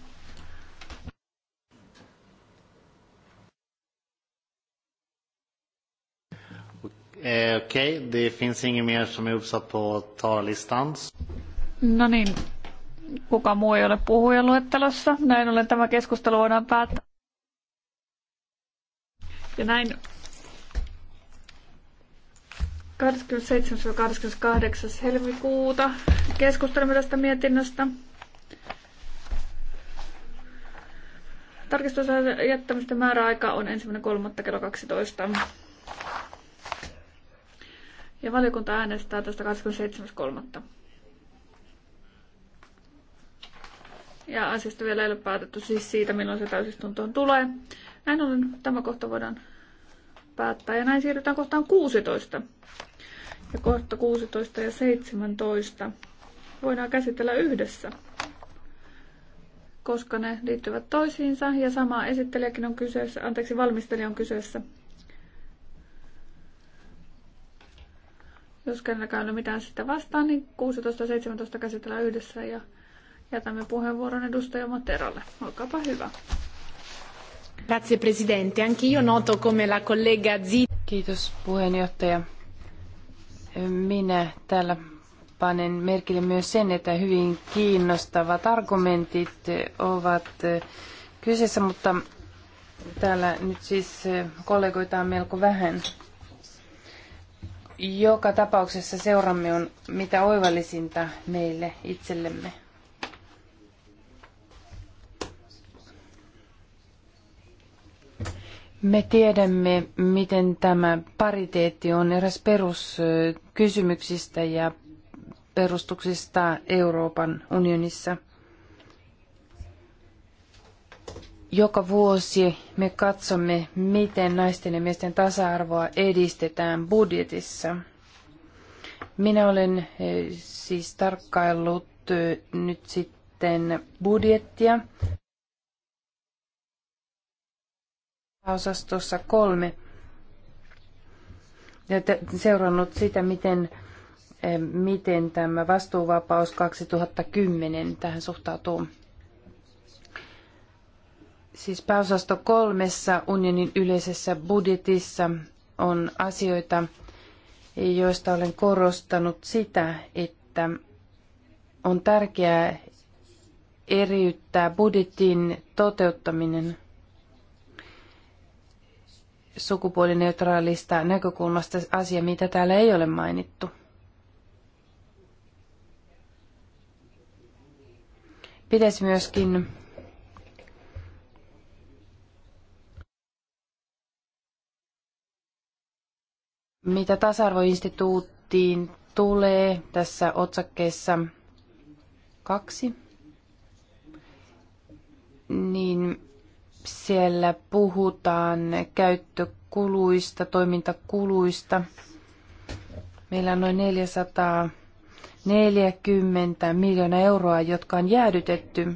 Eh, okej, okay, det finns ingen mer som är uppsatt på talarlistan. No niin, kuka muu ei ole puhujaluettelossa. Näin ollen tämä keskustelu voidaan päättää. Ja näin 27-28. helmikuuta keskustelemme tästä mietinnöstä. jättämistä määräaika on ensimmäinen kolmatta kello 12. Ja valiokunta äänestää tästä 27.3. Ja asiasta vielä ei ole päätetty siis siitä, milloin se täysistuntoon tulee. Näin ollen tämä kohta voidaan päättää. Ja näin siirrytään kohtaan 16. Ja kohta 16 ja 17 voidaan käsitellä yhdessä, koska ne liittyvät toisiinsa ja sama esittelijäkin on kyseessä, anteeksi valmistelija on kyseessä. Jos kenelläkään ei ole mitään sitä vastaan, niin 16-17 käsitellään yhdessä ja jätämme puheenvuoron edustaja Materalle. Olkaapa hyvä. Grazie Presidente. Anch'io noto come la collega Zit... Kiitos puheenjohtaja. Minä täällä panen merkille myös sen, että hyvin kiinnostavat argumentit ovat kyseessä, mutta täällä nyt siis kollegoita on melko vähän. Joka tapauksessa seuramme on mitä oivallisinta meille itsellemme. Me tiedämme, miten tämä pariteetti on eräs peruskysymyksistä ja perustuksista Euroopan unionissa – joka vuosi me katsomme, miten naisten ja miesten tasa-arvoa edistetään budjetissa. Minä olen eh, siis tarkkaillut eh, nyt sitten budjettia osastossa kolme ja seurannut sitä, miten, eh, miten tämä vastuuvapaus 2010 tähän suhtautuu siis pääosasto kolmessa unionin yleisessä budjetissa on asioita, joista olen korostanut sitä, että on tärkeää eriyttää budjetin toteuttaminen sukupuolineutraalista näkökulmasta asia, mitä täällä ei ole mainittu. Pitäisi myöskin Mitä tasa-arvoinstituuttiin tulee tässä otsakkeessa kaksi, niin siellä puhutaan käyttökuluista, toimintakuluista. Meillä on noin 440 miljoonaa euroa, jotka on jäädytetty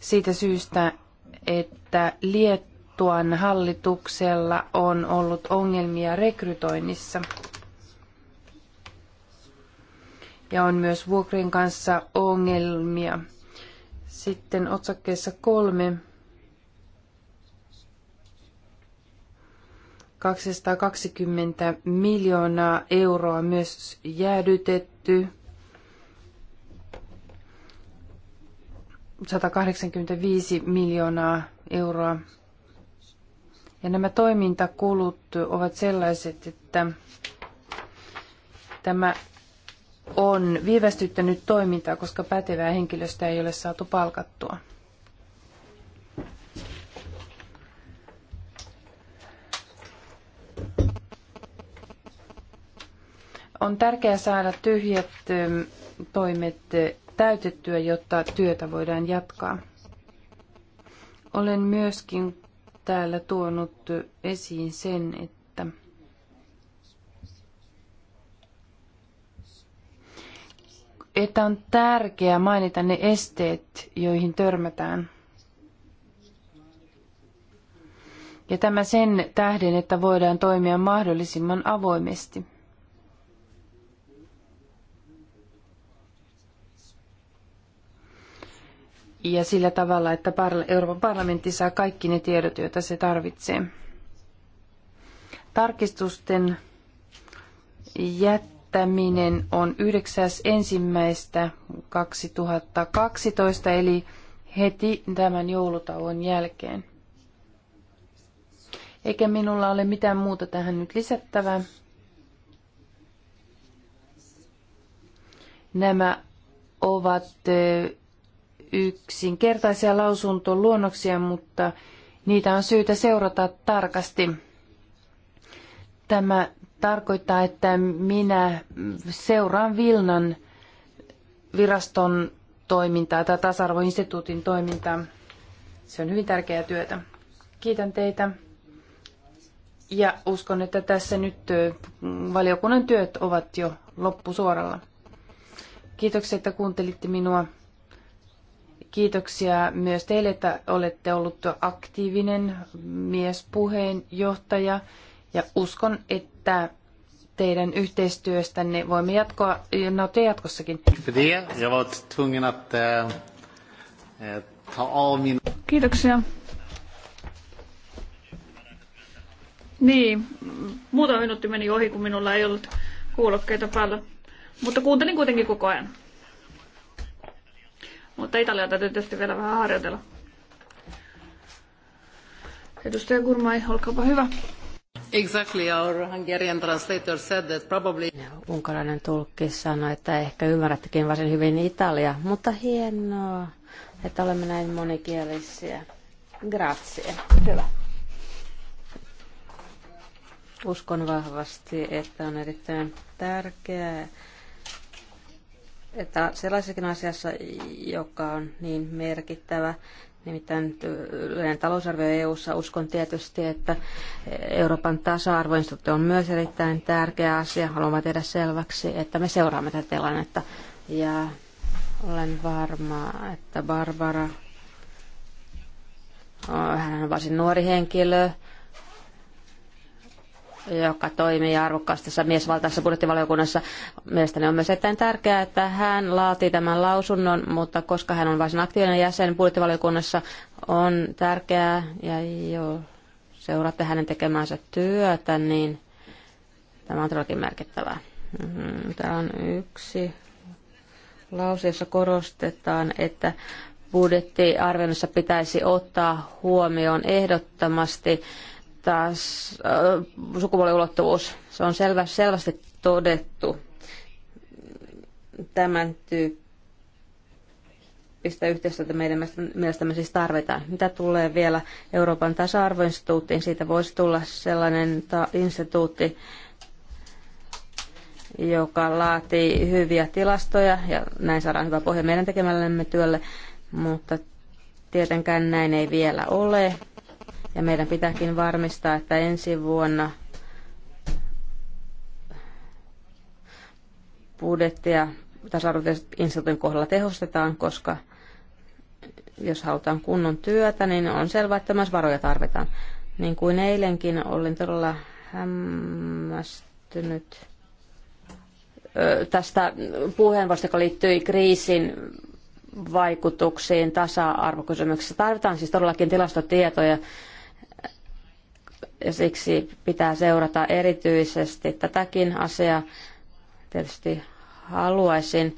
siitä syystä, että Liet Erdoan hallituksella on ollut ongelmia rekrytoinnissa. Ja on myös vuokrien kanssa ongelmia. Sitten otsakkeessa kolme 220 miljoonaa euroa myös jäädytetty. 185 miljoonaa euroa ja nämä toimintakulut ovat sellaiset, että tämä on viivästyttänyt toimintaa, koska pätevää henkilöstöä ei ole saatu palkattua. On tärkeää saada tyhjät ähm, toimet äh, täytettyä, jotta työtä voidaan jatkaa. Olen myöskin täällä tuonut esiin sen, että että on tärkeää mainita ne esteet, joihin törmätään. Ja tämä sen tähden, että voidaan toimia mahdollisimman avoimesti. ja sillä tavalla, että Euroopan parlamentti saa kaikki ne tiedot, joita se tarvitsee. Tarkistusten jättäminen on 9.1.2012, eli heti tämän joulutauon jälkeen. Eikä minulla ole mitään muuta tähän nyt lisättävää. Nämä ovat yksinkertaisia lausuntoluonnoksia, mutta niitä on syytä seurata tarkasti. Tämä tarkoittaa, että minä seuraan Vilnan viraston toimintaa tai tasa-arvoinstituutin toimintaa. Se on hyvin tärkeää työtä. Kiitän teitä ja uskon, että tässä nyt valiokunnan työt ovat jo loppusuoralla. Kiitoksia, että kuuntelitte minua. Kiitoksia myös teille, että olette ollut aktiivinen miespuheenjohtaja ja uskon, että teidän yhteistyöstänne voimme jatkoa, ja no te jatkossakin. Eh, eh, Kiitoksia. Niin, muutama minuutti meni ohi, kun minulla ei ollut kuulokkeita päällä. Mutta kuuntelin kuitenkin koko ajan. Mutta Italia täytyy tietysti vielä vähän harjoitella. Edustaja Gurmai, olkaapa hyvä. Exactly, our Hungarian translator said that probably... Unkarainen tulkki sanoi, että ehkä ymmärrättekin varsin hyvin Italia, mutta hienoa, että olemme näin monikielisiä. Grazie. Hyvä. Uskon vahvasti, että on erittäin tärkeää, että sellaisessakin asiassa, joka on niin merkittävä, nimittäin yleinen talousarvio EU-ssa, uskon tietysti, että Euroopan tasa-arvoinstituutti on myös erittäin tärkeä asia. Haluamme tehdä selväksi, että me seuraamme tätä tilannetta. Ja olen varma, että Barbara, oh, hän on varsin nuori henkilö, joka toimii arvokkaasti tässä miesvaltaisessa budjettivaliokunnassa. Mielestäni on myös erittäin tärkeää, että hän laatii tämän lausunnon, mutta koska hän on varsin aktiivinen jäsen budjettivaliokunnassa, on tärkeää, ja jo seuraatte hänen tekemäänsä työtä, niin tämä on todellakin merkittävää. Mm-hmm. Täällä on yksi lause, jossa korostetaan, että budjettiarvioinnissa pitäisi ottaa huomioon ehdottomasti taas äh, sukupuoliulottuvuus, se on selvä, selvästi todettu tämän tyyppistä yhteistyötä meidän mielestämme siis tarvitaan. Mitä tulee vielä Euroopan tasa-arvoinstituuttiin, siitä voisi tulla sellainen ta- instituutti, joka laatii hyviä tilastoja ja näin saadaan hyvä pohja meidän tekemällemme työlle, mutta tietenkään näin ei vielä ole. Ja meidän pitääkin varmistaa, että ensi vuonna budjettia tasa instituutin kohdalla tehostetaan, koska jos halutaan kunnon työtä, niin on selvää, että myös varoja tarvitaan. Niin kuin eilenkin olin todella hämmästynyt tästä puheenvuorosta, joka liittyi kriisin vaikutuksiin tasa-arvokysymyksessä. Tarvitaan siis todellakin tilastotietoja ja siksi pitää seurata erityisesti tätäkin asiaa. Tietysti haluaisin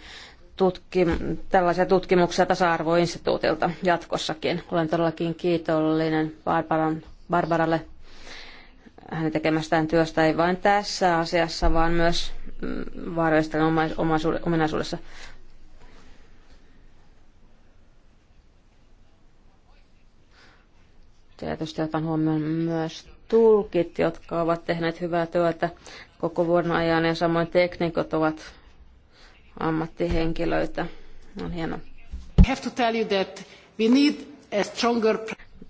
tutkim- tällaisia tutkimuksia tasa-arvoinstituutilta jatkossakin. Olen todellakin kiitollinen Barbaran, Barbaralle hänen tekemästään työstä, ei vain tässä asiassa, vaan myös mm, vaarallisten ominaisuudessa. Tietysti otan huomioon myös tulkit, jotka ovat tehneet hyvää työtä koko vuoden ajan ja samoin teknikot ovat ammattihenkilöitä. On hienoa.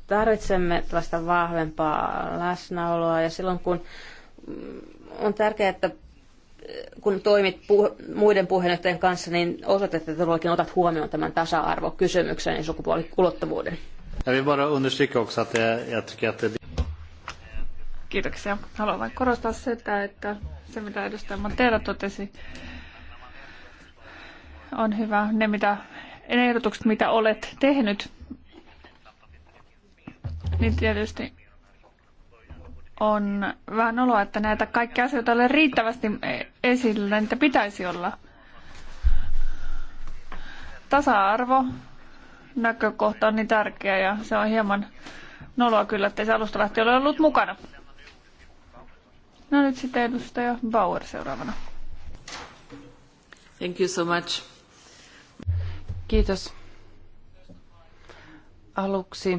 Tarvitsemme tällaista vahvempaa läsnäoloa ja silloin kun mm, on tärkeää, että eh, kun toimit puh- muiden puheenjohtajien kanssa, niin osoitat, että todellakin otat huomioon tämän tasa-arvokysymyksen ja sukupuolikulottavuuden. Jag vill bara understryka också att jag, jag tycker att det Kiitoksia. Haluan vain korostaa sitä, että se mitä edustaja Montero totesi, on hyvä. Ne, mitä, ne ehdotukset, mitä olet tehnyt, niin tietysti on vähän oloa, että näitä kaikkia asioita ole riittävästi esillä, niitä pitäisi olla. Tasa-arvo näkökohta on niin tärkeä ja se on hieman noloa kyllä, että se alusta lähtien ole ollut mukana. No nyt sitten edustaja Bauer seuraavana. Thank you so much. Kiitos. Aluksi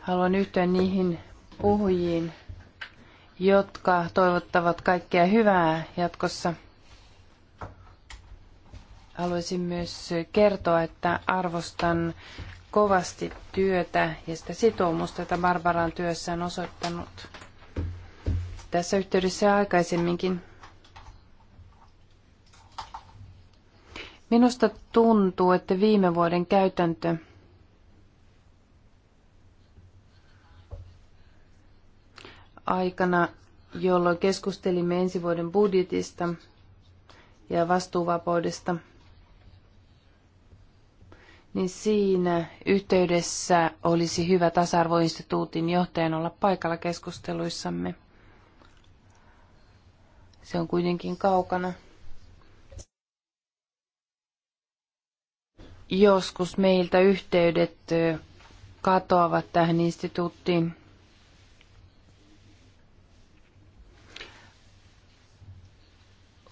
haluan yhtyä niihin puhujiin, jotka toivottavat kaikkea hyvää jatkossa. Haluaisin myös kertoa, että arvostan kovasti työtä ja sitä sitoumusta, jota Barbara on työssään osoittanut tässä yhteydessä aikaisemminkin. Minusta tuntuu, että viime vuoden käytäntö aikana, jolloin keskustelimme ensi vuoden budjetista ja vastuuvapaudesta, niin siinä yhteydessä olisi hyvä tasa-arvoinstituutin johtajan olla paikalla keskusteluissamme. Se on kuitenkin kaukana. Joskus meiltä yhteydet katoavat tähän instituuttiin.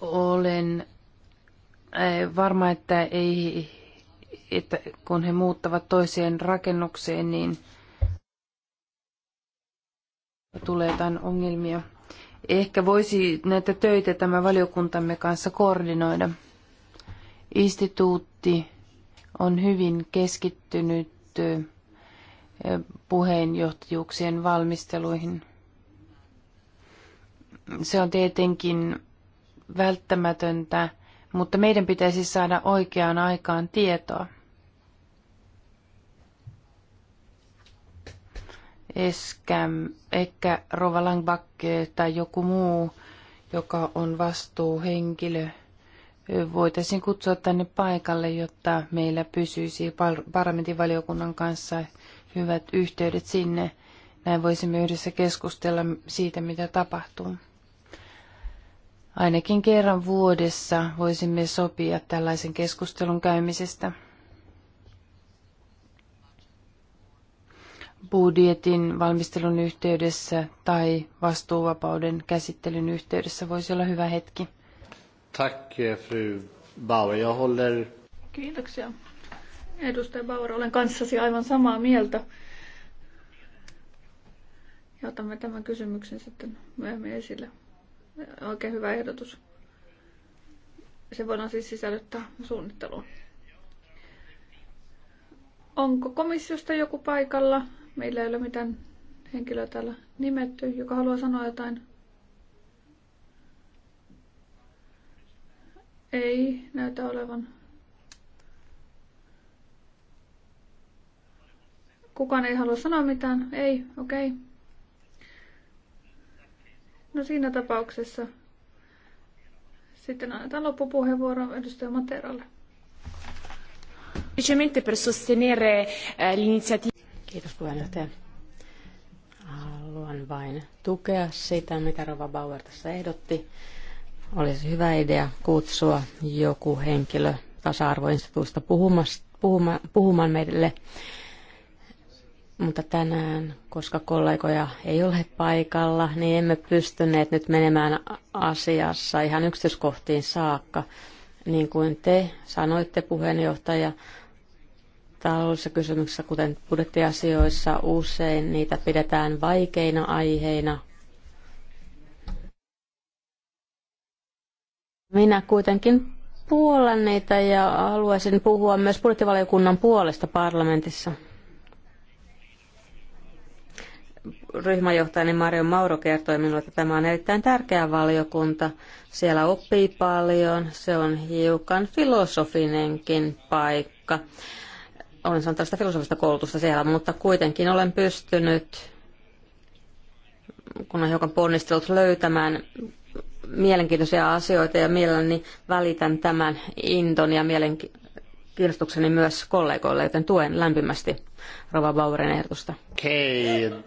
Olen varma, että, ei, että kun he muuttavat toiseen rakennukseen, niin tulee jotain ongelmia. Ehkä voisi näitä töitä tämä valiokuntamme kanssa koordinoida. Instituutti on hyvin keskittynyt puheenjohtajuuksien valmisteluihin. Se on tietenkin välttämätöntä, mutta meidän pitäisi saada oikeaan aikaan tietoa. Eskäm, ehkä Rova Langbakke tai joku muu, joka on vastuuhenkilö, voitaisiin kutsua tänne paikalle, jotta meillä pysyisi parlamentin valiokunnan kanssa hyvät yhteydet sinne. Näin voisimme yhdessä keskustella siitä, mitä tapahtuu. Ainakin kerran vuodessa voisimme sopia tällaisen keskustelun käymisestä. budjetin valmistelun yhteydessä tai vastuuvapauden käsittelyn yhteydessä voisi olla hyvä hetki. Tack, fru Bauer. Jag håller... Kiitoksia. Edustaja Bauer, olen kanssasi aivan samaa mieltä. Ja otamme tämän kysymyksen sitten myöhemmin esille. Oikein hyvä ehdotus. Se voidaan siis sisällyttää suunnitteluun. Onko komissiosta joku paikalla? Meillä ei ole mitään henkilöä täällä nimetty, joka haluaa sanoa jotain. Ei näytä olevan. Kukaan ei halua sanoa mitään. Ei, okei. Okay. No siinä tapauksessa sitten annetaan loppupuheenvuoro edustaja Materalle. Semplicemente per sostenere eh, l'iniziativa. Kiitos puheenjohtaja. Haluan vain tukea sitä, mitä Rova Bauer tässä ehdotti. Olisi hyvä idea kutsua joku henkilö tasa-arvoinstituusta puhumaan, puhumaan meille mutta tänään, koska kollegoja ei ole paikalla, niin emme pystyneet nyt menemään asiassa ihan yksityiskohtiin saakka. Niin kuin te sanoitte, puheenjohtaja, Taloudellisissa kysymyksissä, kuten budjettiasioissa, usein niitä pidetään vaikeina aiheina. Minä kuitenkin puollan niitä ja haluaisin puhua myös budjettivaliokunnan puolesta parlamentissa. Ryhmäjohtajani Mario Mauro kertoi minulle, että tämä on erittäin tärkeä valiokunta. Siellä oppii paljon, se on hiukan filosofinenkin paikka olen saanut tällaista filosofista koulutusta siellä, mutta kuitenkin olen pystynyt, kun olen hiukan ponnistellut löytämään mielenkiintoisia asioita ja mielelläni välitän tämän inton ja mielenkiinnostukseni myös kollegoille, joten tuen lämpimästi Rova Bauerin ehdotusta. Okei, okay.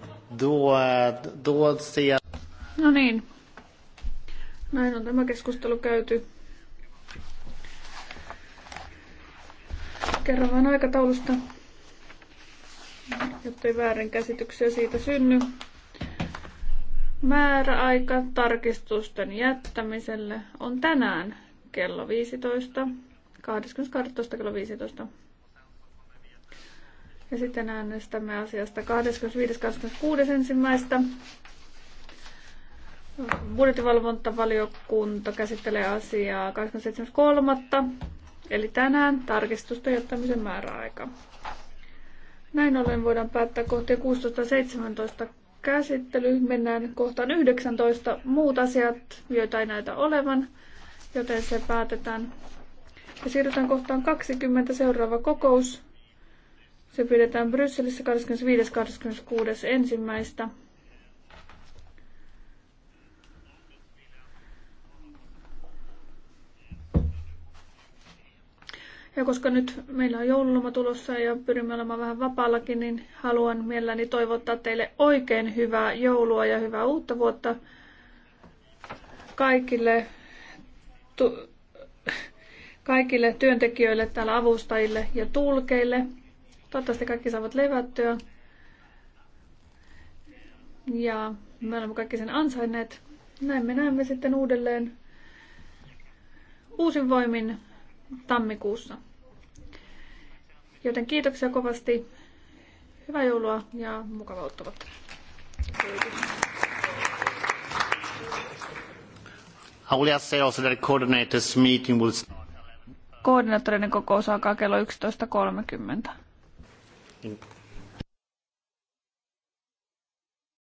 No niin, näin on tämä keskustelu käyty. Kerron vain aikataulusta, jotta ei väärinkäsityksiä siitä synny. Määräaika tarkistusten jättämiselle on tänään kello 15, 20.12. kello 15. Ja sitten äänestämme asiasta 25.26. ensimmäistä. Budjettivalvontavaliokunta käsittelee asiaa 27.3. Eli tänään tarkistusta jättämisen määräaika. Näin ollen voidaan päättää kohtia 16.17 käsittely. Mennään kohtaan 19 muut asiat, joita ei näytä olevan, joten se päätetään. Ja siirrytään kohtaan 20 seuraava kokous. Se pidetään Brysselissä 25.26.1. Ja koska nyt meillä on joululoma tulossa ja pyrimme olemaan vähän vapaallakin, niin haluan mielelläni toivottaa teille oikein hyvää joulua ja hyvää uutta vuotta kaikille, tu, kaikille työntekijöille, täällä avustajille ja tulkeille. Toivottavasti kaikki saavat levättyä. Ja me olemme kaikki sen ansainneet. Näin me näemme sitten uudelleen uusin voimin tammikuussa. Joten kiitoksia kovasti. Hyvää joulua ja mukavaa ottavat. Koordinaattoreiden kokous alkaa kello 11.30.